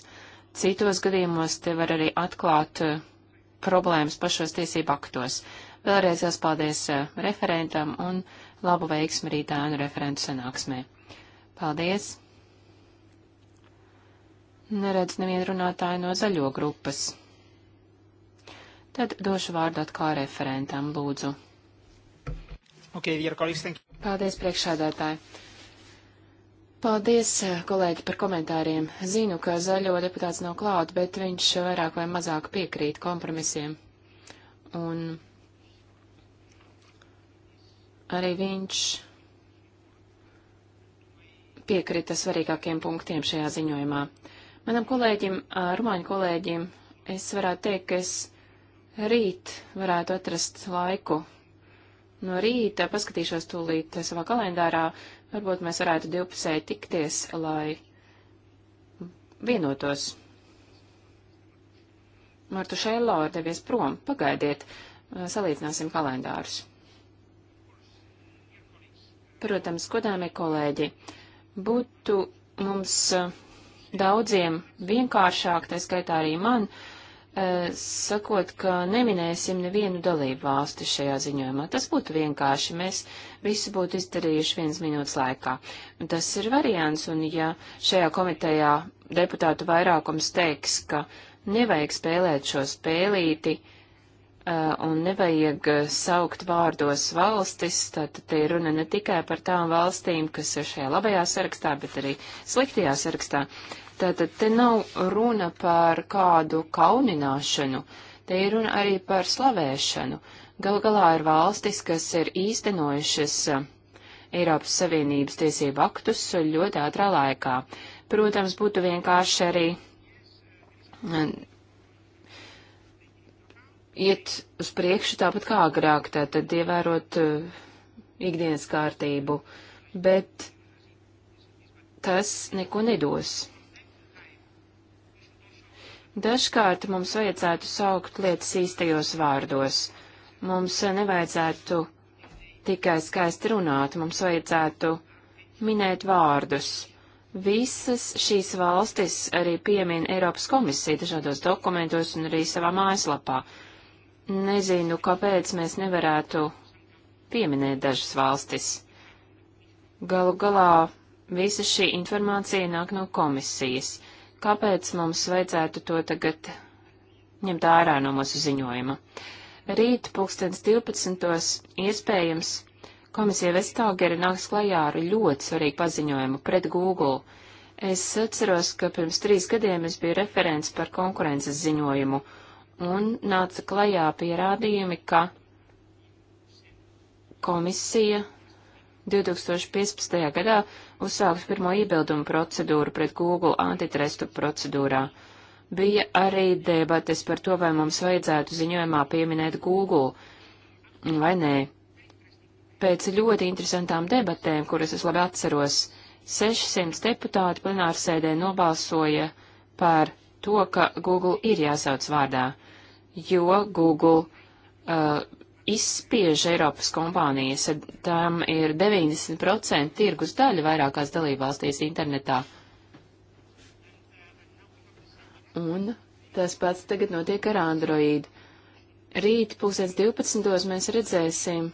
Citos gadījumos te var arī atklāt eh, problēmas pašos tiesību aktos. Vēlreiz jās paldies eh, referentam un labu veiksmi arī tānu referentu sanāksmē. Paldies! Neredz nevienu runātāju no zaļo grupas. Tad došu vārdu atkal referentam, lūdzu. Okay, dear colleagues, thank you. Paldies, priekšādātāji. Paldies, eh, kolēģi, par komentāriem. Zinu, ka zaļo deputāts nav klāt, bet viņš vairāk vai mazāk piekrīt kompromisiem. Un arī viņš piekrita svarīgākiem punktiem šajā ziņojumā. Manam kolēģim, rumāņu kolēģim, es varētu teikt, ka es rīt varētu atrast laiku. No rīta paskatīšos tūlīt savā kalendārā, varbūt mēs varētu divpusēji tikties, lai vienotos. Martu Šeilo ir devies prom, pagaidiet, salīdzināsim kalendārus. Protams, godāmie kolēģi, būtu mums eh, daudziem vienkāršāk, tā skaitā arī man, eh, sakot, ka neminēsim nevienu dalību valsti šajā ziņojumā. Tas būtu vienkārši, mēs visu būtu izdarījuši viens minūtes laikā. Tas ir variants, un ja šajā komitejā deputātu vairākums teiks, ka nevajag spēlēt šo spēlīti, uh, Eh, un nevajag eh, saukt vārdos valstis, tad te ir runa ne tikai par tām valstīm, kas ir šajā labajā sarakstā, bet arī sliktajā sarakstā. Tātad te nav runa par kādu kaunināšanu, te ir runa arī par slavēšanu. Gal galā ir valstis, kas ir īstenojušas eh, Eiropas Savienības tiesību aktus ļoti ātrā laikā. Protams, būtu vienkārši arī iet uz priekšu tāpat kā agrāk, tātad ievērot uh, ikdienas kārtību, bet tas neko nedos. Dažkārt mums vajadzētu saukt lietas īstajos vārdos. Mums nevajadzētu tikai skaisti runāt, mums vajadzētu minēt vārdus. Visas šīs valstis arī piemin Eiropas komisija dažādos dokumentos un arī savā mājaslapā. Nezinu, kāpēc mēs nevarētu pieminēt dažas valstis. Galu galā visa šī informācija nāk no komisijas. Kāpēc mums vajadzētu to tagad ņemt ārā no mūsu ziņojuma? Rīt pulkstens 12. iespējams komisija Vestāgeri nāks klajā ar ļoti svarīgu paziņojumu pret Google. Es atceros, ka pirms trīs gadiem es biju referents par konkurences ziņojumu un nāca klajā pierādījumi, ka komisija 2015. gadā uzsāks pirmo iebildumu procedūru pret Google antitrestu procedūrā. Bija arī debates par to, vai mums vajadzētu ziņojumā pieminēt Google vai nē. Pēc ļoti interesantām debatēm, kuras es labi atceros, 600 deputāti plenārsēdē nobalsoja par to, ka Google ir jāsauc vārdā, jo Google uh, izspiež Eiropas kompānijas, tam ir 90% tirgus daļa vairākās dalībvalstīs internetā. Un tas pats tagad notiek ar Android. Rīt pusdienas 12. mēs redzēsim,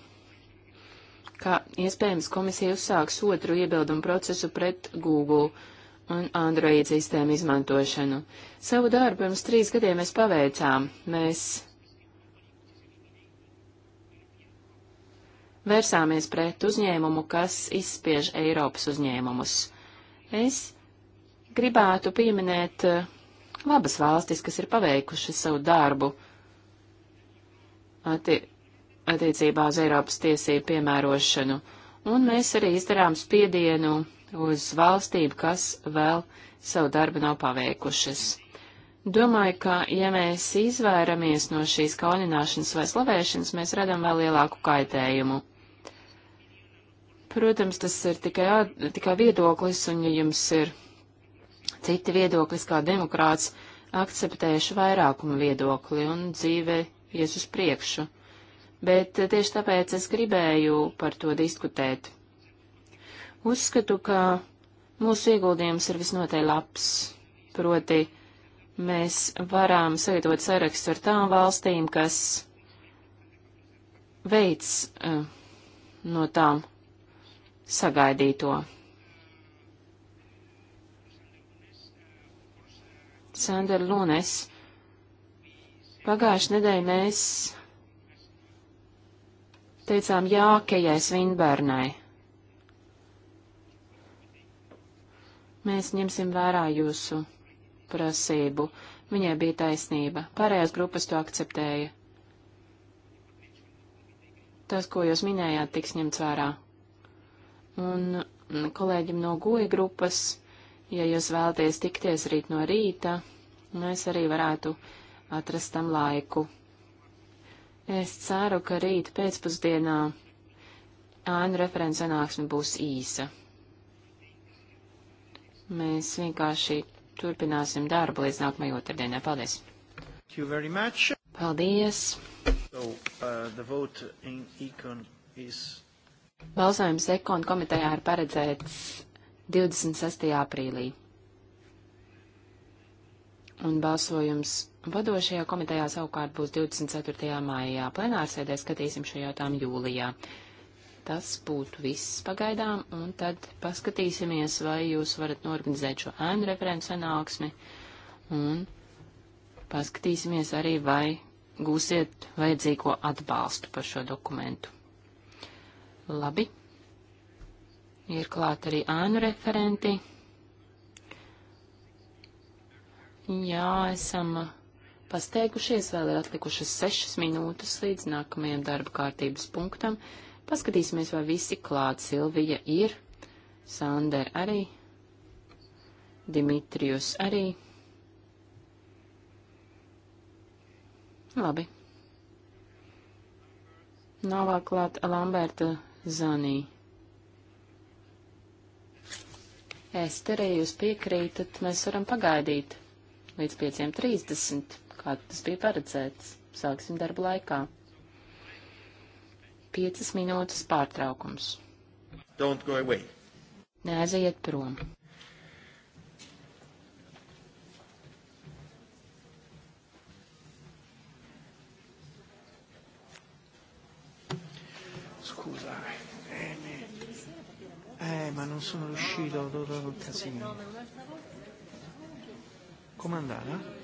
ka iespējams komisija uzsāks otru iebildumu procesu pret Google. Uh, un Android sistēmu izmantošanu. Savu darbu pirms trīs gadiem mēs paveicām. Mēs vērsāmies pret uzņēmumu, kas izspiež Eiropas uzņēmumus. Es gribētu pieminēt eh, labas valstis, kas ir paveikušas savu darbu atti attiecībā uz Eiropas tiesību piemērošanu, un mēs arī izdarām spiedienu uz valstīm, kas vēl savu darbu nav paveikušas. Domāju, ka, ja mēs izvairamies no šīs kaunināšanas vai slavēšanas, mēs radam vēl lielāku kaitējumu. Protams, tas ir tikai, tikai viedoklis, un ja jums ir citi viedoklis kā demokrāts, akceptēšu vairākumu viedokli un dzīve ies uz priekšu. Bet tieši tāpēc es gribēju par to diskutēt. Uzskatu, ka mūsu ieguldījums ir visnotaļ labs, proti mēs varam sagatavot sarakstu ar tām valstīm, kas veids uh, no tām sagaidīto. Sandra Lunes. Pagājušajā nedēļā mēs teicām jā Kejai Svinbērnai. Mēs ņemsim vērā jūsu prasību. Viņai bija taisnība. Pārējās grupas to akceptēja. Tas, ko jūs minējāt, tiks ņemts vērā. Un mm, kolēģim no goja grupas, ja jūs vēlaties tikties rīt no rīta, mēs arī varētu atrast tam laiku. Es ceru, ka rīt pēcpusdienā ēnu referents sanāksme būs īsa. Mēs vienkārši turpināsim darbu līdz nākamajai otrdienai. Paldies! Paldies! So, uh, is... Balsojums Ekon komitejā ir paredzēts 26. aprīlī. Un balsojums vadošajā komitejā savukārt būs 24. maijā. Plenārsēdē skatīsim šo jautājumu jūlijā. Tas būtu viss pagaidām, un tad paskatīsimies, vai jūs varat norganizēt šo ēnu referentu sanāksmi, un paskatīsimies arī, vai gūsiet vajadzīgo atbalstu par šo dokumentu. Labi. Ir klāt arī ēnu referenti. Jā, esam pasteigušies, vēl ir atlikušas sešas minūtes līdz nākamajam darba kārtības punktam. Paskatīsimies, vai visi klāt Silvija ir, Sander arī, Dimitrijus arī. Labi. Nav vēl klāt Lamberta Zanī. Estere, jūs piekrītat, mēs varam pagaidīt līdz 5.30, kā tas bija paredzēts. Sāksim darbu laikā piecas minūtes pārtraukums. Don't go away. Neaiziet prom. Scusami. Eh, eh, ma non sono riuscito, ho dovuto un casino. Com'è andata?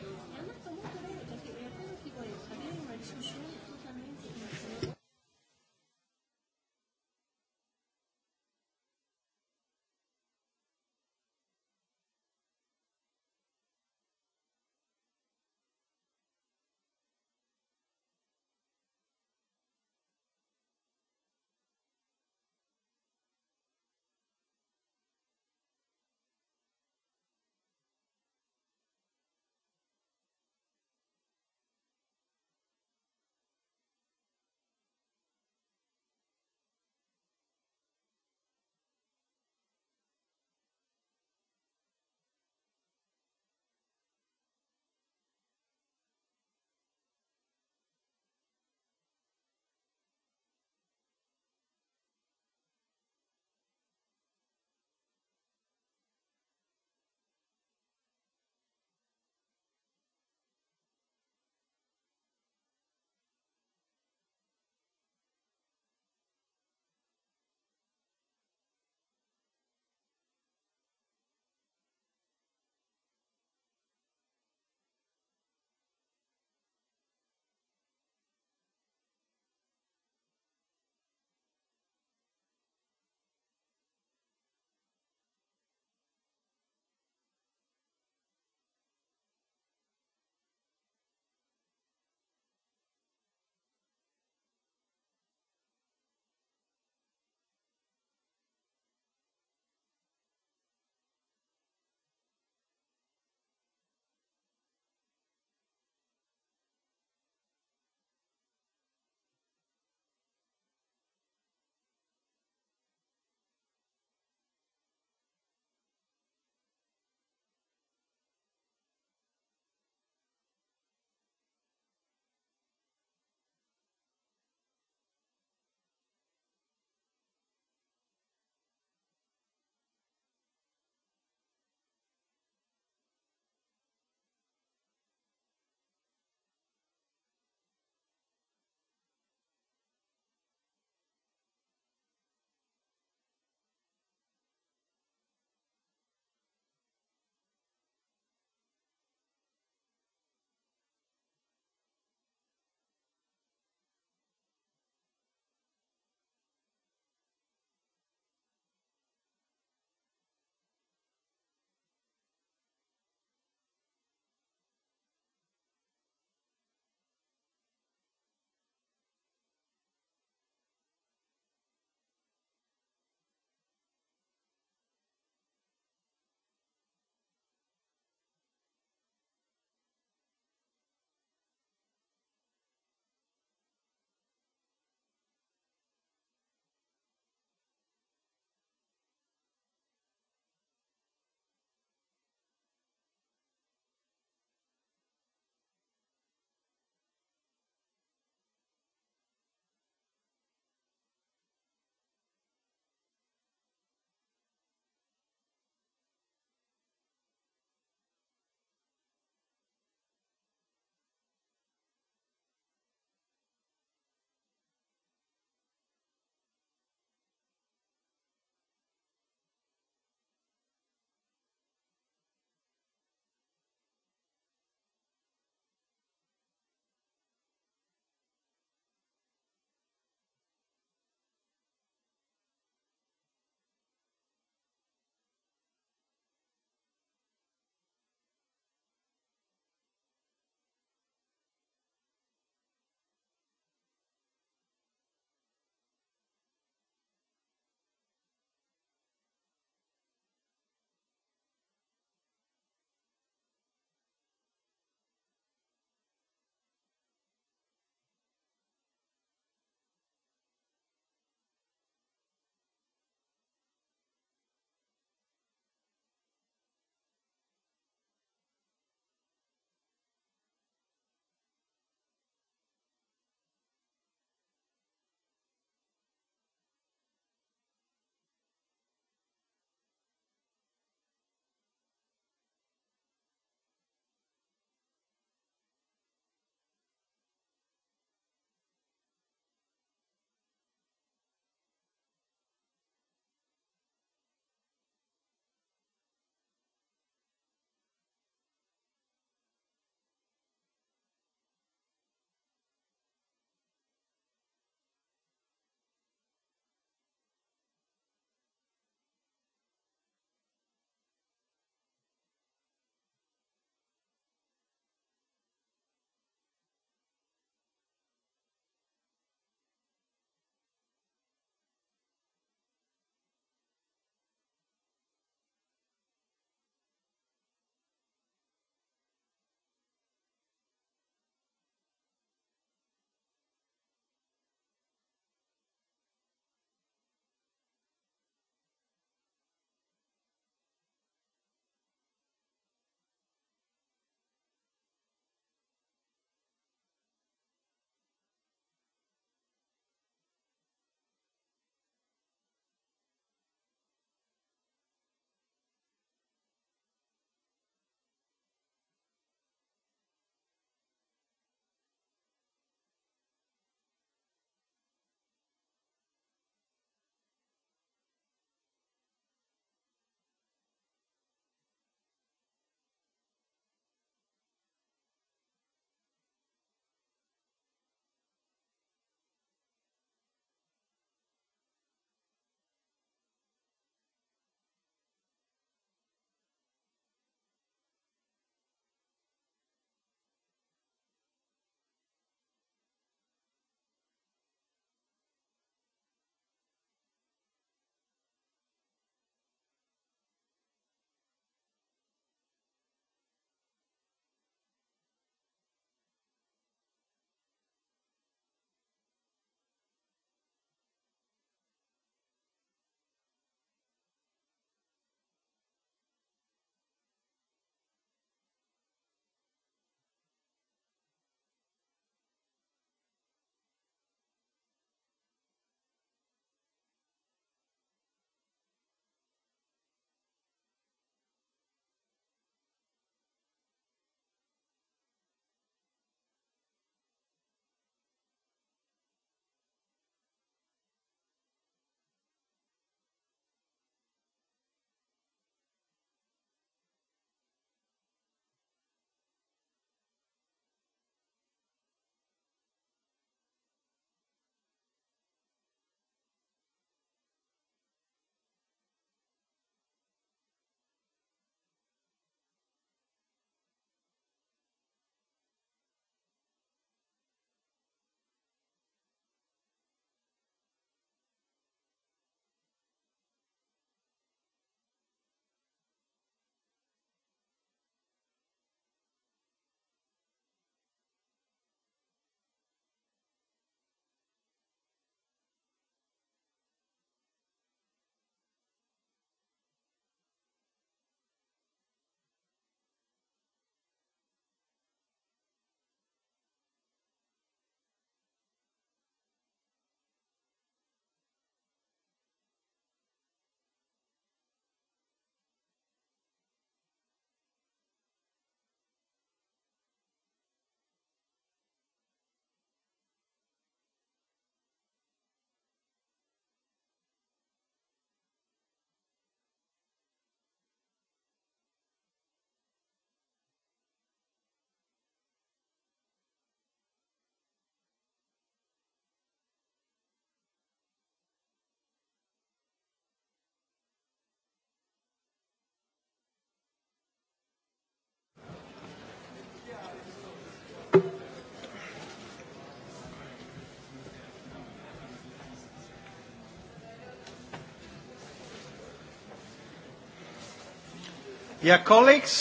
Ja kolēģis,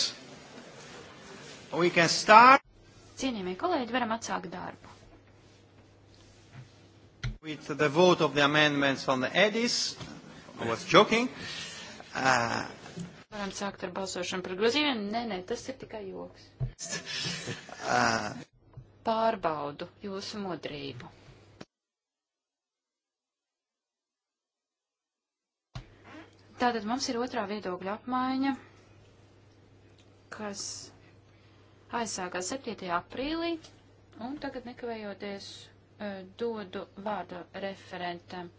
we can start. Cienījamie kolēģi, varam atsākt darbu. With the vote of the amendments on the EDIS, I was joking. Uh, varam sākt ar balsošanu par grozījumiem. Nē, nē, tas ir tikai joks. Uh, Pārbaudu jūsu modrību. Tātad mums ir otrā viedokļa apmaiņa kas aizsākās 7. aprīlī, un tagad nekavējoties e, dodu vārdu referentam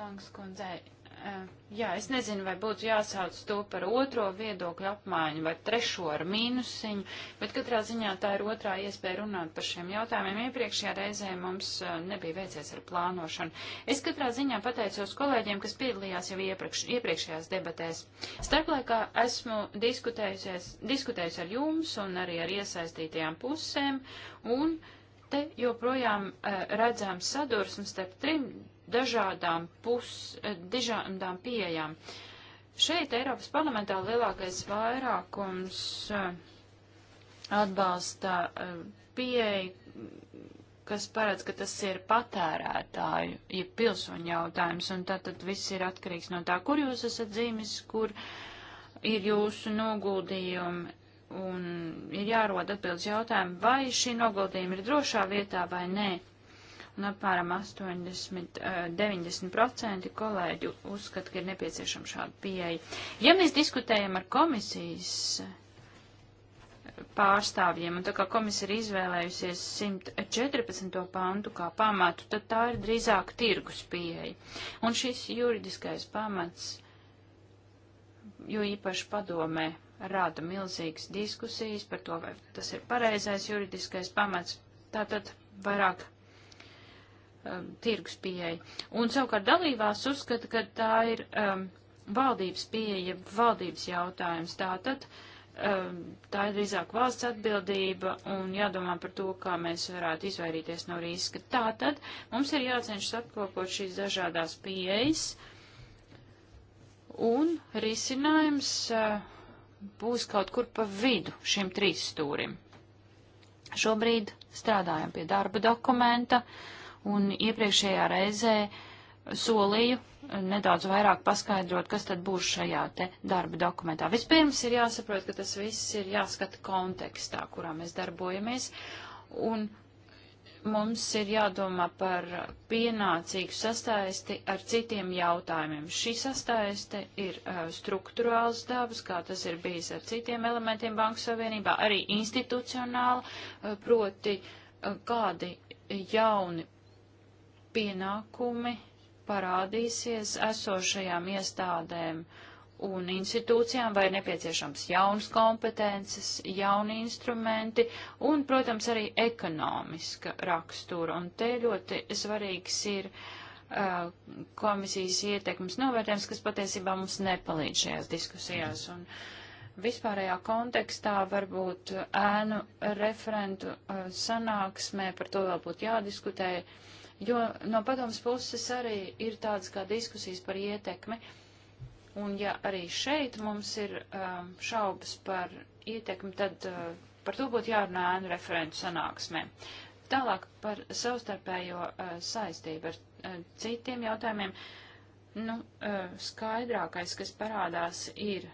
Langskundzei. Eh, jā, es nezinu, vai būtu jāsauc to par otro viedokļu apmaiņu vai trešo ar mīnusiņu, bet katrā ziņā tā ir otrā iespēja runāt par šiem jautājumiem. Iepriekšējā reizē mums eh, nebija veicies ar plānošanu. Es katrā ziņā pateicos kolēģiem, kas piedalījās jau iepriekš, iepriekšējās debatēs. Starplaikā esmu diskutējusi ar jums un arī ar iesaistītajām pusēm, un te joprojām uh, eh, redzams sadursmes starp trim dažādām pus, eh, dažādām pieejām. Šeit Eiropas parlamentā lielākais vairākums eh, atbalsta eh, pieeja, kas paredz, ka tas ir patērētāju, ja pilsoņu jautājums, un tātad viss ir atkarīgs no tā, kur jūs esat dzīvis, kur ir jūsu noguldījumi, un ir jārod atbildes jautājumu, vai šī noguldījuma ir drošā vietā vai nē un nu, apmēram 80-90% eh, kolēģu uzskata, ka ir nepieciešama šāda pieeja. Ja mēs diskutējam ar komisijas pārstāvjiem, un tā kā komisija ir izvēlējusies 114. pantu kā pamatu, tad tā ir drīzāk tirgus pieeja. Un šis juridiskais pamats, jo īpaši padomē, rada milzīgas diskusijas par to, vai tas ir pareizais juridiskais pamats. Tātad vairāk um, tirgus pieeja. Un savukārt dalībās uzskata, ka tā ir um, valdības pieeja, valdības jautājums. Tātad um, tā ir drīzāk valsts atbildība un jādomā par to, kā mēs varētu izvairīties no riska. Tātad mums ir jācenšas apkopot šīs dažādās pieejas un risinājums uh, būs kaut kur pa vidu šim trīs stūrim. Šobrīd strādājam pie darba dokumenta. Uh, un iepriekšējā reizē solīju eh, nedaudz vairāk paskaidrot, kas tad būs šajā te darba dokumentā. Vispirms ir jāsaprot, ka tas viss ir jāskata kontekstā, kurā mēs darbojamies, un mums ir jādomā par pienācīgu sastāisti ar citiem jautājumiem. Šī sastāiste ir uh, struktūrāls dabas, kā tas ir bijis ar citiem elementiem Banku Savienībā, arī institucionāli, uh, proti uh, kādi jauni pienākumi parādīsies esošajām iestādēm un institūcijām, vai nepieciešams jaunas kompetences, jauni instrumenti un, protams, arī ekonomiska rakstura. Un te ļoti svarīgs ir uh, komisijas ietekmes novērtējums, kas patiesībā mums nepalīdz šajās diskusijās. Un vispārējā kontekstā varbūt ēnu referentu uh, sanāksmē par to vēl būtu jādiskutē. Uh, jo no padomas puses arī ir tādas kā diskusijas par ietekmi. Un ja arī šeit mums ir um, šaubas par ietekmi, tad uh, par to būtu jārunā ēnu referentu sanāksmē. Tālāk par savstarpējo uh, saistību ar uh, citiem jautājumiem. Nu, uh, skaidrākais, kas parādās, ir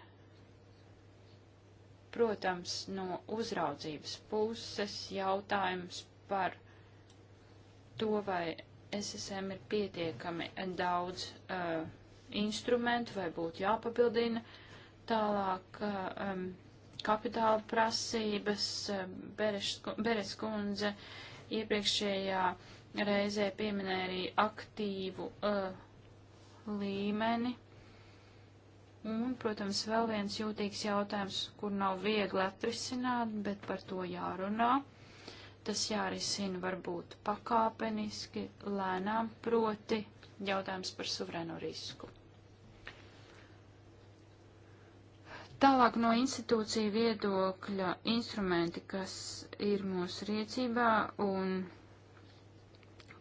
protams, no uzraudzības puses jautājums par to, vai SSM ir pietiekami daudz uh, instrumentu, vai būtu jāpapildina tālāk uh, um, kapitāla prasības. Um, Beres kundze iepriekšējā reizē pieminēja arī aktīvu uh, līmeni. Un, protams, vēl viens jūtīgs jautājums, kur nav viegli atrisināt, bet par to jārunā. Uh, Tas jārisina varbūt pakāpeniski, lēnām, proti jautājums par suverēno risku. Tālāk no institūcija viedokļa instrumenti, kas ir mūsu rīcībā un,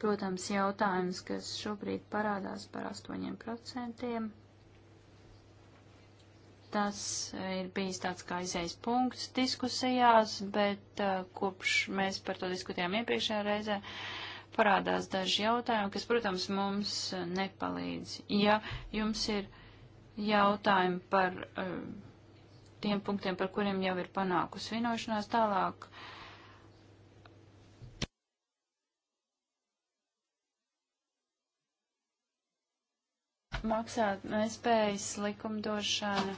protams, jautājums, kas šobrīd parādās par 8%. Tas ir bijis tāds kā izējas punkts diskusijās, bet uh, kopš mēs par to diskutējām iepriekšējā reizē, parādās daži jautājumi, kas, protams, mums nepalīdz. Ja jums ir jautājumi par uh, tiem punktiem, par kuriem jau ir panākusi vienošanās tālāk, maksāt nespējas likumdošana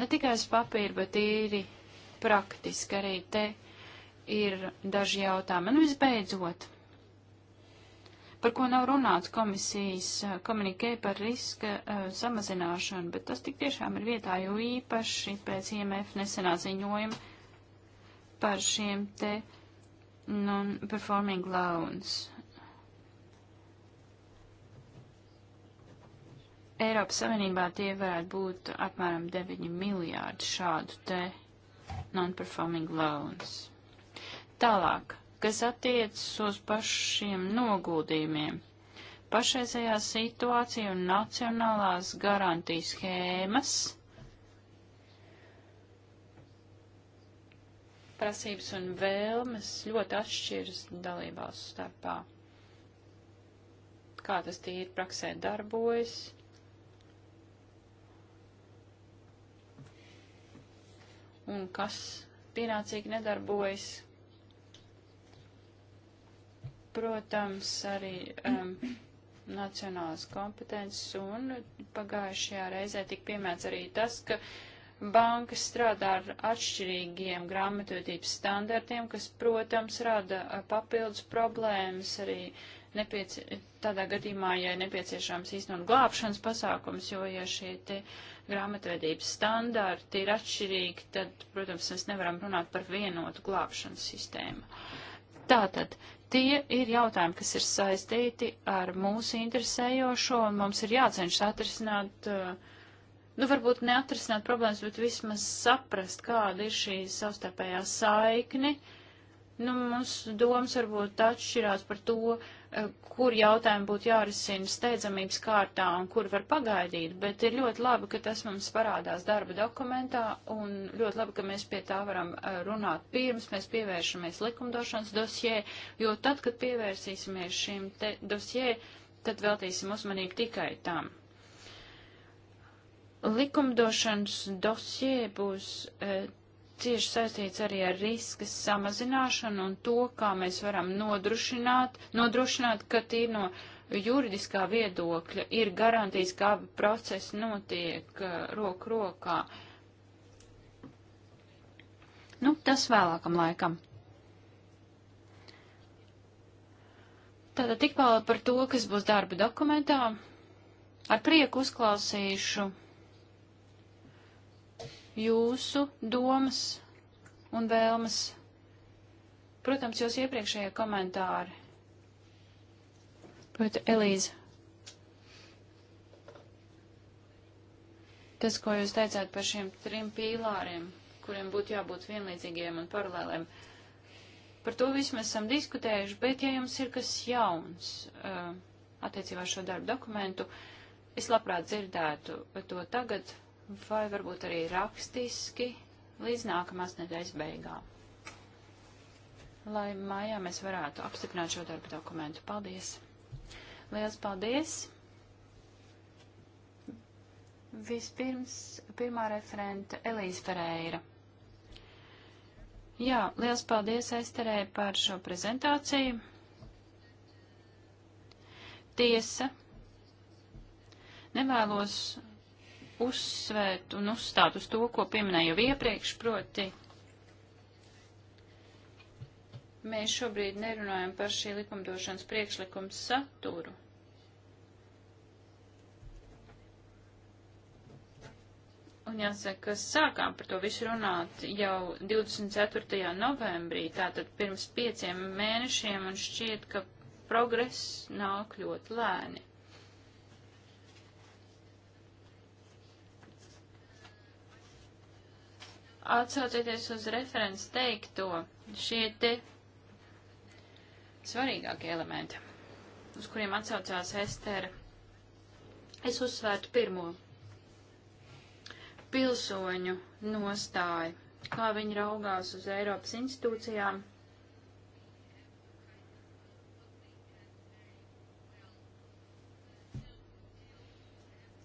ne tikai uz papīra, bet īri praktiski arī te ir daži jautājumi. Un nu, visbeidzot, par ko nav runāts komisijas eh, komunikē par riska uh, samazināšanu, bet tas tik tiešām ir vietā, jo īpaši pēc IMF nesenā ziņojuma par šiem te non-performing loans. Eiropas Savienībā tie varētu būt apmēram 9 miljārdi šādu te non-performing loans. Tālāk, kas attiecas uz pašiem noguldījumiem. Pašreizējā situācija un nacionālās garantijas schēmas prasības un vēlmes ļoti atšķiras dalībās starpā. Kā tas tīri praksē darbojas? un kas pienācīgi nedarbojas. Protams, arī um, nacionālas kompetences un pagājušajā reizē tika piemēts arī tas, ka bankas strādā ar atšķirīgiem grāmatvedības standartiem, kas, protams, rada uh, papildus problēmas arī nepieci... tādā gadījumā, ja nepieciešams īstenot glābšanas pasākums, jo ja šie te uh, grāmatvedības standarti ir atšķirīgi, tad, protams, mēs nevaram runāt par vienotu glābšanas sistēmu. Tātad, tie ir jautājumi, kas ir saistīti ar mūsu interesējošo, un mums ir jācenšas atrisināt, uh, nu varbūt neatrisināt problēmas, bet vismaz saprast, kāda ir šī savstarpējā saikne. Nu, mums domas varbūt atšķirās par to, uh, Eh, kur jautājumi būtu jārisina steidzamības kārtā un kur var pagaidīt, bet ir ļoti labi, ka tas mums parādās darba dokumentā un ļoti labi, ka mēs pie tā varam eh, runāt pirms mēs pievēršamies likumdošanas dosjē, jo tad, kad pievērsīsimies šim dosjē, tad veltīsim uzmanību tikai tam. Likumdošanas dosjē būs. E, cieši saistīts arī ar riska samazināšanu un to, kā mēs varam nodrošināt, nodrošināt ka tī no juridiskā viedokļa ir garantijas, kā process notiek eh, roku rokā. Nu, tas vēlākam laikam. Tātad tikpāli par to, kas būs darba dokumentā. Ar prieku uzklausīšu jūsu domas un vēlmes. Protams, jūs iepriekšējie komentāri. Proti, Elīze. Tas, ko jūs teicāt par šiem trim pīlāriem, kuriem būtu jābūt vienlīdzīgiem un paralēliem, par to visu mēs esam diskutējuši, bet ja jums ir kas jauns uh, attiecībā ar šo darbu dokumentu, es labprāt dzirdētu to tagad vai varbūt arī rakstiski līdz nākamās nedēļas beigām, lai mājā mēs varētu apstiprināt šo darba dokumentu. Paldies! Liels paldies! Vispirms pirmā referenta Elīze Ferreira. Jā, liels paldies Esterē par šo prezentāciju. Tiesa, nevēlos uzsvērt un uzstāt uz to, ko pieminēju jau iepriekš, proti mēs šobrīd nerunājam par šī likumdošanas priekšlikuma saturu. Un jāsaka, ka sākām par to visu runāt jau 24. novembrī, tātad pirms pieciem mēnešiem, un šķiet, ka progress nāk ļoti lēni. atsaucoties uz referents teikto, šie te svarīgākie elementi, uz kuriem atsaucās Estera, es uzsvērtu pirmo pilsoņu nostāju, kā viņi raugās uz Eiropas institūcijām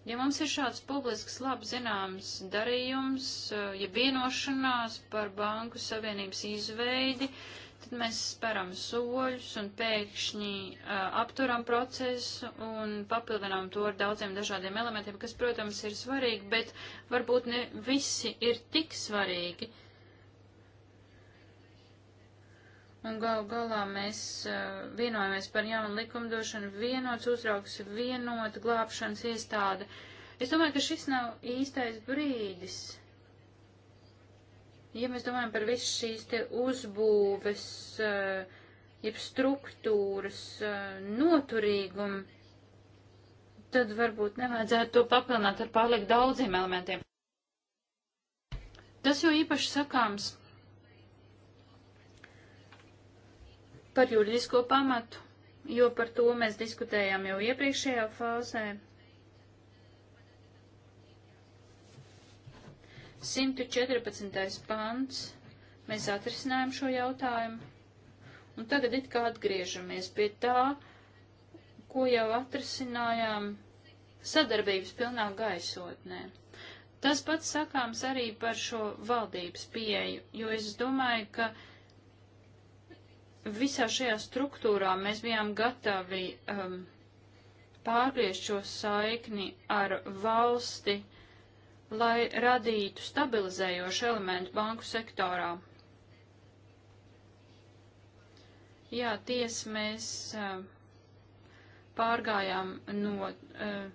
Ja mums ir šāds publisks labi zināms darījums, eh, ja vienošanās par banku savienības izveidi, tad mēs speram soļus un pēkšņi uh, apturam procesu un papildinām to ar daudziem dažādiem elementiem, kas, protams, ir svarīgi, bet varbūt ne visi ir tik svarīgi. Uh, un gal galā mēs uh, vienojamies par jaunu likumdošanu, vienots uzraugs, vienota glābšanas iestāde. Es domāju, ka šis nav īstais brīdis. Ja mēs domājam par visu šīs te uzbūves, uh, jeb struktūras uh, noturīgumu, tad varbūt nevajadzētu to papilnāt ar pārliek daudziem elementiem. Tas jau īpaši sakāms par juridisko pamatu, jo par to mēs diskutējām jau iepriekšējā fāzē. 114. pants. Mēs atrisinājām šo jautājumu. Un tagad it kā atgriežamies pie tā, ko jau atrisinājām sadarbības pilnā gaisotnē. Tas pats sakāms arī par šo valdības pieeju, jo es domāju, ka visā šajā struktūrā mēs bijām gatavi um, pārgriezt šo saikni ar valsti, lai radītu stabilizējošu elementu banku sektorā. Jā, ties mēs uh, pārgājām no uh,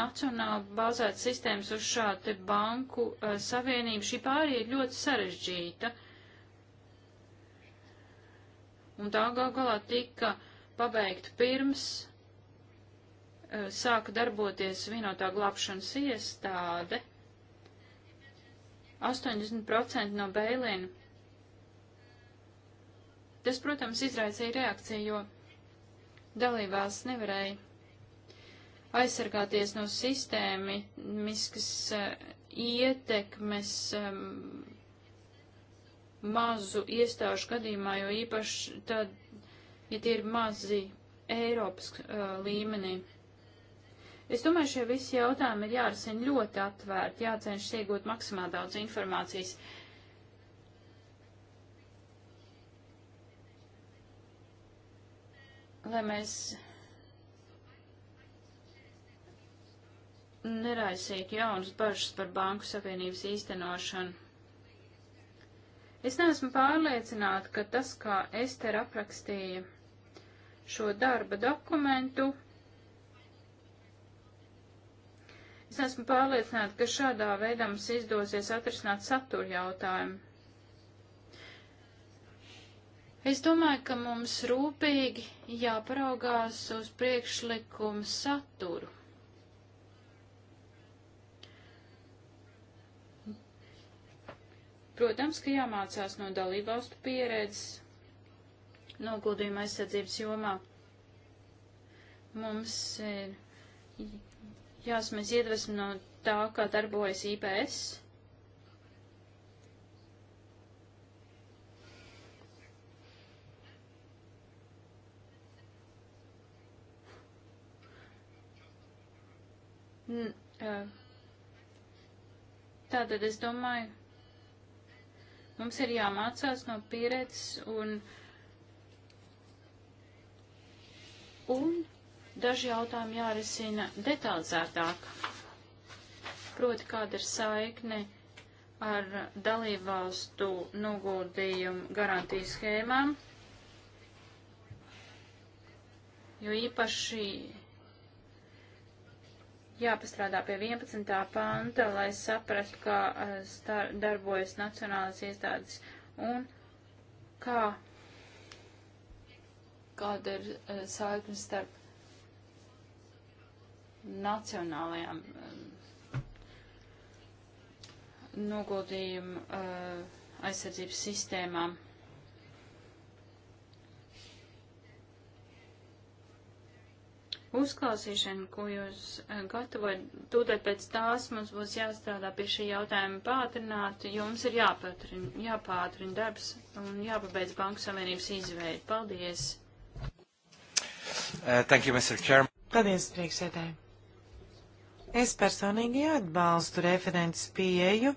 nacionāli bāzētas sistēmas uz šādu banku uh, savienību. Šī pārēja ir ļoti sarežģīta. Uh, un tā gal galā tika pabeigta pirms uh, sāka darboties vienotā glābšanas iestāde. 80% no bēlina. Tas, protams, izraisīja reakciju, jo dalībās nevarēja aizsargāties no sistēmiskas uh, ietekmes um, mazu iestāžu gadījumā, jo īpaši tad, ja tie ir mazi Eiropas uh, līmenī. Es domāju, šie visi jautājumi ir jārasina ļoti atvērti, jācenšas iegūt maksimāli daudz informācijas. Lai mēs neraisītu jaunas bažas par banku savienības īstenošanu. Es neesmu pārliecināta, ka tas, kā Ester aprakstīja šo darba dokumentu, es neesmu pārliecināta, ka šādā veidā mums izdosies atrisināt satura jautājumu. Es domāju, ka mums rūpīgi jāparaugās uz priekšlikumu saturu. Protams, ka jāmācās no dalībvalstu pieredzes noguldījuma aizsardzības jomā. Mums ir jāsmēs iedvesmu no tā, kā darbojas IPS. Eh, tātad es domāju, Mums ir jāmācās no pieredzes un, un daži jautājumi jārisina detalizētāk. Proti, kāda ir saikne ar dalībvalstu noguldījumu garantijas schēmām, jo īpaši jāpastrādā pie 11. panta, lai saprastu, kā eh, star, darbojas nacionālas iestādes un kā, kāda ir eh, saiknes starp nacionālajām eh, noguldījumu aizsardzības sistēmām. uzklausīšanu, ko jūs eh, gatavojat, tūdēt pēc tās mums būs jāstrādā pie šī jautājuma pātrināt, jo mums ir jāpātrina, jāpātrina darbs un jāpabeidz Banku Savienības izveidi. Paldies! Uh, thank you, Mr. Chairman. Paldies, priekšsēdēji. Es personīgi atbalstu referents pieeju.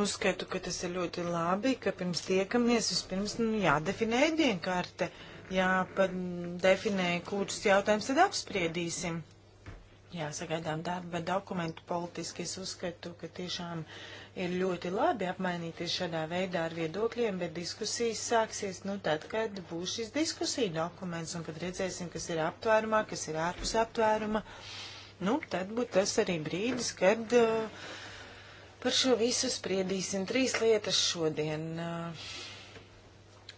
Uzskatu, ka tas ir ļoti labi, ka pirms tiekamies, vispirms nu, jādefinē dienkārte. Uh, jāpadefinē, kurus jautājumus tad apspriedīsim. Jā, sagaidām darba dokumentu politiski es uzskatu, ka tiešām ir ļoti labi apmainīties šādā veidā ar viedokļiem, bet diskusijas sāksies, nu, tad, kad būs šis diskusija dokuments un kad redzēsim, kas ir aptvērumā, kas ir ārpus aptvēruma, nu, tad būtu tas arī brīdis, kad uh, par šo visu spriedīsim trīs lietas šodien. Uh,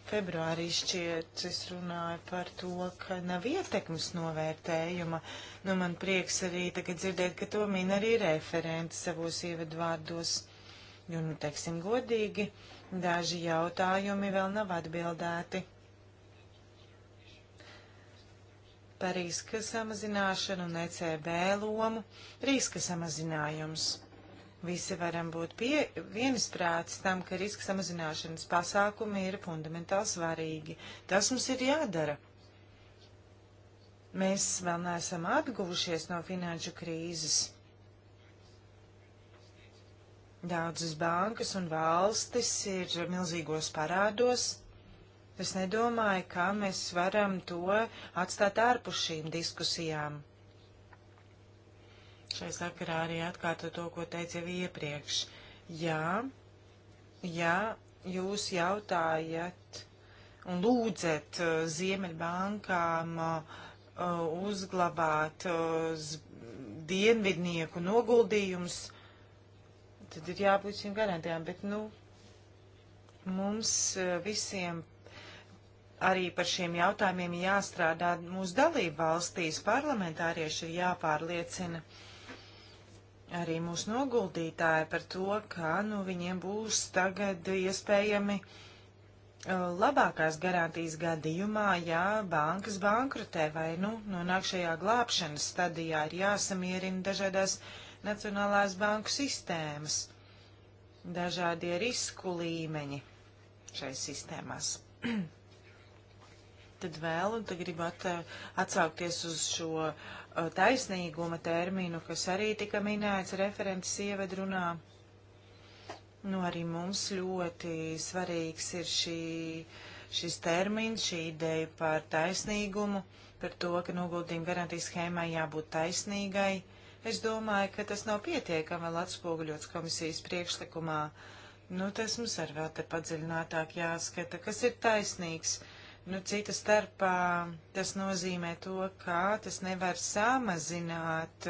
Februārī šķiet, es runāju par to, ka nav ietekmes novērtējuma. Nu, man prieks arī tagad dzirdēt, ka to min arī referenti savos ievadvārdos. Jo, nu, teiksim godīgi, daži jautājumi vēl nav atbildēti. Par riska samazināšanu un ECB lomu riska samazinājums visi varam būt pie, vienisprāts tam, ka riska samazināšanas pasākumi ir fundamentāli svarīgi. Tas mums ir jādara. Mēs vēl neesam atguvušies no finanšu krīzes. Daudzas bankas un valstis ir milzīgos parādos. Es nedomāju, kā mēs varam to atstāt ārpus šīm diskusijām. Šai sakarā arī atkārto to, ko teicu jau iepriekš. Jā, jā, jūs jautājat un lūdzat uh, Ziemeļbankām uh, uh uzglabāt uh, dienvidnieku noguldījumus, tad ir jābūt šīm garantijām. Bet, nu, mums uh, visiem arī par šiem jautājumiem jāstrādā mūsu dalību valstīs. Parlamentārieši ir jāpārliecina. Uh, arī mūsu noguldītāji par to, ka nu, viņiem būs tagad iespējami uh, labākās garantijas gadījumā, ja bankas bankrutē vai nu, nonāk šajā glābšanas stadijā, ir jāsamierina dažādās nacionālās banku sistēmas, dažādie risku līmeņi šai sistēmās. tad vēl, un tad gribu at, atsaukties uz šo uh, taisnīguma terminu, kas arī tika minēts referents ievedrunā. Nu, arī mums ļoti svarīgs ir šī, šis termins, šī ideja par taisnīgumu, par to, ka noguldījuma garantijas schēmai jābūt taisnīgai. Es domāju, ka tas nav pietiekami vēl atspoguļots komisijas priekšlikumā. Nu, tas mums arī vēl te padziļinātāk jāskata, kas ir taisnīgs Nu, cita starpā tas nozīmē to, ka tas nevar samazināt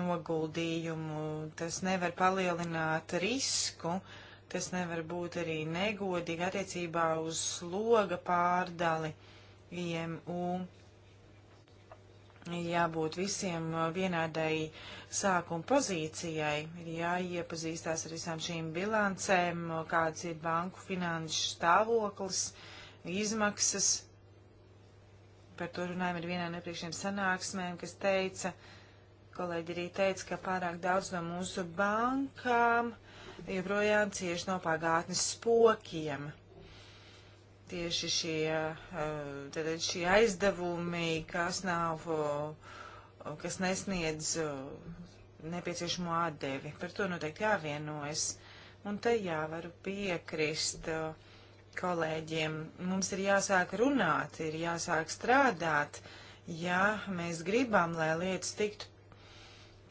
noguldījumu, tas nevar palielināt risku, tas nevar būt arī negodīgi attiecībā uz sloga pārdali IMU. Jābūt visiem vienādai sākuma pozīcijai, ir jāiepazīstās ar visām šīm bilancēm, kāds ir banku finanšu stāvoklis. Uh, izmaksas. Par to runājam ar vienā no iepriekšējiem sanāksmēm, kas teica, kolēģi arī teica, ka pārāk daudz no mūsu bankām joprojām cieši no pagātnes spokiem. Tieši šie, eh, šie aizdevumi, kas nav, eh, kas nesniedz eh, nepieciešamo atdevi. Par to noteikti jāvienojas. Un te jāvaru piekrist uh, kolēģiem. Mums ir jāsāk runāt, ir jāsāk strādāt, ja mēs gribam, lai lietas tiktu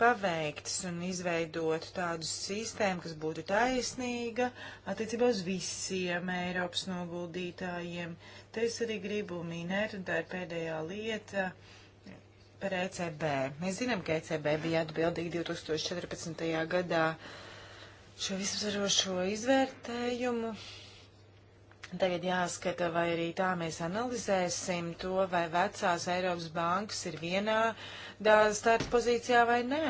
paveiktas un izveidot tādu sistēmu, kas būtu taisnīga attiecībā uz visiem Eiropas noguldītājiem. Te es arī gribu minēt, un tā ir pēdējā lieta par ECB. Mēs zinām, ka ECB bija atbildīga 2014. gadā šo visaptvarošo izvērtējumu Tagad jāskata, vai arī tā mēs analizēsim to, vai vecās Eiropas bankas ir vienā starta pozīcijā vai nē.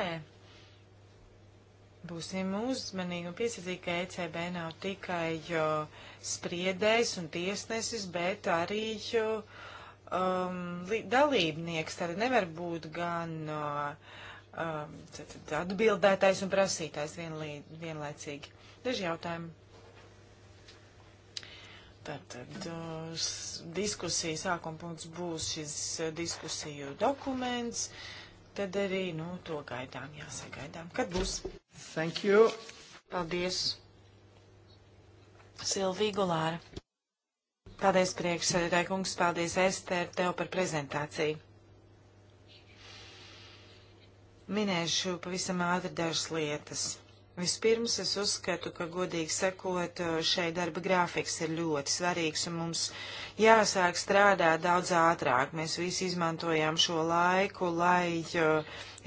Būsim uzmanīgi un piesardzīgi, ka ECB nav tikai jo, spriedējs un tiesnesis, bet arī jo, um, dalībnieks. Tad nevar būt gan uh, um, atbildētais un prasītājs vienlī, vienlaicīgi. Daži jautājumi. Tātad diskusija sākuma punkts būs šis diskusiju dokuments, tad arī, nu, to gaidām, jāsagaidām. Kad būs? Thank you. Paldies. Silvija Gulāra. Paldies priekšsēdētāji kungs, paldies Ester tev par prezentāciju. Minēšu pavisam ātri dažas lietas. Vispirms es uzskatu, ka godīgi sekot, šeit darba grafiks ir ļoti svarīgs un mums jāsāk strādāt daudz ātrāk. Mēs visi izmantojām šo laiku, lai uh,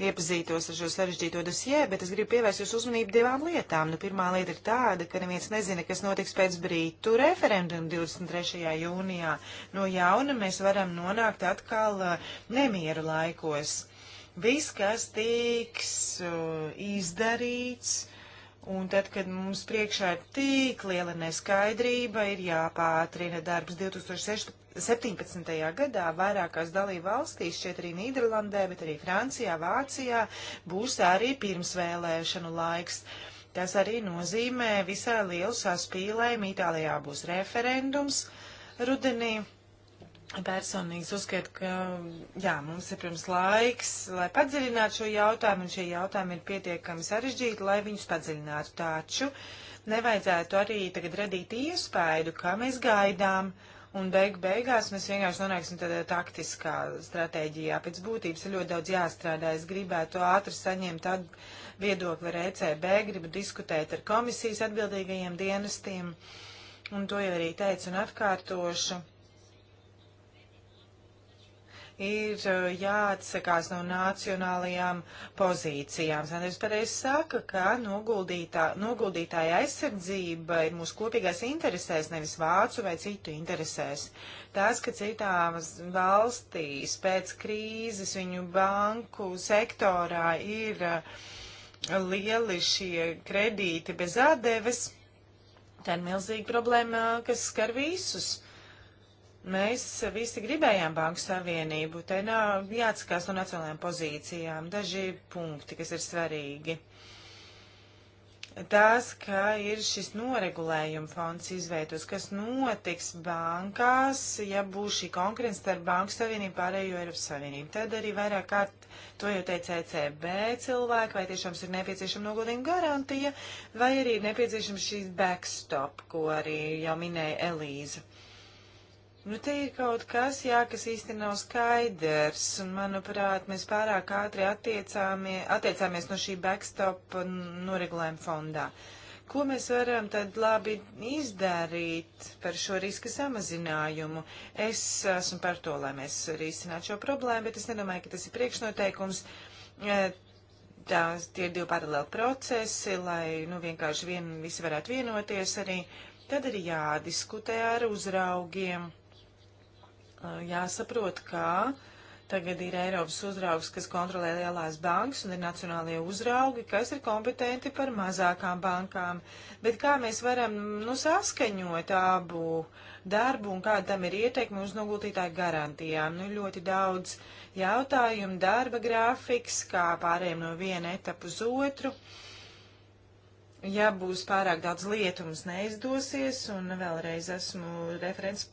iepazītos ar šo sarežģīto dosjē, bet es gribu pievērst jūsu uzmanību divām lietām. Nu, pirmā lieta ir tāda, ka neviens nezina, kas notiks pēc brītu referendumu 23. jūnijā. No jauna mēs varam nonākt atkal uh, nemieru laikos. Viss, kas tiks uh, izdarīts, Un tad, kad mums priekšā ir tik liela neskaidrība, ir jāpātrina darbs 2017. gadā vairākās dalību valstīs, šeit arī Nīderlandē, bet arī Francijā, Vācijā, būs arī pirmsvēlēšanu laiks. Tas arī nozīmē visai lielu saspīlējumu. Itālijā būs referendums rudenī personīgi uzskatu, ka jā, mums ir pirms laiks, lai padziļinātu šo jautājumu, un šie jautājumi ir pietiekami sarežģīti, lai viņus padziļinātu. Taču nevajadzētu arī tagad radīt iespēju, kā mēs gaidām, un beig beigās mēs vienkārši nonāksim tādā taktiskā stratēģijā. Pēc būtības ir ļoti daudz jāstrādā. Es gribētu ātri saņemt viedokli ar ECB, gribu diskutēt ar komisijas atbildīgajiem dienestiem, un to jau arī teicu un atkārtošu ir e, jāatsakās no nacionālajām pozīcijām. Sanders pareizi saka, ka noguldītā, noguldītāja aizsardzība ir mūsu kopīgais interesēs, nevis vācu vai citu interesēs. Tas, ka citās valstīs pēc krīzes viņu banku sektorā ir e, lieli šie kredīti bez atdeves, tā ir milzīga problēma, e, kas skar visus. Uh, Mēs visi gribējām Banku Savienību. Te nav jāatskās no nacionālajām pozīcijām. Daži punkti, kas ir svarīgi. Tas, ka ir šis noregulējuma fonds izveidos, kas notiks bankās, ja būs šī konkurence starp Banku Savienību pārējo Eiropas Savienību. Tad arī vairāk kārt to jau teica ECB cilvēki, vai tiešām ir nepieciešama noguldījuma garantija, vai arī ir nepieciešama šī backstop, ko arī jau minēja Elīza. Nu, te ir kaut kas, jā, kas īsti nav skaidrs, un, manuprāt, mēs pārāk ātri attiecāmies, attiecāmies no šī backstop noregulējuma fondā. Ko mēs varam tad labi izdarīt par šo riska samazinājumu? Es esmu par to, lai mēs risinātu šo problēmu, bet es nedomāju, ka tas ir priekšnoteikums. E, tās tie ir divi paralēli procesi, lai, nu, vienkārši vien, visi varētu vienoties arī. Tad ir jādiskutē ar uzraugiem Eh, jāsaprot, ka tagad ir Eiropas uzraugs, kas kontrolē lielās bankas, un ir nacionālie uzraugi, kas ir kompetenti par mazākām bankām. Bet kā mēs varam nu, saskaņot abu darbu un kāda tam ir ieteikuma uz nogultītāju garantijām? Nu, ļoti daudz jautājumu, darba grafiks, kā pārējiem no viena etapa uz otru. Ja būs pārāk daudz lietu, mums neizdosies, un vēlreiz esmu referents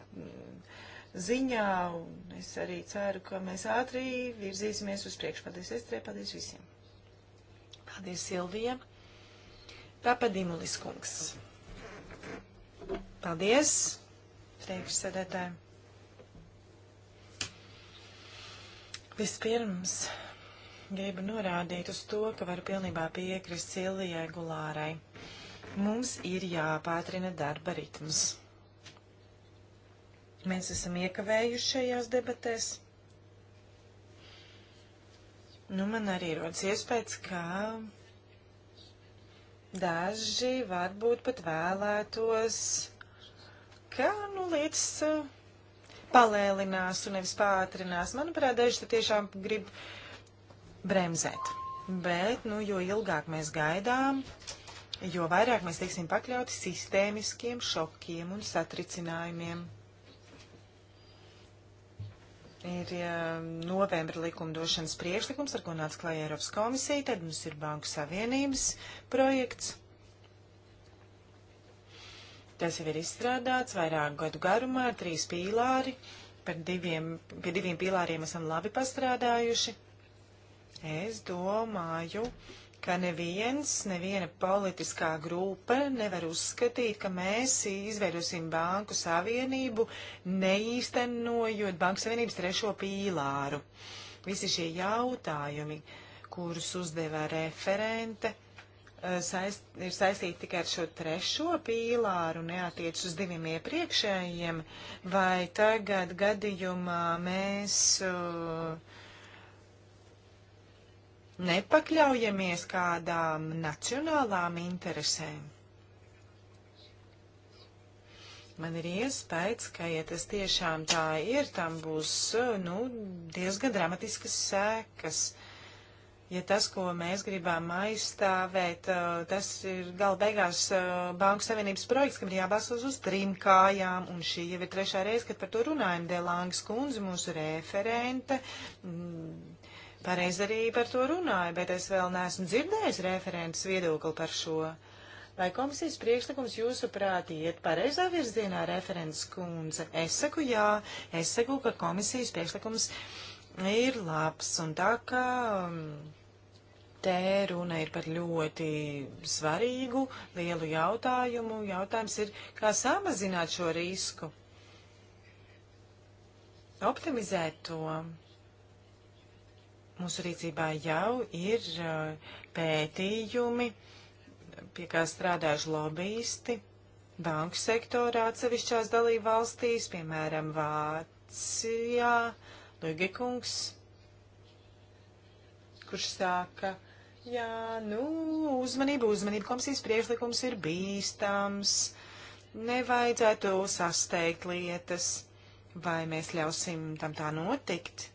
ziņā, un es arī ceru, ka mēs ātri virzīsimies uz priekšu. Paldies, Estrē, paldies visiem. Paldies, Silvija. Papadimulis kungs. Paldies, priekšsēdētāji. Vispirms gribu norādīt uz to, ka varu pilnībā piekrist Silvijai Gulārai. Mums ir jāpātrina darba ritms. Mm. Mēs esam iekavējuši šajās debatēs. Nu, man arī rodas iespējas, ka daži varbūt pat vēlētos, ka, nu, lietas uh, palēlinās un nevis pātrinās. Manuprāt, daži tiešām grib bremzēt. Bet, nu, jo ilgāk mēs gaidām, jo vairāk mēs tiksim pakļauti sistēmiskiem šokiem un satricinājumiem ir novembra likumdošanas priekšlikums, ar ko nāca klāja Eiropas komisija, tad mums ir Banku Savienības projekts. Tas jau ir izstrādāts vairāku gadu garumā, trīs pīlāri. Par diviem, pie diviem pīlāriem esam labi pastrādājuši. Es domāju, ka neviens, neviena politiskā grupa nevar uzskatīt, ka mēs izveidosim banku savienību, neīstenojot banku savienības trešo pīlāru. Visi šie jautājumi, kurus uzdevā referente, eh, saist, ir saistīti tikai ar šo trešo pīlāru, neatiec uz diviem iepriekšējiem, vai tagad gadījumā mēs. Uh, nepakļaujamies kādām nacionālām interesēm. Man ir iespējas, ka, ja tas tiešām tā ir, tam būs nu, diezgan dramatiskas sēkas. Ja tas, ko mēs gribam aizstāvēt, eh, tas ir gala beigās eh, Banku Savienības projekts, kam ir jābalsos uz trim kājām, un šī jau ir trešā reize, kad par to runājam. Delāngas kundze, mūsu referente, m, mm, Pareiz arī par to runāju, bet es vēl neesmu dzirdējis referents viedokli par šo. Vai komisijas priekšlikums jūsuprāt iet pareizā virzienā referents kundze? Es saku jā, es saku, ka komisijas priekšlikums ir labs un tā kā. Um, Te runa ir par ļoti svarīgu, lielu jautājumu. Jautājums ir, kā samazināt šo risku, optimizēt to. Mūsu rīcībā jau ir uh, pētījumi, pie kā strādājuši lobbyisti banku sektorā atsevišķās dalību valstīs, piemēram, Vācijā, Lugikungs, kurš sāka, jā, nu, uzmanību, uzmanību, komisijas priekšlikums ir bīstams, nevajadzētu sasteigt lietas, vai mēs ļausim tam tā notikt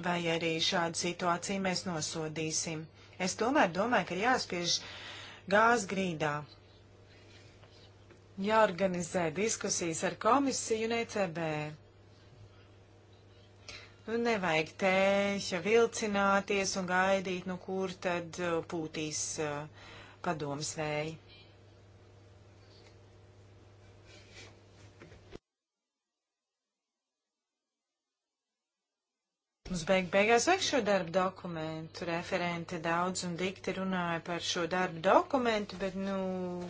vai arī šādu situāciju mēs nosodīsim. Es tomēr domāju, ka ir jāspiež gāz grīdā. Jāorganizē diskusijas ar komisiju un ECB. Nu, nevajag tēša vilcināties un gaidīt, nu kur tad uh, pūtīs uh, padomas vēja. Mums beig beigās vajag šo darbu dokumentu. Referenti daudz un dikti runāja par šo darbu dokumentu, bet, nu,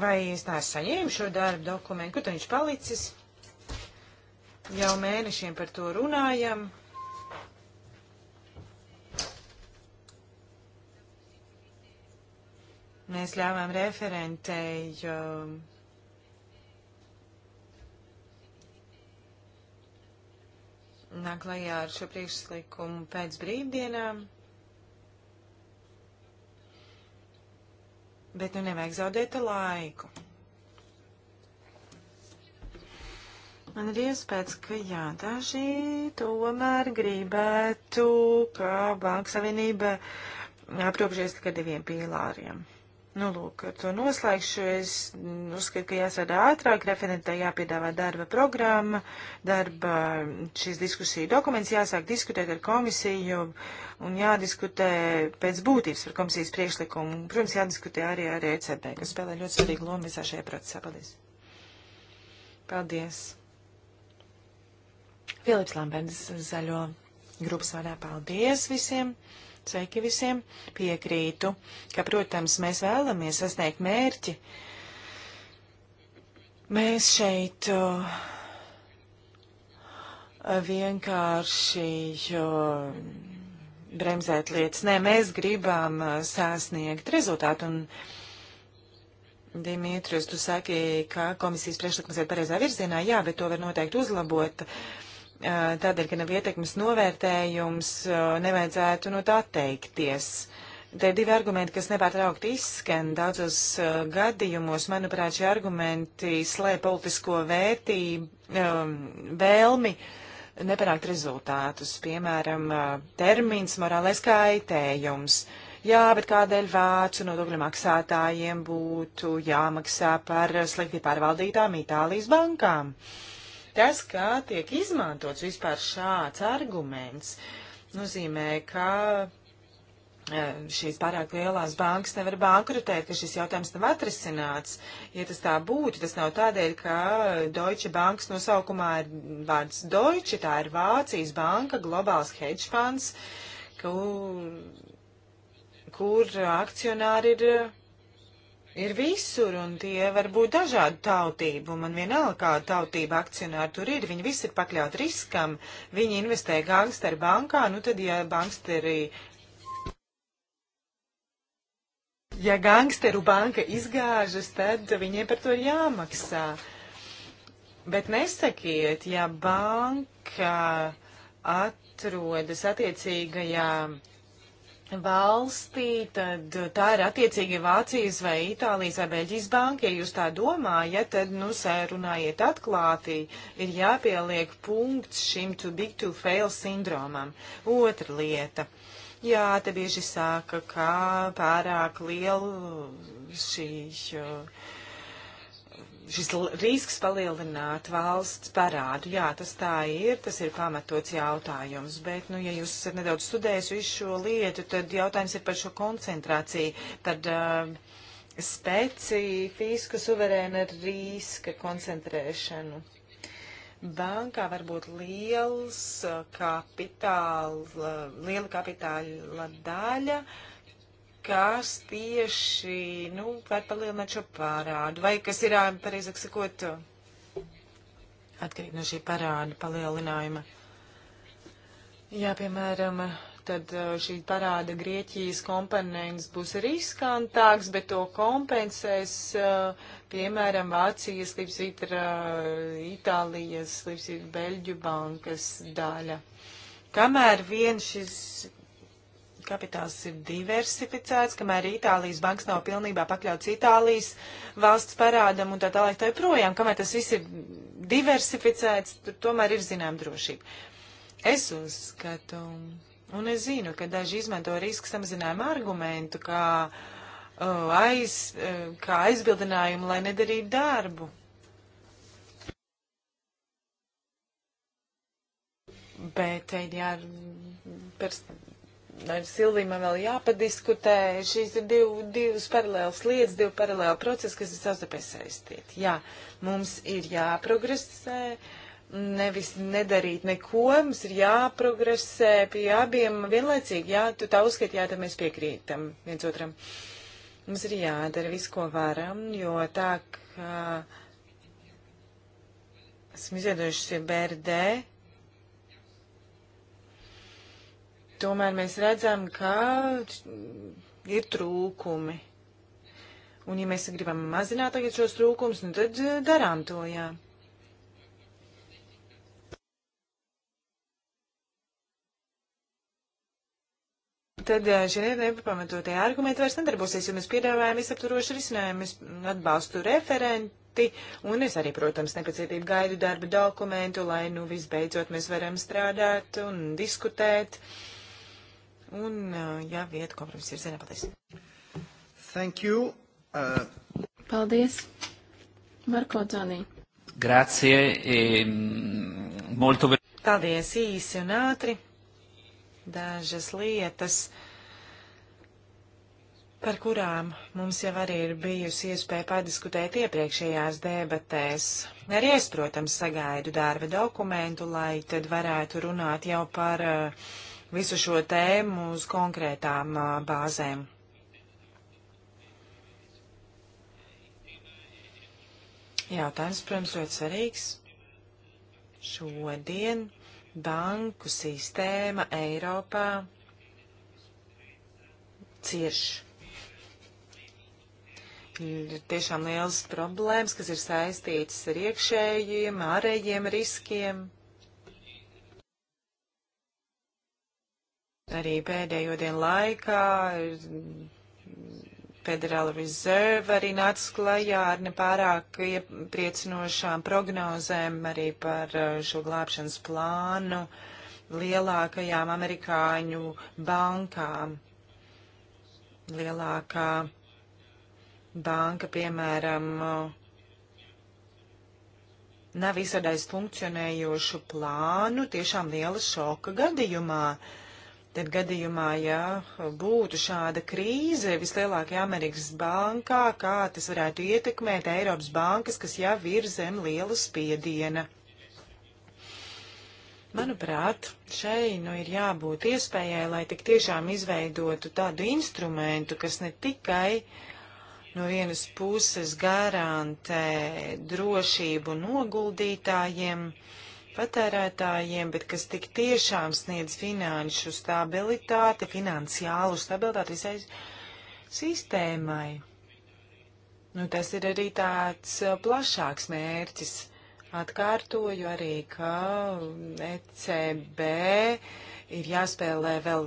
vai es neesmu saņēmu šo darbu dokumentu? Kur tad viņš palicis? Jau mēnešiem par to runājam. Mēs ļāvām referentei. Um, nāk klajā ar šo priekšlikumu pēc brīvdienām. Bet nu nevajag zaudēt laiku. Man ir iespējas, ka jā, daži tomēr gribētu, ka Banka Savienība aprobežojas tikai diviem pīlāriem. Nu, lūk, ar to noslēgšu. Es uzskatu, ka jāsādā ātrāk, referentē jāpiedāvā darba programma, darba šīs diskusija dokuments, jāsāk diskutēt ar komisiju un jādiskutē pēc būtības par komisijas priekšlikumu. Protams, jādiskutē arī ar ECB, kas spēlē ļoti svarīgu lomu visā šajā procesā. Paldies! Paldies! Filips Lamberts zaļo grupas vadā. Paldies visiem! Sveiki visiem! Piekrītu, ka, protams, mēs vēlamies sasniegt mērķi. Mēs šeit uh, vienkārši uh, bremzēt lietas. Nē, mēs gribam uh, sasniegt rezultātu. Un Dimitris, tu saki, ka komisijas priekšlikums ir pareizā virzienā, jā, bet to var noteikti uzlabot. Uh, Eh, tādēļ, ka nav ietekmes novērtējums, eh, nevajadzētu no tā atteikties. Te ir divi argumenti, kas nepārtraukti izskan. Daudzos uh, gadījumos, manuprāt, šie argumenti slēp politisko vērtību, um, vēlmi nepanākt rezultātus. Piemēram, uh, termins morālais kaitējums. Jā, bet kādēļ vācu nodokļu maksātājiem būtu jāmaksā par slikti pārvaldītām Itālijas bankām? Uh, Tas, kā tiek izmantots vispār šāds arguments, nozīmē, ka eh, šīs pārāk lielās bankas nevar bankrutēt, ka šis jautājums nav atrisināts. Ja tas tā būtu, tas nav tādēļ, ka Deutsche Bankas nosaukumā ir vārds Deutsche, tā ir Vācijas banka, globāls hedge funds, kur, kur akcionāri ir ir visur, un tie var būt dažādu tautību. Man vienalga, kāda tautība akcionāri tur ir, viņi visi ir pakļauti riskam. Viņi investē gangsteru bankā, nu tad, ja banksteri. Ja gangsteru banka izgāžas, tad viņiem par to ir jāmaksā. Bet nesakiet, ja banka atrodas attiecīgajā. Ja valstī, tad tā ir attiecīgi Vācijas vai Itālijas vai Beļģijas banka. Ja jūs tā domājat, tad, nu, sērunājiet atklātī, ir jāpieliek punkts šim too big to fail sindromam. Otra lieta. Jā, te bieži sāka, kā pārāk lielu šī. Uh, šis risks palielināt valsts parādu. Jā, tas tā ir, tas ir pamatots jautājums, bet, nu, ja jūs esat nedaudz studējis visu šo lietu, tad jautājums ir par šo koncentrāciju, tad uh, specifisku suverēna riska koncentrēšanu. Bankā var būt liels uh, kapitāla, liela kapitāla daļa. Uh, kas tieši, nu, var palielināt šo parādu, vai kas ir, pareizāk sakot, atkarīgi no šī parāda palielinājuma. Jā, piemēram, tad šī parāda Grieķijas komponents būs riskantāks, bet to kompensēs, piemēram, Vācijas, Lipsvitra, Itālijas, Lipsvitra, Beļģu bankas daļa. Kamēr vien šis kapitāls ir diversificēts, kamēr Itālijas banks nav pilnībā pakļauts Itālijas valsts parādam un tā tālāk tā joprojām, kamēr tas viss ir diversificēts, tur tomēr ir zinām drošība. Es uzskatu, un es zinu, ka daži izmanto riska samazinājumu argumentu kā, uh, aiz, uh, kā aizbildinājumu, lai nedarītu darbu. Bet, jā, pers ar Silviju man vēl jāpadiskutē. Šīs ir div, divas paralēlas lietas, divi paralēli procesi, kas ir savstarpēji saistīti. Jā, mums ir jāprogresē, nevis nedarīt neko, mums ir jāprogresē pie abiem vienlaicīgi. Jā, tu tā uzskati, jā, tad mēs piekrītam viens otram. Mums ir jādara viss, ko varam, jo tā kā esmu izveidojuši BRD, tomēr mēs redzam, ka ir trūkumi. Un ja mēs gribam mazināt tagad šos trūkumus, nu tad eh, darām to, jā. Tad eh, šie nepamatotie argumenti vairs nedarbosies, jo mēs piedāvājam visaptvarošu risinājumu, es atbalstu referenti, un es arī, protams, nepacietību gaidu darba dokumentu, lai, nu, visbeidzot mēs varam strādāt un diskutēt. Uh, un uh, jāviet kompromiss ir ziņā. Paldies. Thank you. Uh... Paldies. Marko Dzanī. Grazie. E, molto... Paldies īsi un ātri. Dažas lietas par kurām mums jau arī ir bijusi iespēja padiskutēt iepriekšējās debatēs. Arī es, protams, sagaidu darba dokumentu, lai tad varētu runāt jau par uh, visu šo tēmu uz konkrētām uh, bāzēm. Jautājums, protams, ļoti svarīgs. Šodien banku sistēma Eiropā cieš. Ir tiešām liels problēmas, kas ir saistītas ar iekšējiem, ārējiem riskiem. Arī pēdējo dienu laikā Federal Reserve arī nāca klajā ar nepārāk iepriecinošām prognozēm arī par uh, šo glābšanas plānu lielākajām amerikāņu bankām. Lielākā banka, piemēram, uh, nav izradājis funkcionējošu plānu tiešām liela šoka gadījumā. Uh, Tad gadījumā, ja būtu šāda krīze vislielākajā Amerikas bankā, kā tas varētu ietekmēt Eiropas bankas, kas jau ir zem liela spiediena. Manuprāt, šeit nu ir jābūt iespējai, lai tik tiešām izveidotu tādu instrumentu, kas ne tikai no vienas puses garantē drošību noguldītājiem, uh, patērētājiem, bet kas tik tiešām sniedz finanšu stabilitāti, finansiālu stabilitāti visai sistēmai. Nu, tas ir arī tāds uh, plašāks mērķis. Atkārtoju arī, ka ECB ir jāspēlē vēl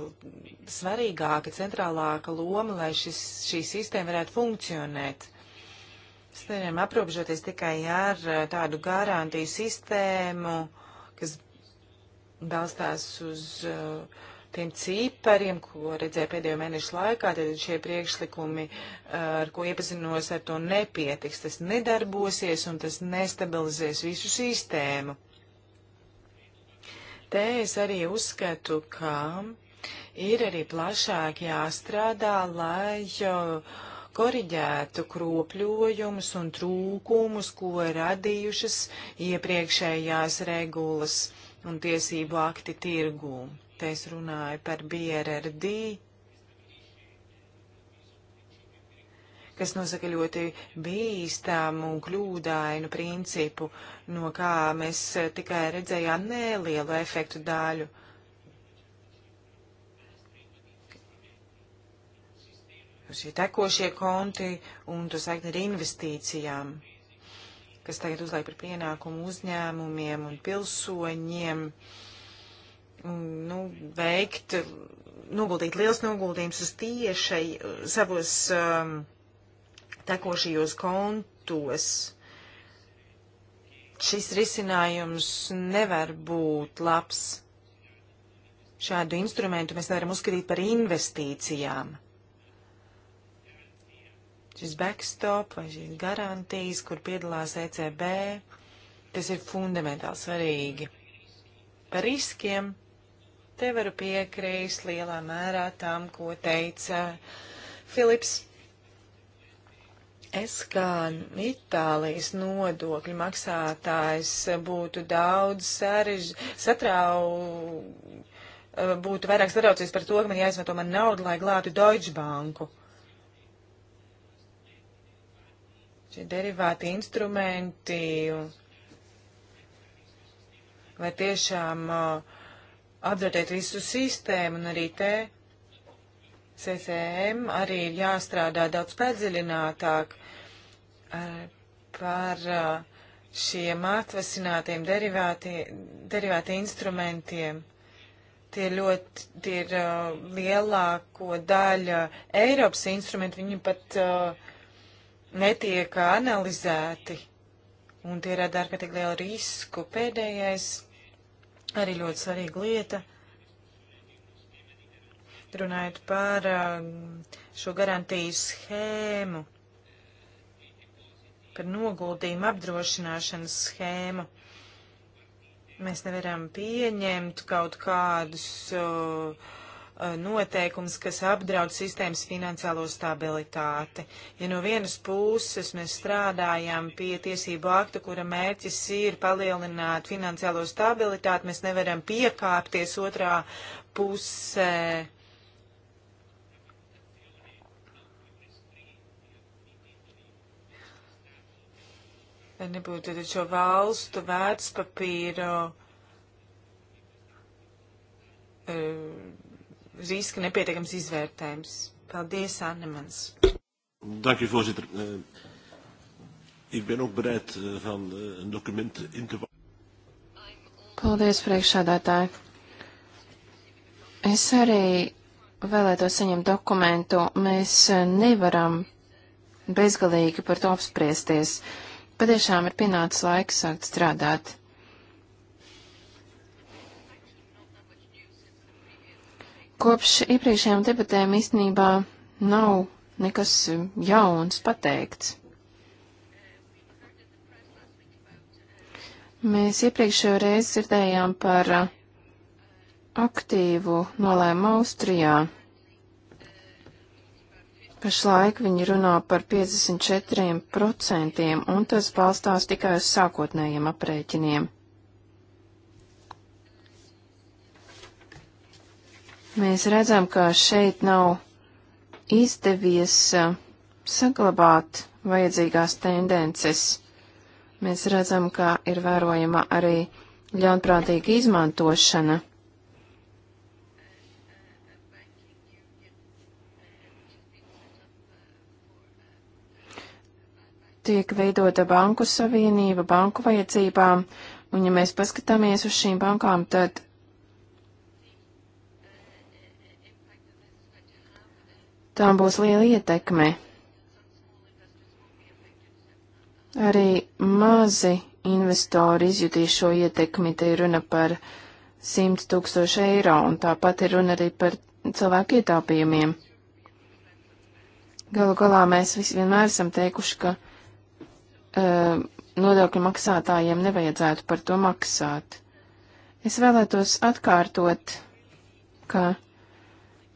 svarīgāka, centrālāka loma, lai šis, šī sistēma varētu funkcionēt. Mēs nevaram aprobežoties tikai ar eh, tādu garantiju sistēmu, kas balstās uz uh, tiem cipariem, ko redzēju pēdējo mēnešu laikā, tad šie priekšlikumi, eh, ar ko iepazinos, ar to nepietiks. Tas nedarbosies un tas nestabilizēs visu sistēmu. Te es arī uzskatu, ka ir arī plašāk jāstrādā, lai jau. Uh, koriģētu kropļojumus un trūkumus, ko radījušas iepriekšējās regulas un tiesību akti tirgū. Te es runāju par BRRD, kas nosaka ļoti bīstamu un kļūdainu principu, no kā mēs tikai redzējām nelielu efektu daļu. šie tekošie konti un to saikni ar investīcijām, kas tagad uzliek par pienākumu uzņēmumiem un pilsoņiem, un, nu, veikt, noguldīt liels noguldījums uz tiešai uh, savos um, tekošajos kontos. Šis risinājums nevar būt labs. Šādu instrumentu mēs nevaram uzskatīt par investīcijām šis backstop vai šīs garantijas, kur piedalās ECB, tas ir fundamentāli svarīgi. Par riskiem te varu piekrīst lielā mērā tam, ko teica Filips. Es kā Itālijas nodokļu maksātājs būtu daudz sarež... satrau, būtu vairāk satraucies par to, ka man jāizmanto man naudu, lai glābtu Deutsche Banku. Uh, šie derivāti instrumenti, lai tiešām uh, apdraudēt visu sistēmu un arī te CCM arī ir jāstrādā daudz padziļinātāk uh, par uh, šiem atvasinātiem derivāti instrumentiem. Tie ļoti, tie ir lielāko daļa Eiropas instrumenti, viņi pat uh, netiek analizēti, un tie rada ārkārtīgi lielu risku. Pēdējais arī ļoti svarīga lieta, runājot par um, šo garantiju schēmu, par noguldījumu apdrošināšanas schēmu. Mēs nevaram pieņemt kaut kādus uh, Eh, noteikums, kas apdraud sistēmas finansiālo stabilitāti. Ja no vienas puses mēs strādājam pie tiesību aktu, kura mērķis ir palielināt finansiālo stabilitāti, mēs nevaram piekāpties otrā pusē. Vai nebūtu šo valstu vērtspapīru? Uh, riska nepietiekams izvērtējums. Paldies, Annemans. Dank u, voorzitter. Uh, ik ben ook bereid uh, van uh, een document in te Paldies, priekšsādātāji. Es arī vēlētos saņemt dokumentu. Mēs nevaram bezgalīgi par to apspriesties. Patiešām ir pienācis laiks sākt strādāt. Kopš iepriekšējām debatēm īstenībā nav nekas eh, jauns pateikts. Mēs iepriekšējo reizi dzirdējām par eh, aktīvu nolēmu Austrijā. Pašlaik viņi runā par 54%, un tas balstās tikai uz sākotnējiem aprēķiniem. Mēs redzam, ka šeit nav izdevies saglabāt vajadzīgās tendences. Mēs redzam, ka ir vērojama arī ļaunprātīga izmantošana. tiek veidota banku savienība banku vajadzībām, un ja mēs paskatāmies uz šīm bankām, tad Tām būs liela ietekme. Arī mazi investori izjutīs šo ietekmi, te ir runa par 100 tūkstoši eiro, un tāpat ir runa arī par cilvēku ietaupījumiem. Galu galā mēs visi vienmēr esam teikuši, ka uh, nodokļu maksātājiem nevajadzētu par to maksāt. Es vēlētos atkārtot, ka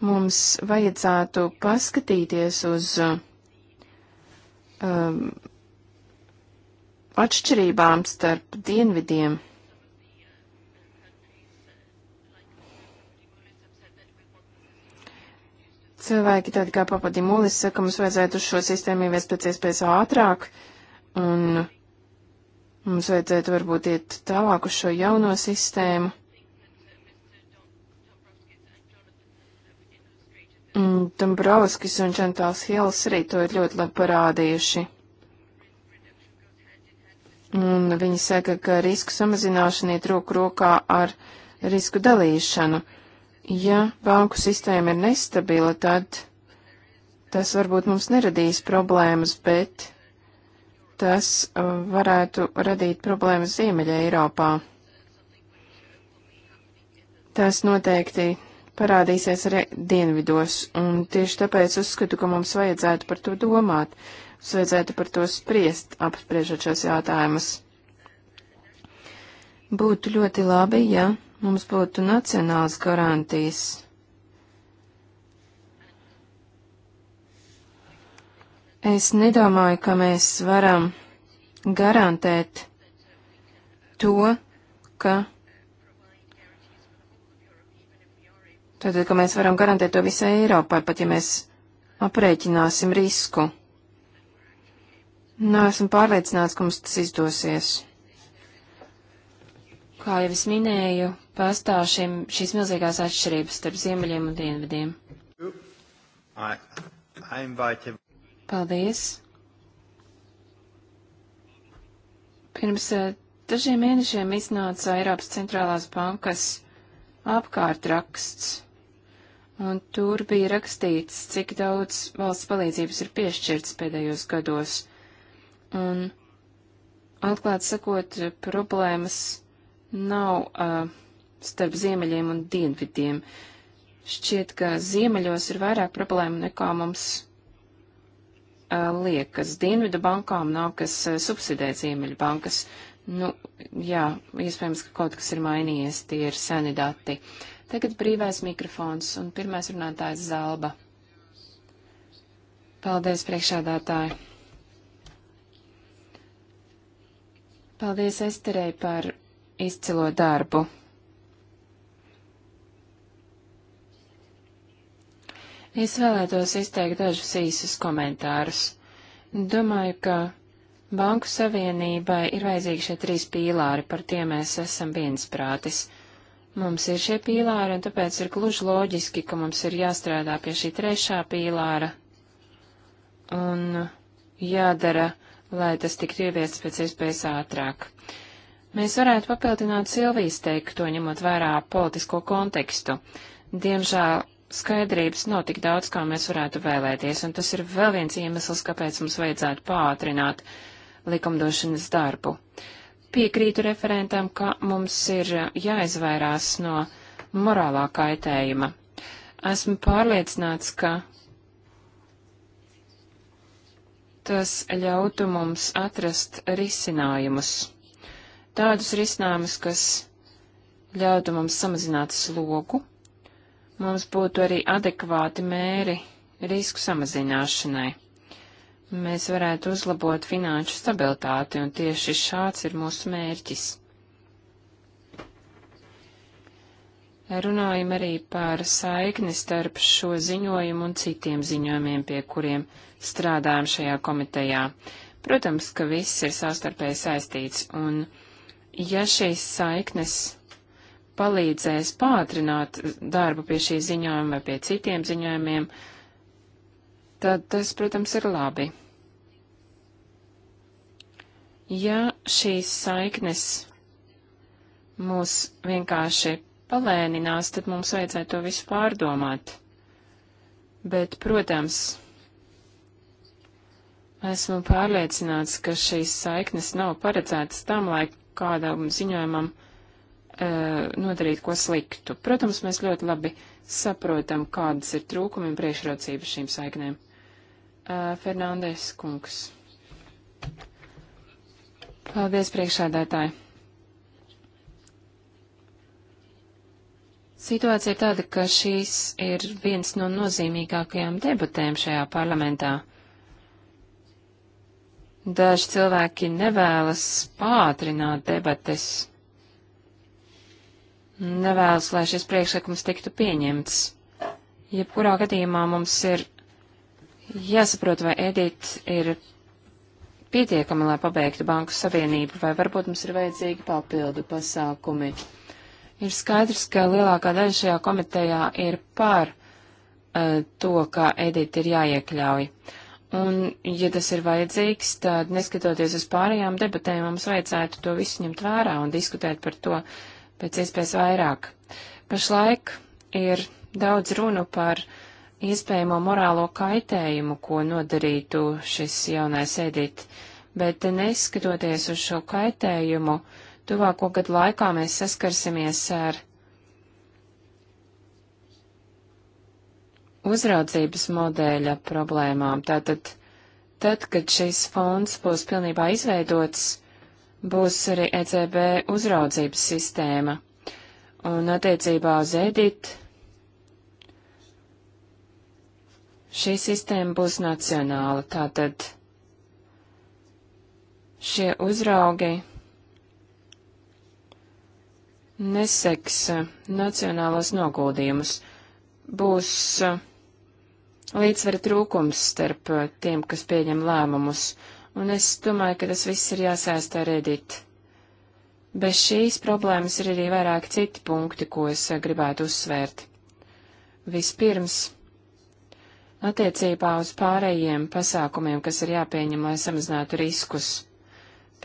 mums vajadzētu paskatīties uz um, atšķirībām starp dienvidiem. Cilvēki tādi kā papadimulis saka, mums vajadzētu uz šo sistēmu ieviest pēc iespējas ātrāk, un mums vajadzētu varbūt iet tālāk uz šo jauno sistēmu. Mm, Dombrovskis un Čentāls Hielas arī to ir ļoti labi parādījuši. Un viņi saka, ka risku samazināšana iet roku rokā ar risku dalīšanu. Ja banku sistēma ir nestabila, tad tas varbūt mums neradīs problēmas, bet tas uh, varētu radīt problēmas Ziemeļa Eiropā. Tas noteikti parādīsies arī dienvidos, un tieši tāpēc uzskatu, ka mums vajadzētu par to domāt, mums vajadzētu par to spriest, apspriežot šos jautājumus. Būtu ļoti labi, ja mums būtu nacionāls garantijas. Es nedomāju, ka mēs varam garantēt to, ka Tātad, ka mēs varam garantēt to visai Eiropai, pat ja mēs aprēķināsim risku. Nē, nu, esmu pārliecināts, ka mums tas izdosies. Kā jau es minēju, pastāv šim, šīs milzīgās atšķirības starp ziemeļiem un dienvidiem. Paldies! Pirms eh, dažiem mēnešiem iznāca Eiropas centrālās bankas apkārtraksts un tur bija rakstīts, cik daudz valsts palīdzības ir piešķirts pēdējos gados. Un, atklāt sakot, problēmas nav uh, starp ziemeļiem un dienvidiem. Šķiet, ka ziemeļos ir vairāk problēmu nekā mums uh, liekas. Dienvidu bankām nav kas uh, subsidē ziemeļu bankas. Nu, jā, iespējams, ka kaut kas ir mainījies, tie ir seni dati. Uh, Tagad brīvais mikrofons un pirmais runātājs Zalba. Paldies, priekšādātāji! Paldies Esterei par izcilo darbu. Es vēlētos izteikt dažus īsus komentārus. Domāju, ka Banku Savienībai ir vajadzīgi šie trīs pīlāri, par tiem mēs esam viensprātis. Mums ir šie pīlāri, un tāpēc ir gluži loģiski, ka mums ir jāstrādā pie šī trešā pīlāra un jādara, lai tas tiktu ieviests pēc iespējas ātrāk. Mēs varētu papildināt Silvijas teikto, ņemot vērā politisko kontekstu. Diemžēl skaidrības nav tik daudz, kā mēs varētu vēlēties, un tas ir vēl viens iemesls, kāpēc mums vajadzētu pātrināt likumdošanas darbu. Uh, Piekrītu referentam, ka mums ir jāizvairās no morālā kaitējuma. Esmu pārliecināts, ka tas ļautu mums atrast risinājumus. Tādus risinājumus, kas ļautu mums samazināt slogu, mums būtu arī adekvāti mēri risku samazināšanai mēs varētu uzlabot finanšu stabilitāti, un tieši šāds ir mūsu mērķis. Runājam arī par saikni starp šo ziņojumu un citiem ziņojumiem, pie kuriem strādājam šajā komitejā. Protams, ka viss ir savstarpēji saistīts, un ja šīs saiknes palīdzēs pātrināt darbu pie šī ziņojuma vai pie citiem ziņojumiem, uh, tad tas, protams, ir labi. Ja šīs saiknes mūs vienkārši palēninās, tad mums vajadzētu to visu pārdomāt. Bet, protams, esmu pārliecināts, ka šīs saiknes nav paredzētas tam, lai kādam ziņojumam e, nodarīt ko sliktu. Protams, mēs ļoti labi saprotam, kādas ir trūkumi un priekšrocības šīm saiknēm. Uh, Fernandes kungs. Paldies, priekšādātāji. Situācija ir tāda, ka šīs ir viens no nozīmīgākajām debatēm šajā parlamentā. Daži cilvēki nevēlas pātrināt debates, nevēlas, lai šis priekšlikums tiktu pieņemts. Jebkurā gadījumā mums ir Jāsaprot, vai Edita ir pietiekama, lai pabeigtu Banku Savienību, vai varbūt mums ir vajadzīgi papildu pasākumi. Ir skaidrs, ka lielākā daļa šajā komitejā ir par uh, to, ka Edita ir jāiekļauj. Un, ja tas ir vajadzīgs, tad neskatoties uz pārējām debatēm, mums vajadzētu to visu ņemt vērā un diskutēt par to pēc iespējas vairāk. Pašlaik ir daudz runu par uh, iespējamo morālo kaitējumu, ko nodarītu šis jaunais edit, bet neskatoties uz šo kaitējumu, tuvāko gadu laikā mēs saskarsimies ar uzraudzības modeļa problēmām. Tātad, tad, kad šis fonds būs pilnībā izveidots, būs arī ECB uzraudzības sistēma. Un attiecībā uz edit Šī sistēma būs nacionāla, tātad šie uzraugi neseks eh, nacionālos noguldījumus. Būs eh, līdzsvera trūkums starp eh, tiem, kas pieņem lēmumus, un es domāju, ka tas viss ir jāsēst ar edit. Bez šīs problēmas ir arī vairāk citi punkti, ko es gribētu uzsvērt. Vispirms attiecībā uz pārējiem pasākumiem, kas ir jāpieņem, lai samazinātu riskus,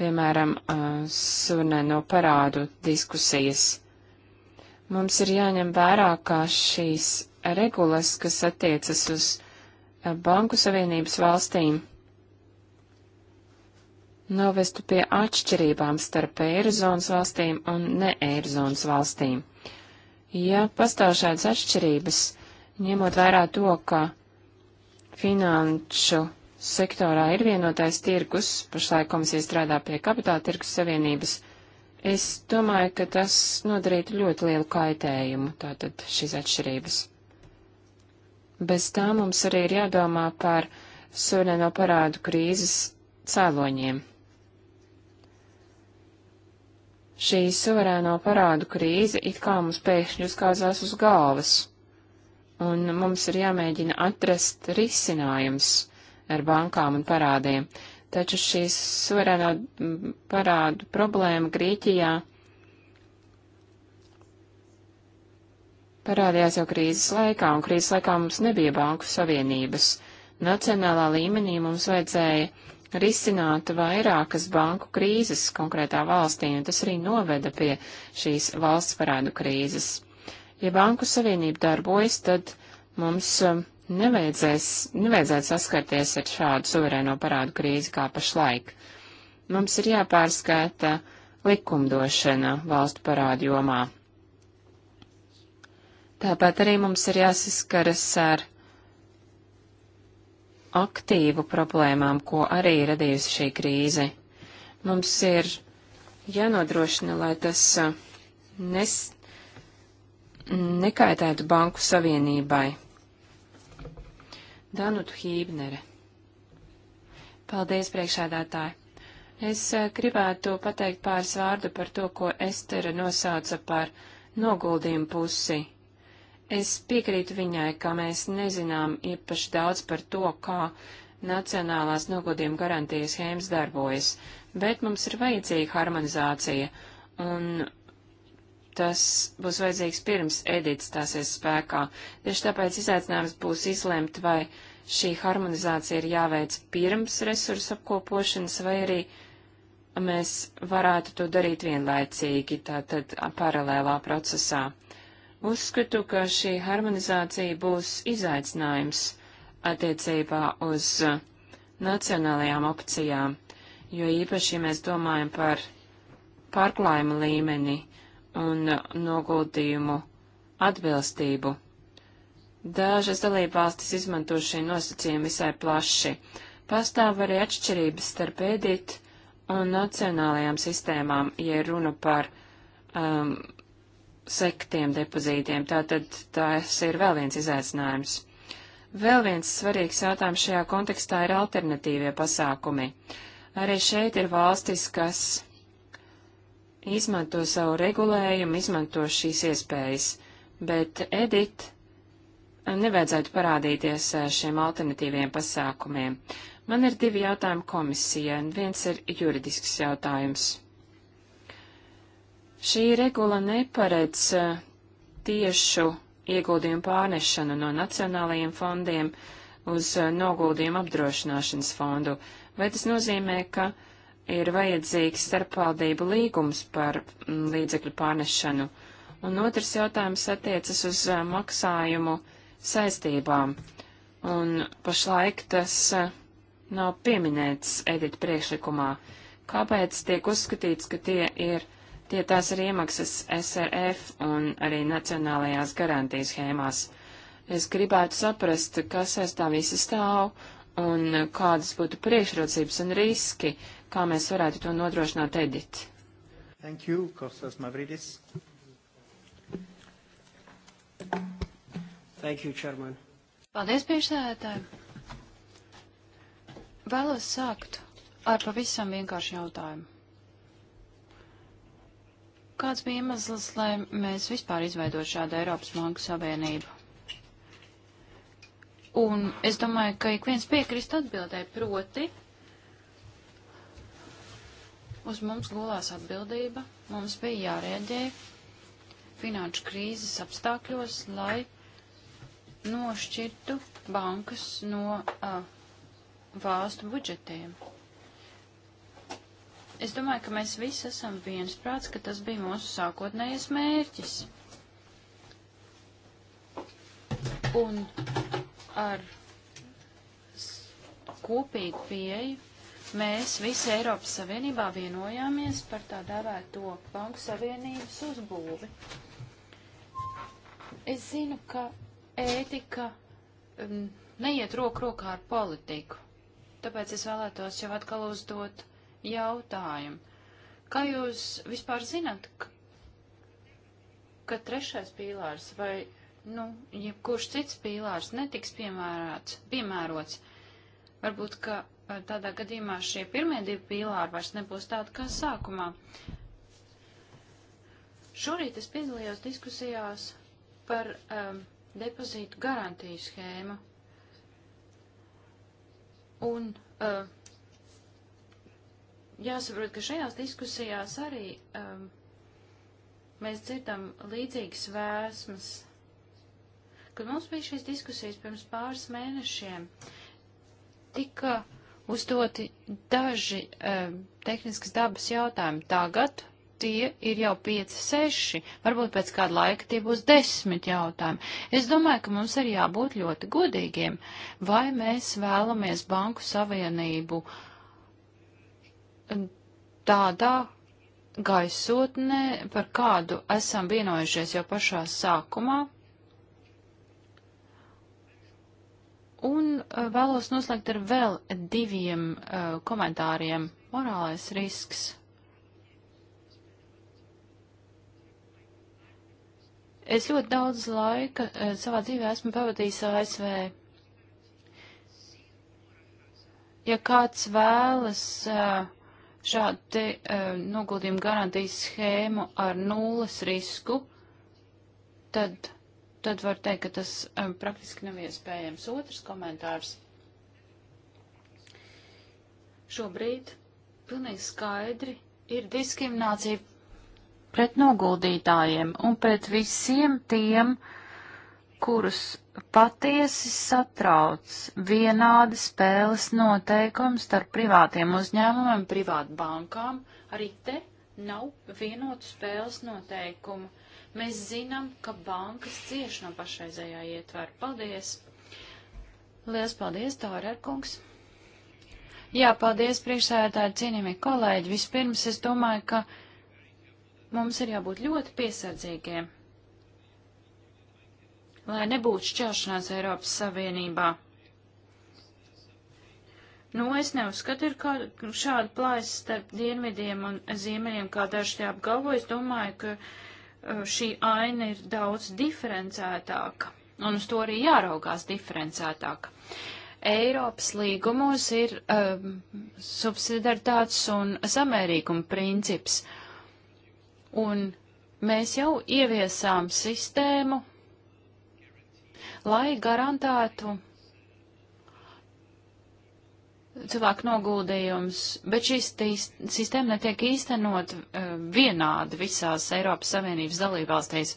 piemēram, uh, surnēno parādu diskusijas. Mums ir jāņem vērā, ka šīs regulas, kas attiecas uz uh, Banku Savienības valstīm, novestu pie atšķirībām starp Eirozonas valstīm un ne Eirozonas valstīm. Ja pastāv šādas atšķirības, ņemot vērā to, ka finanšu sektorā ir vienotais tirgus, pašlaik komisija strādā pie kapitāla tirgus savienības. Es domāju, ka tas nodarītu ļoti lielu kaitējumu, tātad šīs atšķirības. Bez tā mums arī ir jādomā par suverēno parādu krīzes cēloņiem. Šī suverēno parādu krīze it kā mums pēkšņi uzkāzās uz galvas un mums ir jāmēģina atrast risinājums ar bankām un parādiem. Taču šī suverēno parādu problēma Grieķijā parādījās jau krīzes laikā, un krīzes laikā mums nebija banku savienības. Nacionālā līmenī mums vajadzēja risināt vairākas banku krīzes konkrētā valstī, un tas arī noveda pie šīs valsts parādu krīzes. Ja Banku Savienība darbojas, tad mums um, nevajadzēs, nevajadzētu saskarties ar šādu suverēno parādu krīzi kā pašlaik. Mums ir jāpārskata likumdošana valstu parādu jomā. Tāpat arī mums ir jāsaskaras ar aktīvu problēmām, ko arī radījusi šī krīze. Mums ir jānodrošina, lai tas uh, nes, nekaitētu banku savienībai. Danutu Hībnere. Paldies, priekšādātāji. Es eh, gribētu pateikt pāris vārdu par to, ko Estere nosauca par noguldījumu pusi. Es piekrītu viņai, ka mēs nezinām īpaši daudz par to, kā nacionālās noguldījuma garantijas schēmas darbojas, bet mums ir vajadzīga harmonizācija, un tas būs vajadzīgs pirms edits stāsies spēkā. Tieši tāpēc izaicinājums būs izlemt, vai šī harmonizācija ir jāveic pirms resursu apkopošanas, vai arī mēs varētu to darīt vienlaicīgi, tātad paralēlā procesā. Uzskatu, ka šī harmonizācija būs izaicinājums attiecībā uz nacionālajām opcijām, jo īpaši, ja mēs domājam par pārklājuma līmeni, un noguldījumu atbilstību. Dažas dalībvalstis izmanto šī nosacījuma visai plaši. Pastāv arī atšķirības starp edit un nacionālajām sistēmām, ja runa par um, sektiem depozītiem. Tātad tas ir vēl viens izaicinājums. Vēl viens svarīgs jautājums šajā kontekstā ir alternatīvie pasākumi. Arī šeit ir valstis, kas izmanto savu regulējumu, izmanto šīs iespējas, bet Edit nevajadzētu parādīties eh, šiem alternatīviem pasākumiem. Man ir divi jautājumi komisijai, un viens ir juridisks jautājums. Šī regula neparedz eh, tiešu ieguldījumu pārnešanu no nacionālajiem fondiem uz eh, noguldījumu apdrošināšanas fondu. Vai tas nozīmē, ka uh, ir vajadzīgs starpvaldību līgums par mm, līdzekļu pārnešanu, un otrs jautājums attiecas uz maksājumu saistībām, un pašlaik tas nav pieminēts edit priekšlikumā. Kāpēc tiek uzskatīts, ka tie ir, tie tās ir iemaksas SRF un arī nacionālajās garantijas schēmās? Es gribētu saprast, kas aiz tā visa stāv un kādas būtu priekšrocības un riski, kā mēs varētu to nodrošināt edit. Thank you, Kostas Mavridis. Thank you, Chairman. Paldies, priekšsēdētāji. Vēlos sākt ar pavisam vienkāršu jautājumu. Kāds bija iemesls, lai mēs vispār izveidotu šādu Eiropas Banku Savienību? Un es domāju, ka ik viens piekrist atbildē proti, Uz mums gulās atbildība, mums bija jārēģē finanšu krīzes apstākļos, lai nošķirtu bankas no a, valstu budžetiem. Es domāju, ka mēs visi esam viensprāts, ka tas bija mūsu sākotnējais mērķis. Un ar kopīgu pieeju mēs visi Eiropas Savienībā vienojāmies par tā dēvēto banku savienības uzbūvi. Es zinu, ka ētika um, neiet roku rokā ar politiku, tāpēc es vēlētos jau atkal uzdot jautājumu. Kā jūs vispār zinat, ka, ka trešais pīlārs vai, nu, jebkurš cits pīlārs netiks piemērots? piemērots? Varbūt, ka tādā gadījumā šie pirmie divi pīlāri vairs nebūs tādi kā sākumā. Šorīt es piedalījos diskusijās par um, depozītu garantiju schēmu. Un uh, jāsaprot, ka šajās diskusijās arī um, mēs dzirdam līdzīgas vēsmas. Kad mums bija šīs diskusijas pirms pāris mēnešiem, tika uzdoti daži um, tehniskas dabas jautājumi. Tagad tie ir jau 5, 6, varbūt pēc kāda laika tie būs 10 jautājumi. Es domāju, ka mums ir jābūt ļoti godīgiem, vai mēs vēlamies banku savienību tādā gaisotnē, par kādu esam vienojušies jau pašā sākumā, Un eh, vēlos noslēgt ar vēl diviem uh, komentāriem. Morālais risks. Es ļoti daudz laika uh, savā dzīvē esmu pavadījis ASV. Ja kāds vēlas uh, šādu te uh, noguldījumu garantijas schēmu ar nulles risku, tad tad var teikt, ka tas um, praktiski nav iespējams. Otrs komentārs. Šobrīd pilnīgi skaidri ir diskriminācija pret noguldītājiem un pret visiem tiem, kurus patiesi satrauc vienādi spēles noteikumi starp privātiem uzņēmumiem, privātbankām, arī te nav vienotu spēles noteikumu. Mēs zinām, ka bankas cieši no pašreizējā ietvera. Paldies! Lielas paldies, Tārēr kungs! Jā, paldies, priekšsēdētāji, cienījamie kolēģi. Vispirms es domāju, ka mums ir jābūt ļoti piesardzīgiem, lai nebūtu šķelšanās Eiropas Savienībā. Nu, es neuzskatu, ir kā, šāda plājas starp dienvidiem un ziemeļiem, kā daži te apgalvo. Es domāju, ka Eh, šī aina ir daudz diferencētāka, un uz to arī jāraugās diferencētāk. Eiropas līgumos ir um, ehm, subsidaritātes un samērīguma princips, un mēs jau ieviesām sistēmu, lai garantētu cilvēku noguldījums, bet šī sistēma netiek īstenot uh, vienādi visās Eiropas Savienības dalībvalstīs.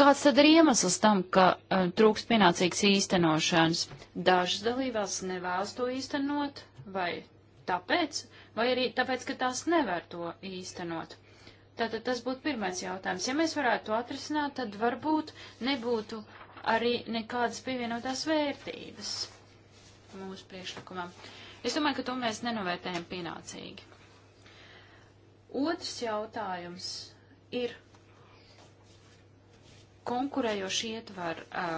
Kāds tad ir iemesls tam, ka uh, eh, trūks pienācīgs īstenošanas? Dažas dalībās nevēlas to īstenot, vai tāpēc, vai arī tāpēc, ka tās nevar to īstenot. Tātad tas būtu pirmais jautājums. Ja mēs varētu to atrisināt, tad varbūt nebūtu arī nekādas pievienotās vērtības mūsu priekšlikumam. Es domāju, ka to mēs nenovērtējam pienācīgi. Otrs jautājums ir konkurējoši ietver uh,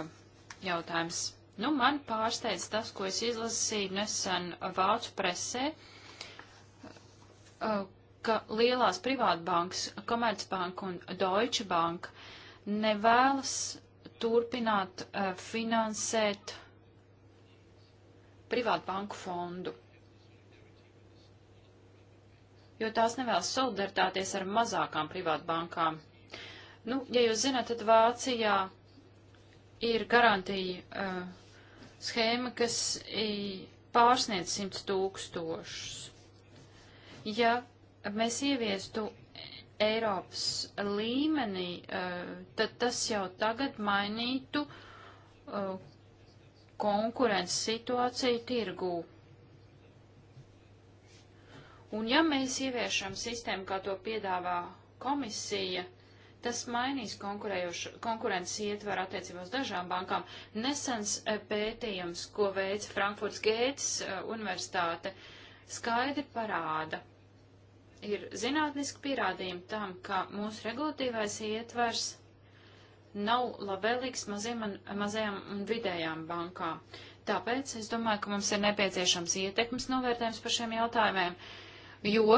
jautājums. Nu, man pārsteidz tas, ko es izlasīju nesen Vācu presē, uh, ka lielās privātbankas, Komercbanka un Deutsche Bank nevēlas turpināt uh, finansēt privātu banku fondu. Jo tās nevēlas solidaritāties ar mazākām privātu bankām. Nu, ja jūs zināt, tad Vācijā ir garantija uh, schēma, kas pārsniedz 100 tūkstošus. Ja mēs ieviestu Eiropas līmenī, uh, tad tas jau tagad mainītu uh, konkurences situāciju tirgū. Un ja mēs ieviešam sistēmu, kā to piedāvā komisija, tas mainīs konkurences ietvaru attiecībā uz dažām bankām. Nesens e, pētījums, ko veica Frankfurts Gētas e, universitāte, skaidri parāda. Ir zinātniski pierādījumi tam, ka mūsu regulatīvais ietvars nav labvēlīgs maziem un, mazajām un vidējām bankām. Tāpēc es domāju, ka mums ir nepieciešams ietekmes novērtējums par šiem jautājumiem, jo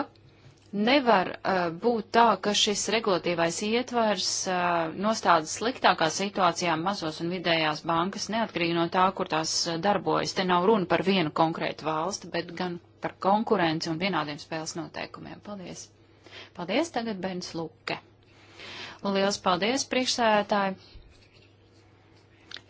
nevar uh, būt tā, ka šis regulatīvais ietvers uh, nostāda sliktākā situācijā mazos un vidējās bankas, neatkarīgi no tā, kur tās uh, darbojas. Te nav runa par vienu konkrētu valsti, bet gan par konkurenci un vienādiem spēles noteikumiem. Paldies! Paldies tagad Bens Luke! Liels paldies, priekšsēdētāji!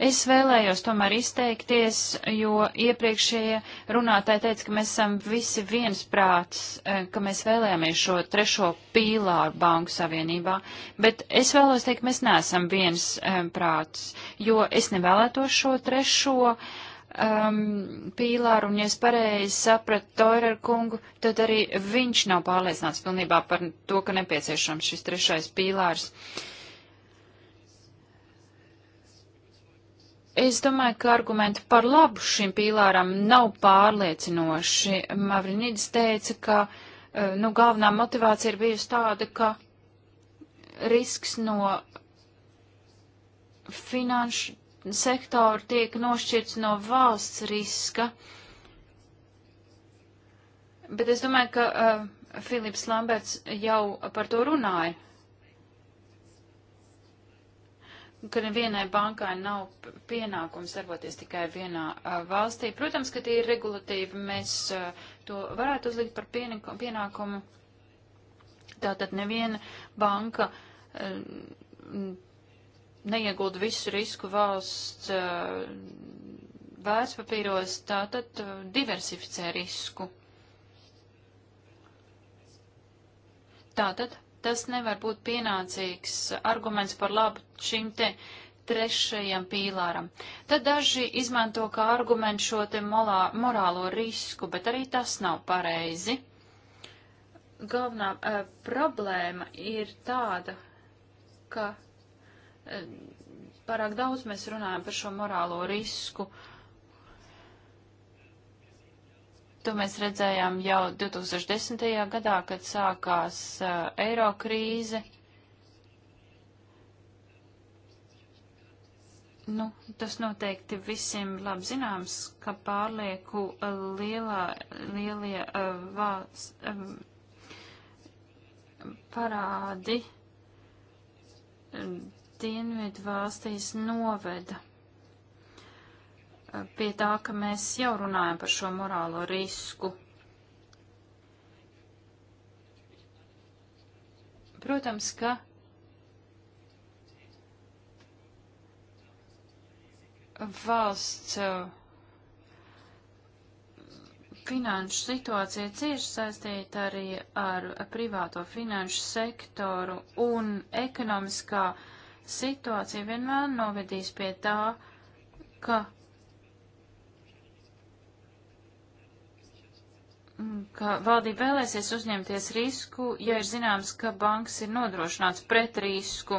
Es vēlējos tomēr izteikties, jo iepriekšējie runātāji teica, ka mēs esam visi viens prāts, e, ka mēs vēlējāmies šo trešo pīlāru Banku Savienībā, bet es vēlos teikt, mēs neesam viens e, prāts, jo es nevēlētos šo trešo uh, um, pīlāru, un ja es pareizi sapratu Toirer kungu, tad arī viņš nav pārliecināts pilnībā par to, ka nepieciešams šis trešais pīlārs. Es domāju, ka argumenti par labu šim pīlāram nav pārliecinoši. Mavrinīdis teica, ka eh, nu, galvenā motivācija ir bijusi tāda, ka risks no finanšu sektoru tiek nošķirts no valsts riska. Bet es domāju, ka uh, Filips Lamberts jau par to runāja, ka nevienai bankai nav pienākums darboties tikai vienā uh, valstī. Protams, ka tie ir regulatīvi, mēs uh, to varētu uzlikt par pienākumu. Tātad neviena banka. Uh, neiegūt visu risku valsts eh, vērtspapīros, tātad eh, diversificē risku. Tātad tas nevar būt pienācīgs arguments par labu šim te trešajam pīlāram. Tad daži izmanto kā argumentu šo te molā, morālo risku, bet arī tas nav pareizi. Galvenā uh, problēma ir tāda, ka Parāk daudz mēs runājam par šo morālo risku. To mēs redzējām jau 2010. gadā, kad sākās uh, eiro krīze. Nu, tas noteikti visiem labi zināms, ka pārlieku lielā, lielie uh, vās, um, parādi um, dienvidu valstīs noveda eh, pie tā, ka mēs jau runājam par šo morālo risku. Protams, ka valsts eh, finanšu situācija cieši saistīta arī ar privāto finanšu sektoru un ekonomiskā uh, situācija vienmēr novedīs pie tā, ka, ka valdība vēlēsies uzņemties risku, ja ir zināms, ka banks ir nodrošināts pret risku.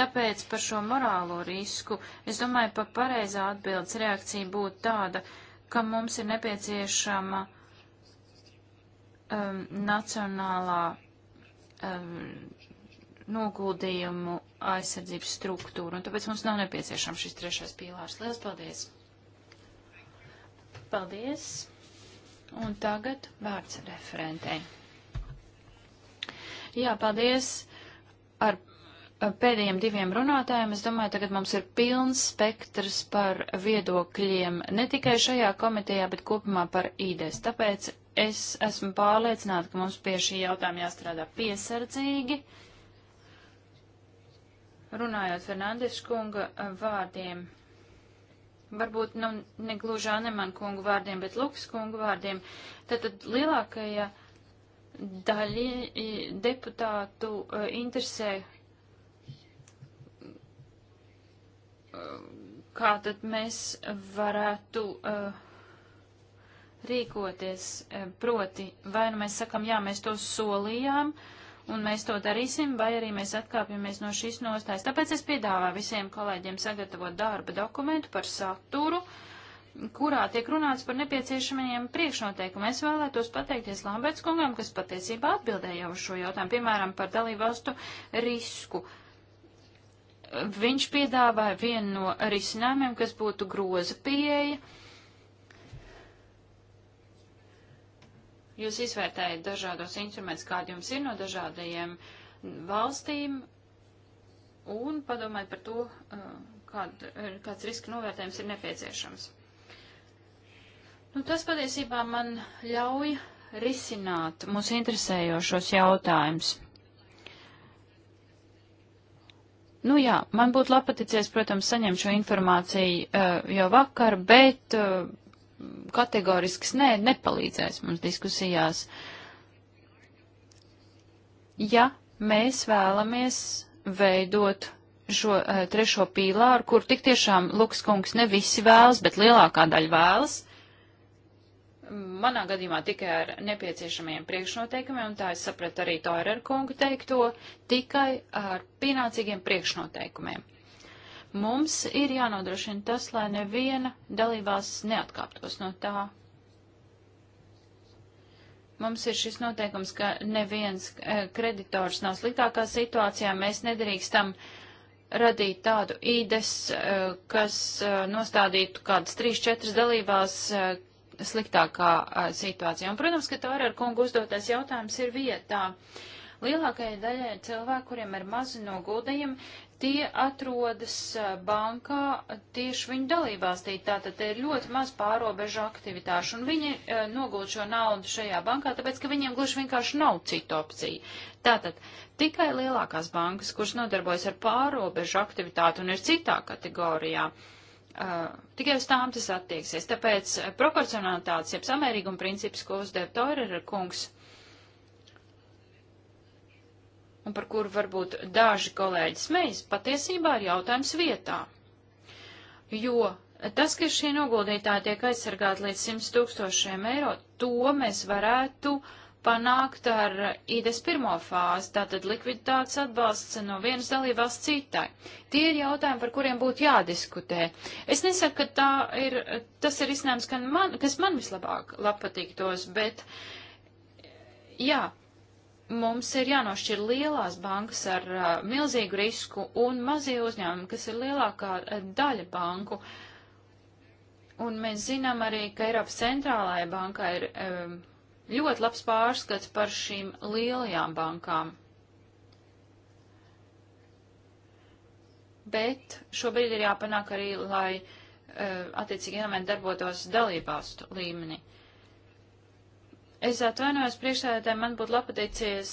Tāpēc par šo morālo risku es domāju, pa pareizā atbildes reakcija būtu tāda, ka mums ir nepieciešama um, nacionālā um, noguldījumu aizsardzības struktūru, un tāpēc mums nav nepieciešams šis trešais pīlārs. Lielas paldies! Paldies! Un tagad vārds referentei. Jā, paldies ar pēdējiem diviem runātājiem. Es domāju, tagad mums ir pilns spektrs par viedokļiem ne tikai šajā komitejā, bet kopumā par īdes. Tāpēc es esmu pārliecināta, ka mums pie šī jautājuma jāstrādā piesardzīgi. Uh, runājot Fernandes kunga eh, vārdiem, varbūt nu, negluži Aneman kungu vārdiem, bet Lukas kungu vārdiem, tad, tad lielākajai daļai deputātu uh, interesē, uh, kā tad mēs varētu uh, rīkoties, proti, vai nu mēs sakam, jā, mēs to solījām, uh, un mēs to darīsim, vai arī mēs atkāpjamies no šīs nostājas. Tāpēc es piedāvāju visiem kolēģiem sagatavot darba dokumentu par saturu, kurā tiek runāts par nepieciešamajiem priekšnoteikumiem. Es vēlētos pateikties Lamberts kungam, kas patiesībā atbildēja uz šo jautājumu, piemēram, par dalībvalstu risku viņš piedāvāja vienu no risinājumiem, kas būtu groza pieeja, Jūs izvērtējat dažādos instrumentus, kādi jums ir no dažādajiem valstīm, un padomājat par to, uh, kād, kāds riska novērtējums ir nepieciešams. Nu, tas patiesībā man ļauj risināt mūsu interesējošos jautājumus. Nu jā, man būtu labpaticies, protams, saņemt šo informāciju uh, jau vakar, bet uh, kategorisks nē nepalīdzēs mums diskusijās. Ja mēs vēlamies veidot šo uh, trešo pīlāru, kur tik tiešām Lukas kungs ne visi vēlas, bet lielākā daļa vēlas, manā gadījumā tikai ar nepieciešamiem priekšnoteikumiem, un tā es sapratu arī Toirer kungu teikto, tikai ar pienācīgiem priekšnoteikumiem. Mums ir jānodrošina tas, lai neviena dalībās neatkāptos no tā. Mums ir šis noteikums, ka neviens eh, kreditors nav sliktākā situācijā. Mēs nedrīkstam uh, radīt tādu īdes, eh, kas eh, nostādītu kādas 3-4 dalībās sliktākā situācijā. Un, protams, ka Tāra ar kungu uzdotais jautājums ir vietā. Lielākajai daļai cilvēku, kuriem ir mazi noguldījumi, tie atrodas bankā tieši viņu dalībvalstī. Tātad ir ļoti maz pārobežu aktivitāšu, un viņi e, nogūst šo naudu šajā bankā, tāpēc, ka viņiem gluži vienkārši nav citu opciju. Tātad tikai lielākās bankas, kuras nodarbojas ar pārobežu aktivitāti un ir citā kategorijā, e, tikai uz tām tas attieksies. Tāpēc proporcionalitātes, jeb samērīguma princips, ko uzdev Toirer kungs, uh, un par kuru varbūt daži kolēģi smejas, patiesībā ir jautājums vietā. Jo tas, ka šie noguldītāji tiek aizsargāti līdz 100 tūkstošiem eiro, to mēs varētu panākt ar IDES pirmo fāzi, tātad likviditātes atbalsts no vienas dalībās citai. Tie ir jautājumi, par kuriem būtu jādiskutē. Es nesaku, ka ir, tas ir iznēms, man, kas man vislabāk labpatīktos, bet jā, mums ir jānošķir lielās bankas ar uh, milzīgu risku un mazie uzņēmumi, kas ir lielākā uh, daļa banku. Un mēs zinām arī, ka Eiropas centrālajai bankai ir um, ļoti labs pārskats par šīm lielajām bankām. Bet šobrīd ir jāpanāk arī, lai uh, attiecīgi elementi darbotos dalībvalstu līmenī. Es atvainojos priekšsēdētājiem, man būtu labpateicies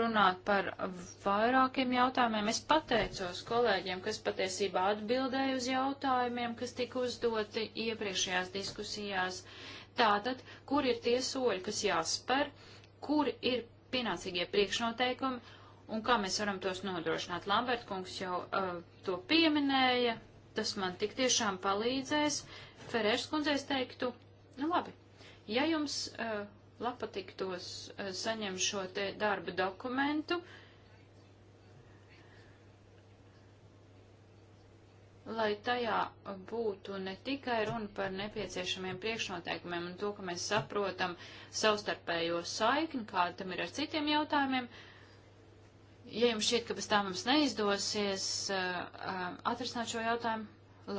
runāt par vairākiem jautājumiem. Es pateicos kolēģiem, kas patiesībā atbildēja uz jautājumiem, kas tika uzdoti iepriekšējās diskusijās. Tātad, kur ir tie soļi, kas jāspēr, kur ir pienācīgie priekšnoteikumi un kā mēs varam tos nodrošināt. Lambert kungs jau uh, to pieminēja, tas man tik tiešām palīdzēs. Ferērs kundzēs teiktu, nu labi, Ja jums uh, eh, patiktos uh, eh, saņemt šo te darba dokumentu, lai tajā būtu ne tikai runa par nepieciešamiem priekšnoteikumiem un to, ka mēs saprotam savstarpējo saikni, kā tam ir ar citiem jautājumiem, ja jums šķiet, ka pēc tā mums neizdosies uh, atrisināt šo jautājumu,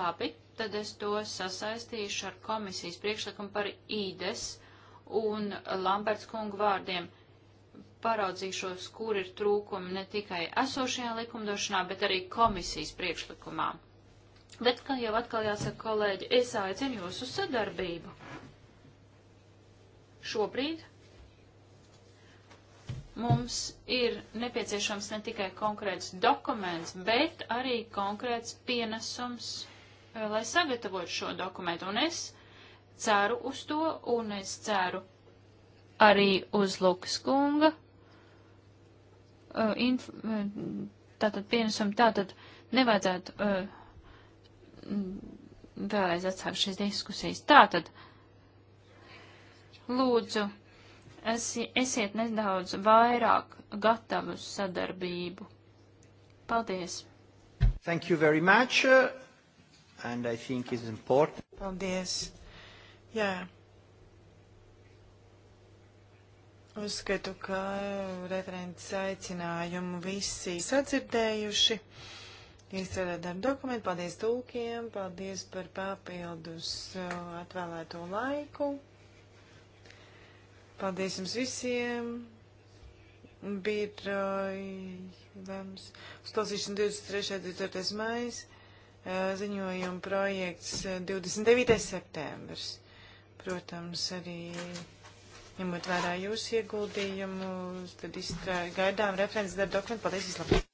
labi tad es to sasaistīšu ar komisijas priekšlikumu par īdes un Lamberts kungu vārdiem. Paraudzīšos, kur ir trūkumi ne tikai esošajā likumdošanā, bet arī komisijas priekšlikumā. Bet, kā jau atkal jāsaka, kolēģi, es aicinu jūs uz sadarbību. Šobrīd mums ir nepieciešams ne tikai konkrēts dokuments, bet arī konkrēts pienesums Eh, lai sagatavotu šo dokumentu. Un es ceru uz to, un es ceru arī uz Lukas kunga. Eh, inf eh, tātad pienesumu, tātad nevajadzētu vēlreiz atsākt šīs diskusijas. Tātad, lūdzu, esi, esiet nedaudz vairāk gatavi uz sadarbību. Paldies! Thank you very much and I think is important. Paldies. Jā. Uzskatu, ka referents aicinājumu visi sadzirdējuši. Izstrādāt darba dokumentu, paldies tūkiem, paldies par papildus uh, atvēlēto laiku. Paldies jums visiem. Bija uh, uzklausīšana 23. un 24. maijā ziņojuma projekts 29. septembris. Protams, arī ņemot vērā jūsu ieguldījumu, tad gaidām referents darba dokumentu. Paldies vislabāk!